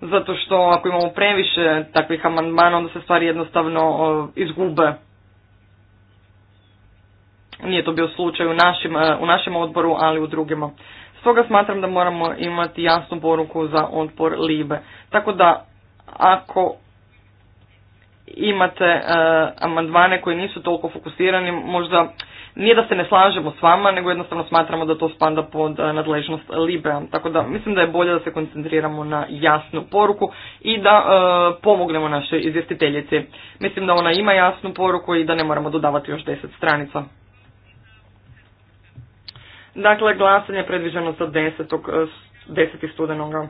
zato što ako imamo previše takvih amandmana, onda se stvari jednostavno izgube. Nije to bio slučaj u u našem odboru, ali u drugima. Stoga smatram da moramo imati jasnu poruku za odpor Libe. Tako da ako imate e, amandmane koji nisu toliko fokusirani, možda nije da se ne slažemo s vama, nego jednostavno smatramo da to spada pod e, nadležnost Libra. Tako da mislim da je bolje da se koncentriramo na jasnu poruku i da e, pomognemo našoj izvjestiteljici. Mislim da ona ima jasnu poruku i da ne moramo dodavati još deset stranica. Dakle, glasanje je predviđeno za 10. 10. E, studenoga.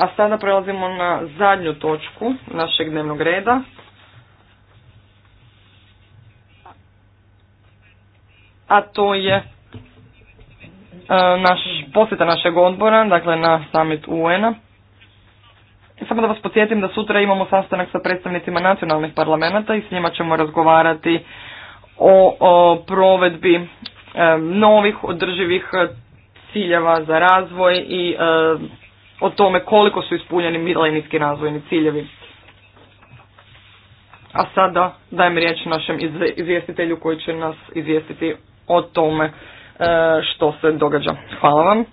A sada prelazimo na zadnju točku našeg dnevnog reda. A to je e, naš, posjeta našeg odbora, dakle na summit UN-a. Samo da vas podsjetim da sutra imamo sastanak sa predstavnicima nacionalnih parlamenta i s njima ćemo razgovarati o, o provedbi e, novih održivih ciljeva za razvoj i e, o tome koliko su ispunjeni milenijski razvojni ciljevi. A sada dajem riječ našem izvjestitelju koji će nas izvijestiti o tome e, što se događa. Hvala vam.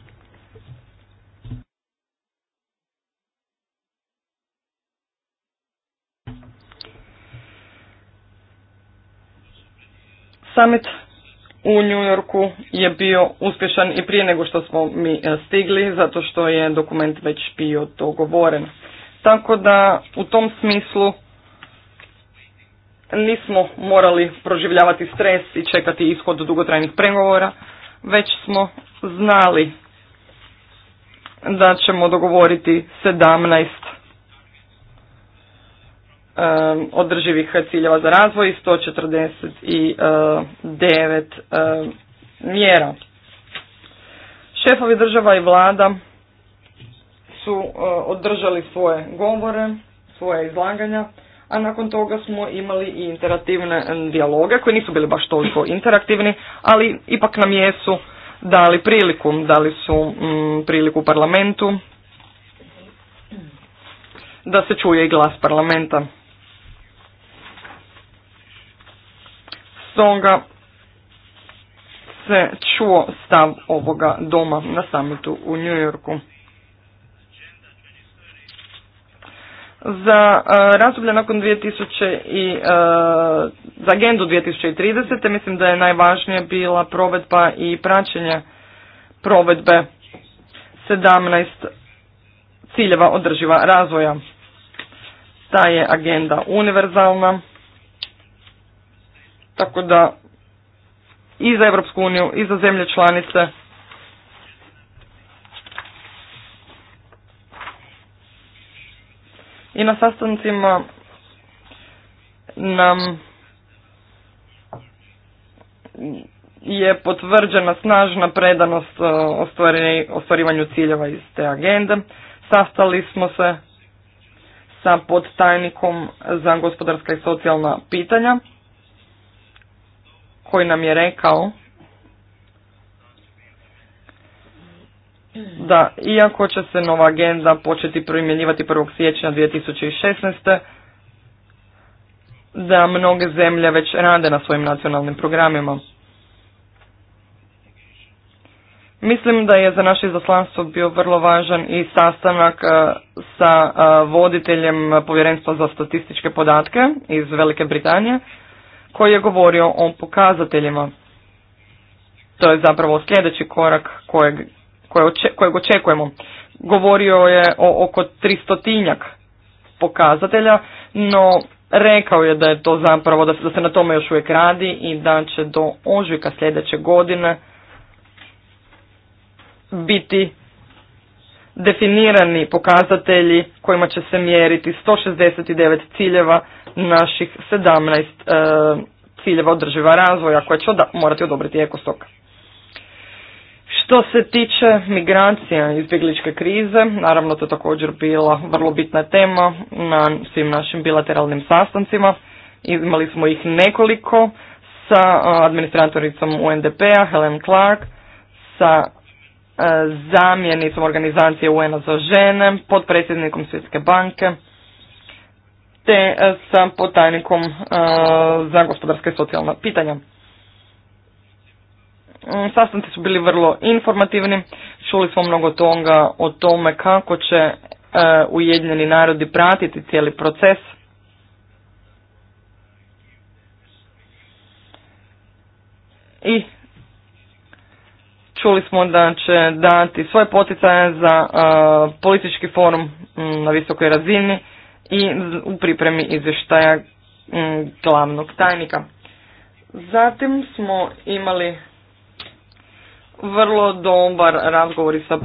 Summit u New Yorku je bio uspješan i prije nego što smo mi e, stigli, zato što je dokument već bio dogovoren. Tako da u tom smislu nismo morali proživljavati stres i čekati ishod dugotrajnih pregovora, već smo znali da ćemo dogovoriti sedamnaest. Um, održivih ciljeva za razvoj i 149 um, mjera. Šefovi država i vlada su uh, održali svoje govore, svoje izlaganja, a nakon toga smo imali i interaktivne um, dijaloge koji nisu bili baš toliko interaktivni, ali ipak nam jesu dali priliku, dali su priliku parlamentu da se čuje i glas parlamenta. toga se čuo stav ovoga doma na samitu u New Yorku. Za e, razdoblje nakon 2000 i e, za agendu 2030. mislim da je najvažnija bila provedba i praćenje provedbe 17 ciljeva održiva razvoja. Ta je agenda univerzalna tako da i za Europsku uniju i za zemlje članice i na sastancima nam je potvrđena snažna predanost e, ostvarivanju ciljeva iz te agende. Sastali smo se sa podtajnikom za gospodarska i socijalna pitanja koji nam je rekao da iako će se nova agenda početi primjenjivati 1. siječnja 2016. da mnoge zemlje već rade na svojim nacionalnim programima. Mislim da je za naše izaslanstvo bio vrlo važan i sastanak e, sa e, voditeljem Povjerenstva za statističke podatke iz Velike Britanije koji je govorio o pokazateljima. To je zapravo sljedeći korak kojeg, kojeg očekujemo. Govorio je o oko tristotinjak pokazatelja, no rekao je da je to zapravo, da se, da se na tome još uvijek radi i da će do ožujka sljedeće godine biti definirani pokazatelji kojima će se mjeriti 169 ciljeva naših 17 e, ciljeva održiva razvoja koje će morati odobriti ekostok. Što se tiče migracija izbjegličke krize, naravno to je također bila vrlo bitna tema na svim našim bilateralnim sastancima. Imali smo ih nekoliko sa administratoricom UNDP-a, Helen Clark, sa zamjenicom organizacije un za žene, podpredsjednikom Svjetske banke, te e, sa potajnikom e, za gospodarske i socijalna pitanja. Mm, sastanci su bili vrlo informativni, čuli smo mnogo toga o tome kako će e, Ujedinjeni narodi pratiti cijeli proces. I Čuli smo da će dati svoje poticaje za politički forum na visokoj razini i u pripremi izvještaja glavnog tajnika. Zatim smo imali vrlo dobar razgovor sa,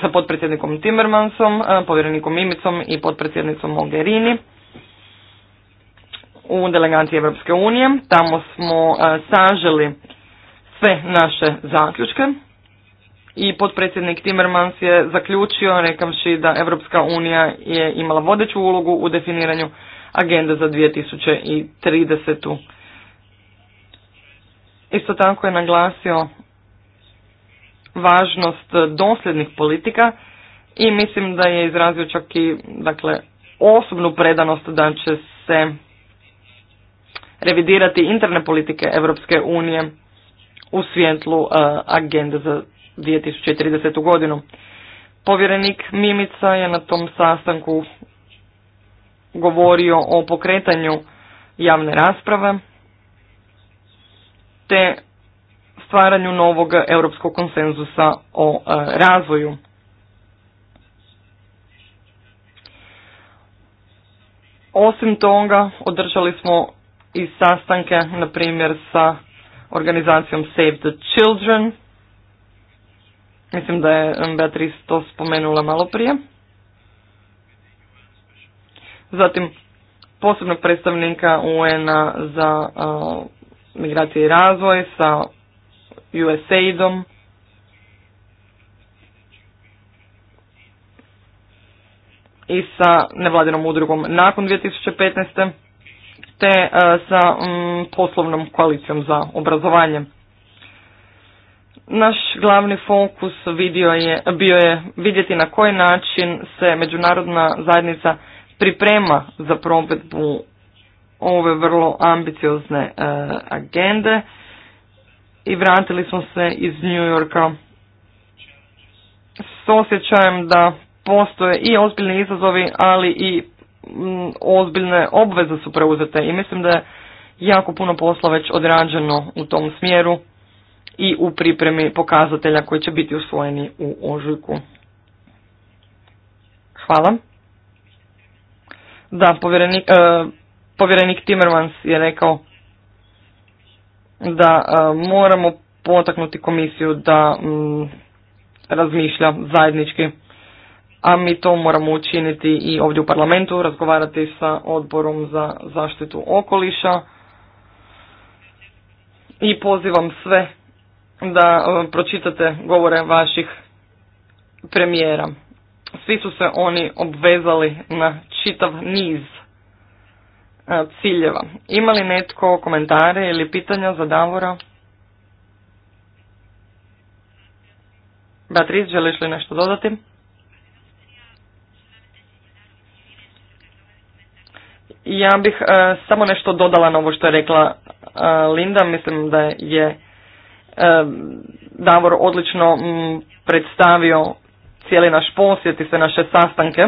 sa potpredsjednikom Timmermansom, povjerenikom Mimicom i potpredsjednicom Mogherini u delegaciji Europske unije. Tamo smo saželi sve naše zaključke i potpredsjednik Timmermans je zaključio rekavši da Europska unija je imala vodeću ulogu u definiranju agende za 2030. Isto tako je naglasio važnost dosljednih politika i mislim da je izrazio čak i dakle, osobnu predanost da će se revidirati interne politike Europske unije u svjetlu e, agende za 2030. godinu. Povjerenik Mimica je na tom sastanku govorio o pokretanju javne rasprave te stvaranju novog europskog konsenzusa o e, razvoju. Osim toga, održali smo i sastanke, na primjer, sa organizacijom Save the Children. Mislim da je Beatrice to spomenula malo prije. Zatim posebnog predstavnika UN-a za uh, migracije i razvoj sa USAID-om. i sa nevladinom udrugom nakon 2015 te e, sa mm, poslovnom koalicijom za obrazovanje. Naš glavni fokus vidio je, bio je vidjeti na koji način se međunarodna zajednica priprema za provedbu ove vrlo ambiciozne e, agende i vratili smo se iz New Yorka s osjećajem da postoje i ozbiljni izazovi, ali i ozbiljne obveze su preuzete i mislim da je jako puno posla već odrađeno u tom smjeru i u pripremi pokazatelja koji će biti usvojeni u ožujku. Hvala. Da, povjerenik, e, povjerenik Timmermans je rekao da e, moramo potaknuti komisiju da razmišlja zajednički a mi to moramo učiniti i ovdje u parlamentu, razgovarati sa odborom za zaštitu okoliša i pozivam sve da e, pročitate govore vaših premijera. Svi su se oni obvezali na čitav niz e, ciljeva. Ima li netko komentare ili pitanja za Davora? Beatriz, želiš li nešto dodati? Ja bih e, samo nešto dodala na ovo što je rekla e, Linda, mislim da je e, Davor odlično predstavio cijeli naš posjet i sve naše sastanke.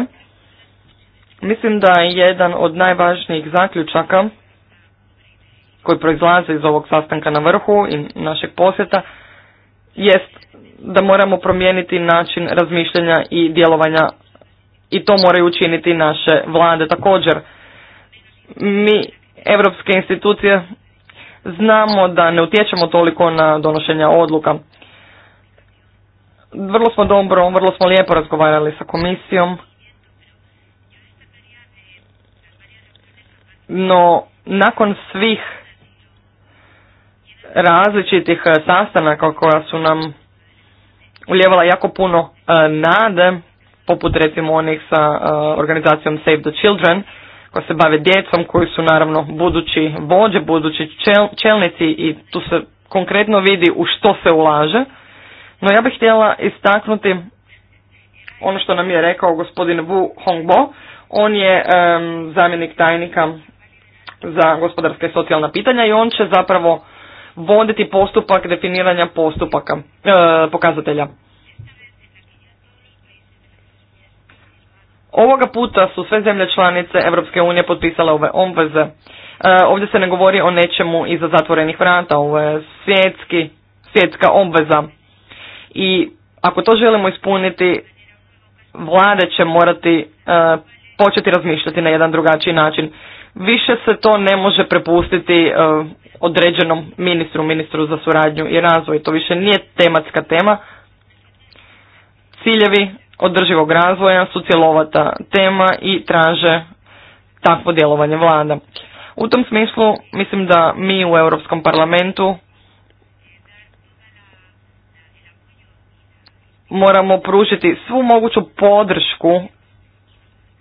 Mislim da je jedan od najvažnijih zaključaka koji proizlaze iz ovog sastanka na vrhu i našeg posjeta jest da moramo promijeniti način razmišljanja i djelovanja i to moraju učiniti naše vlade također mi, evropske institucije, znamo da ne utječemo toliko na donošenja odluka. Vrlo smo dobro, vrlo smo lijepo razgovarali sa komisijom. No, nakon svih različitih eh, sastanaka koja su nam uljevala jako puno eh, nade, poput recimo onih sa eh, organizacijom Save the Children, koja se bave djecom, koji su naravno budući vođe, budući čelnici i tu se konkretno vidi u što se ulaže. No ja bih htjela istaknuti ono što nam je rekao gospodin Wu Hongbo, on je zamjenik tajnika za gospodarska i socijalna pitanja i on će zapravo voditi postupak definiranja postupaka, e, pokazatelja. Ovoga puta su sve zemlje članice Europske unije potpisale ove obveze. E, ovdje se ne govori o nečemu iza zatvorenih vrata, ovo je svjetski, svjetska obveza. I ako to želimo ispuniti, vlade će morati e, početi razmišljati na jedan drugačiji način. Više se to ne može prepustiti e, određenom ministru, ministru za suradnju i razvoj. To više nije tematska tema. Ciljevi održivog razvoja su cjelovata tema i traže takvo djelovanje vlada. U tom smislu mislim da mi u Europskom parlamentu moramo pružiti svu moguću podršku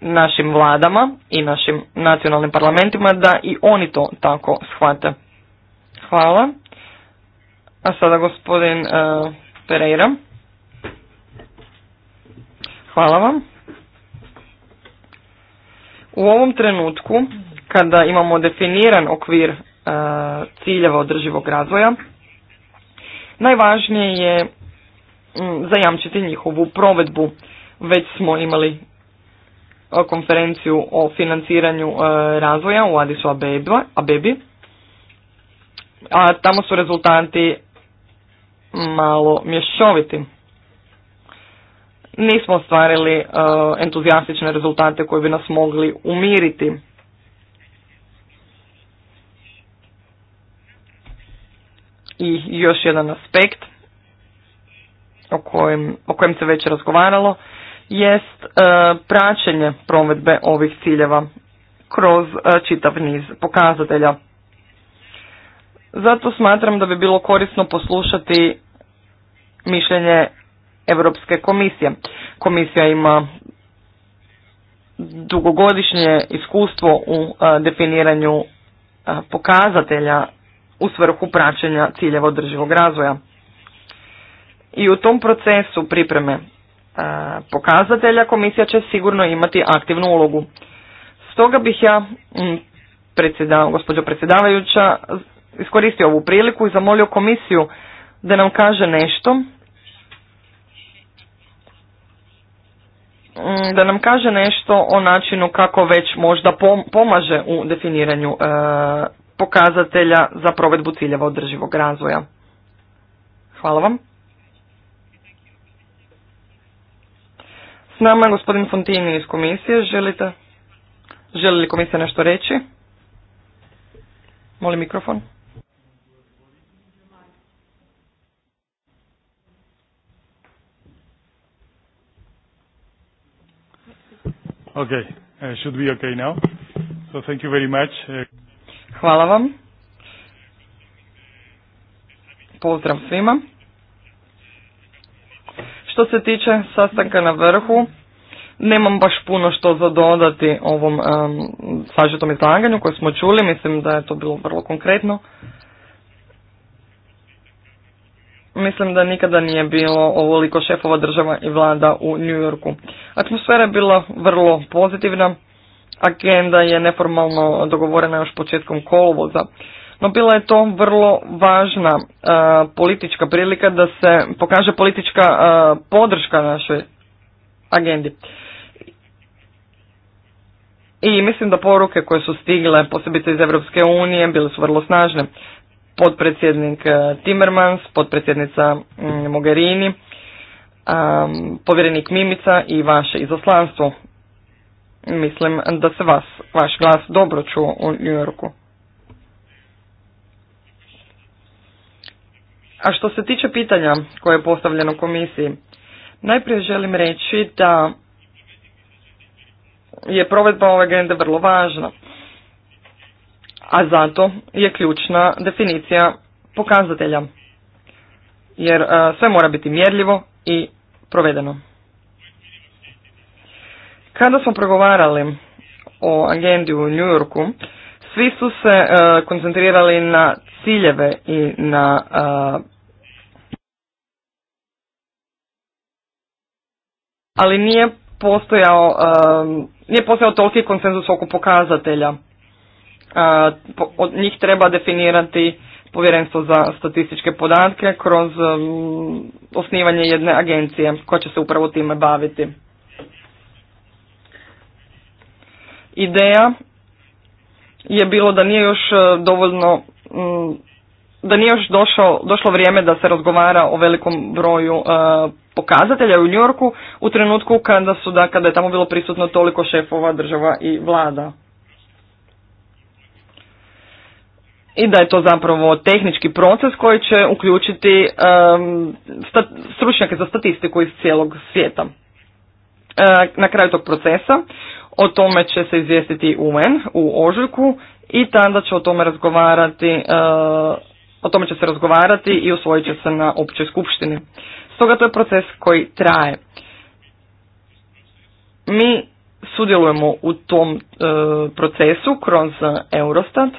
našim vladama i našim nacionalnim parlamentima da i oni to tako shvate. Hvala. A sada gospodin eh, Pereira. Hvala vam. U ovom trenutku, kada imamo definiran okvir e, ciljeva održivog razvoja, najvažnije je zajamčiti njihovu provedbu. Već smo imali e, konferenciju o financiranju e, razvoja u Adisu Abeba, Abebi, a tamo su rezultanti malo mješoviti nismo ostvarili uh, entuzijastične rezultate koje bi nas mogli umiriti. I još jedan aspekt o kojem, o kojem se već razgovaralo jest uh, praćenje provedbe ovih ciljeva kroz uh, čitav niz pokazatelja. Zato smatram da bi bilo korisno poslušati mišljenje Europske komisije. Komisija ima dugogodišnje iskustvo u e, definiranju e, pokazatelja u svrhu praćenja ciljeva održivog razvoja. I u tom procesu pripreme e, pokazatelja komisija će sigurno imati aktivnu ulogu. Stoga bih ja, gospođo predsjedavajuća, iskoristio ovu priliku i zamolio komisiju da nam kaže nešto Mm, da nam kaže nešto o načinu kako već možda pomaže u definiranju e, pokazatelja za provedbu ciljeva održivog razvoja. Hvala vam. S nama je gospodin Fontini iz komisije. Želite? Želi li komisija nešto reći? Molim mikrofon. Okay, uh, should be okay now. So thank you very much. Uh, Hvala vam. Pozdrav svima. Što se tiče sastanka na vrhu, nemam baš puno što zadodati dodati ovom um, sažetom izlaganju koje smo čuli. Mislim da je to bilo vrlo konkretno. Mislim da nikada nije bilo ovoliko šefova država i vlada u New Yorku. Atmosfera je bila vrlo pozitivna. Agenda je neformalno dogovorena još početkom kolovoza. No bila je to vrlo važna politička prilika da se pokaže politička podrška našoj agendi. I mislim da poruke koje su stigle, posebice iz Europske unije, bile su vrlo snažne potpredsjednik Timmermans, potpredsjednica mm, Mogherini, povjerenik Mimica i vaše izoslanstvo. Mislim da se vas, vaš glas dobro čuo u New Yorku. A što se tiče pitanja koje je postavljeno komisiji, najprije želim reći da je provedba ove agende vrlo važna a zato je ključna definicija pokazatelja. Jer e, sve mora biti mjerljivo i provedeno. Kada smo progovarali o agendi u New Yorku, svi su se e, koncentrirali na ciljeve i na e, ali nije postojao, nije postojao toliki konsenzus oko pokazatelja. Od njih treba definirati povjerenstvo za statističke podatke kroz um, osnivanje jedne agencije koja će se upravo time baviti. Ideja je bilo da nije još e, dovoljno mm, da nije još došlo vrijeme da se razgovara o velikom broju e, pokazatelja u Njorku u trenutku kada su da kada je tamo bilo prisutno toliko šefova država i vlada. i da je to zapravo tehnički proces koji će uključiti um, stručnjake za statistiku iz cijelog svijeta. E, na kraju tog procesa o tome će se izvijestiti UN u ožujku i tada će o tome razgovarati, e, o tome će se razgovarati i usvojit će se na općoj skupštini. Stoga to je proces koji traje. Mi sudjelujemo u tom e, procesu kroz Eurostat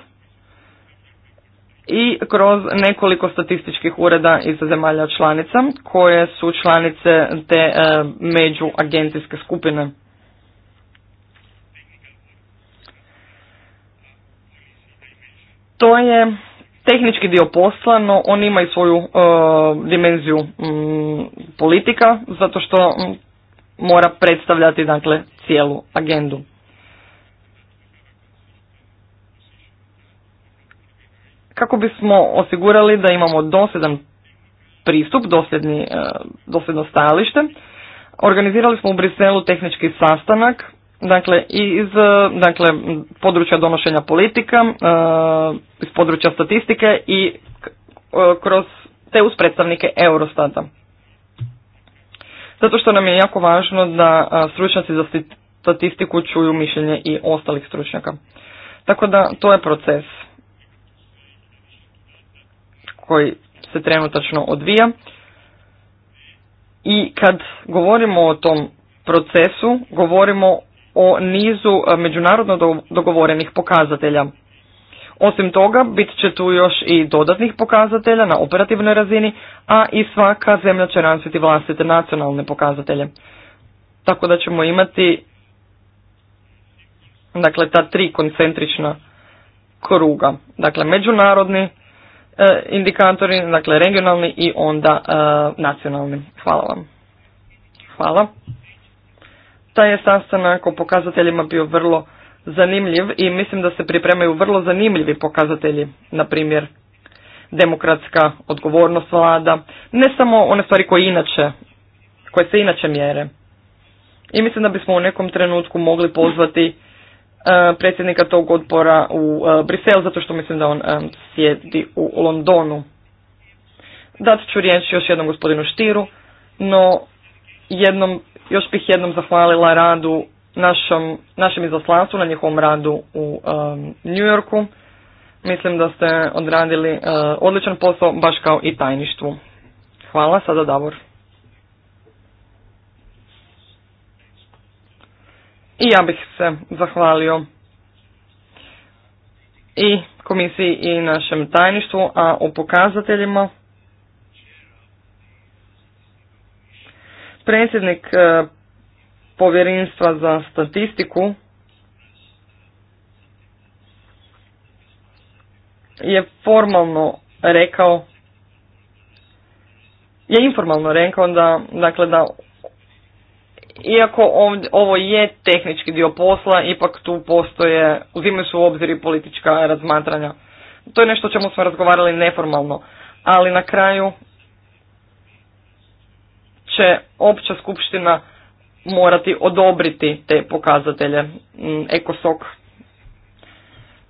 i kroz nekoliko statističkih ureda iz zemalja članica koje su članice te e, međuagencijske skupine. To je tehnički dio posla, no on ima i svoju e, dimenziju mm, politika zato što mm, mora predstavljati dakle cijelu agendu. kako bismo osigurali da imamo dosljedan pristup, dosljedni, e, dosljedno stajalište. Organizirali smo u Briselu tehnički sastanak, dakle iz e, dakle, područja donošenja politika, e, iz područja statistike i kroz te uz predstavnike Eurostata. Zato što nam je jako važno da stručnjaci za statistiku čuju mišljenje i ostalih stručnjaka. Tako da to je proces koji se trenutačno odvija. I kad govorimo o tom procesu, govorimo o nizu e, međunarodno dogovorenih pokazatelja. Osim toga, bit će tu još i dodatnih pokazatelja na operativnoj razini, a i svaka zemlja će razviti vlastite nacionalne pokazatelje. Tako da ćemo imati dakle, ta tri koncentrična kruga. Dakle, međunarodni, E, indikatori, dakle regionalni i onda e, nacionalni. Hvala vam. Hvala. Taj je sastanak o pokazateljima bio vrlo zanimljiv i mislim da se pripremaju vrlo zanimljivi pokazatelji, na primjer demokratska odgovornost vlada, ne samo one stvari koje inače, koje se inače mjere. I mislim da bismo u nekom trenutku mogli pozvati E, predsjednika tog odbora u e, Brisel, zato što mislim da on e, sjedi u Londonu. Dat ću riječ još jednom gospodinu Štiru, no jednom, još bih jednom zahvalila radu našom, našem izaslanstvu na njihovom radu u New Yorku. Mislim da ste odradili odličan posao, baš kao i tajništvu. Hvala, sada Davor. I ja bih se zahvalio i komisiji i našem tajništvu, a u pokazateljima predsjednik e, povjerinstva za statistiku je formalno rekao je informalno rekao da, dakle, da iako ovdje, ovo je tehnički dio posla, ipak tu postoje, uzimaju se u obzir i politička razmatranja. To je nešto o čemu smo razgovarali neformalno, ali na kraju će opća skupština morati odobriti te pokazatelje. Mm, Ekosok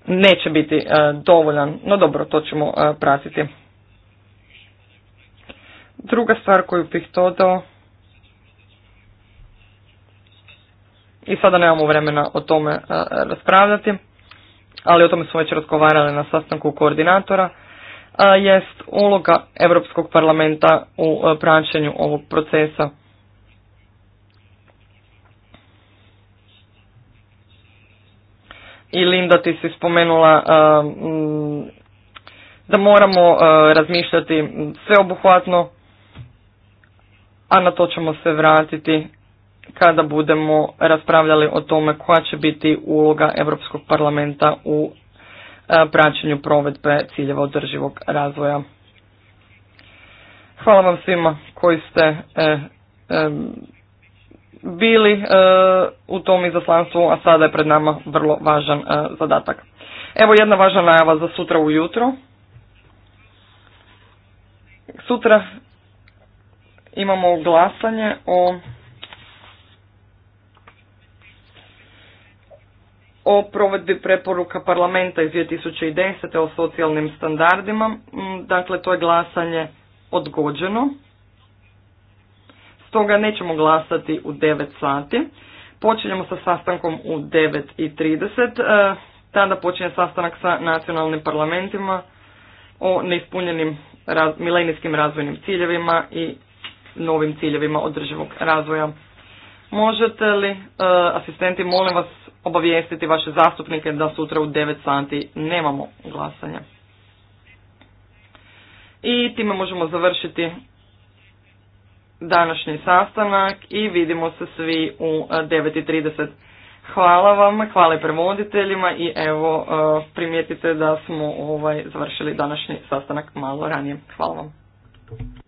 neće biti e, dovoljan, no dobro, to ćemo e, pratiti. Druga stvar koju bih dodao i sada nemamo vremena o tome e, raspravljati, ali o tome smo već razgovarali na sastanku koordinatora, jest uloga Europskog parlamenta u e, praćenju ovog procesa. I Linda ti si spomenula e, da moramo razmišljati sveobuhvatno, a na to ćemo se vratiti kada budemo raspravljali o tome koja će biti uloga Europskog parlamenta u e, praćenju provedbe ciljeva održivog razvoja. Hvala vam svima koji ste e, e, bili u tom izaslanstvu, a sada je pred nama vrlo važan zadatak. Evo jedna važna najava za sutra ujutro. Sutra imamo glasanje o o provedbi preporuka parlamenta iz 2010. o socijalnim standardima. Mm, dakle, to je glasanje odgođeno. Stoga nećemo glasati u 9 sati. Počinjemo sa sastankom u 9.30. E, tada počinje sastanak sa nacionalnim parlamentima o neispunjenim milenijskim razvojnim ciljevima i novim ciljevima održivog razvoja. Možete li, e, asistenti, molim vas, obavijestiti vaše zastupnike da sutra u 9 sati nemamo glasanja. I time možemo završiti današnji sastanak i vidimo se svi u 9.30. E, hvala vam, hvala i prevoditeljima i evo e, primijetite da smo ovaj završili današnji sastanak malo ranije. Hvala vam.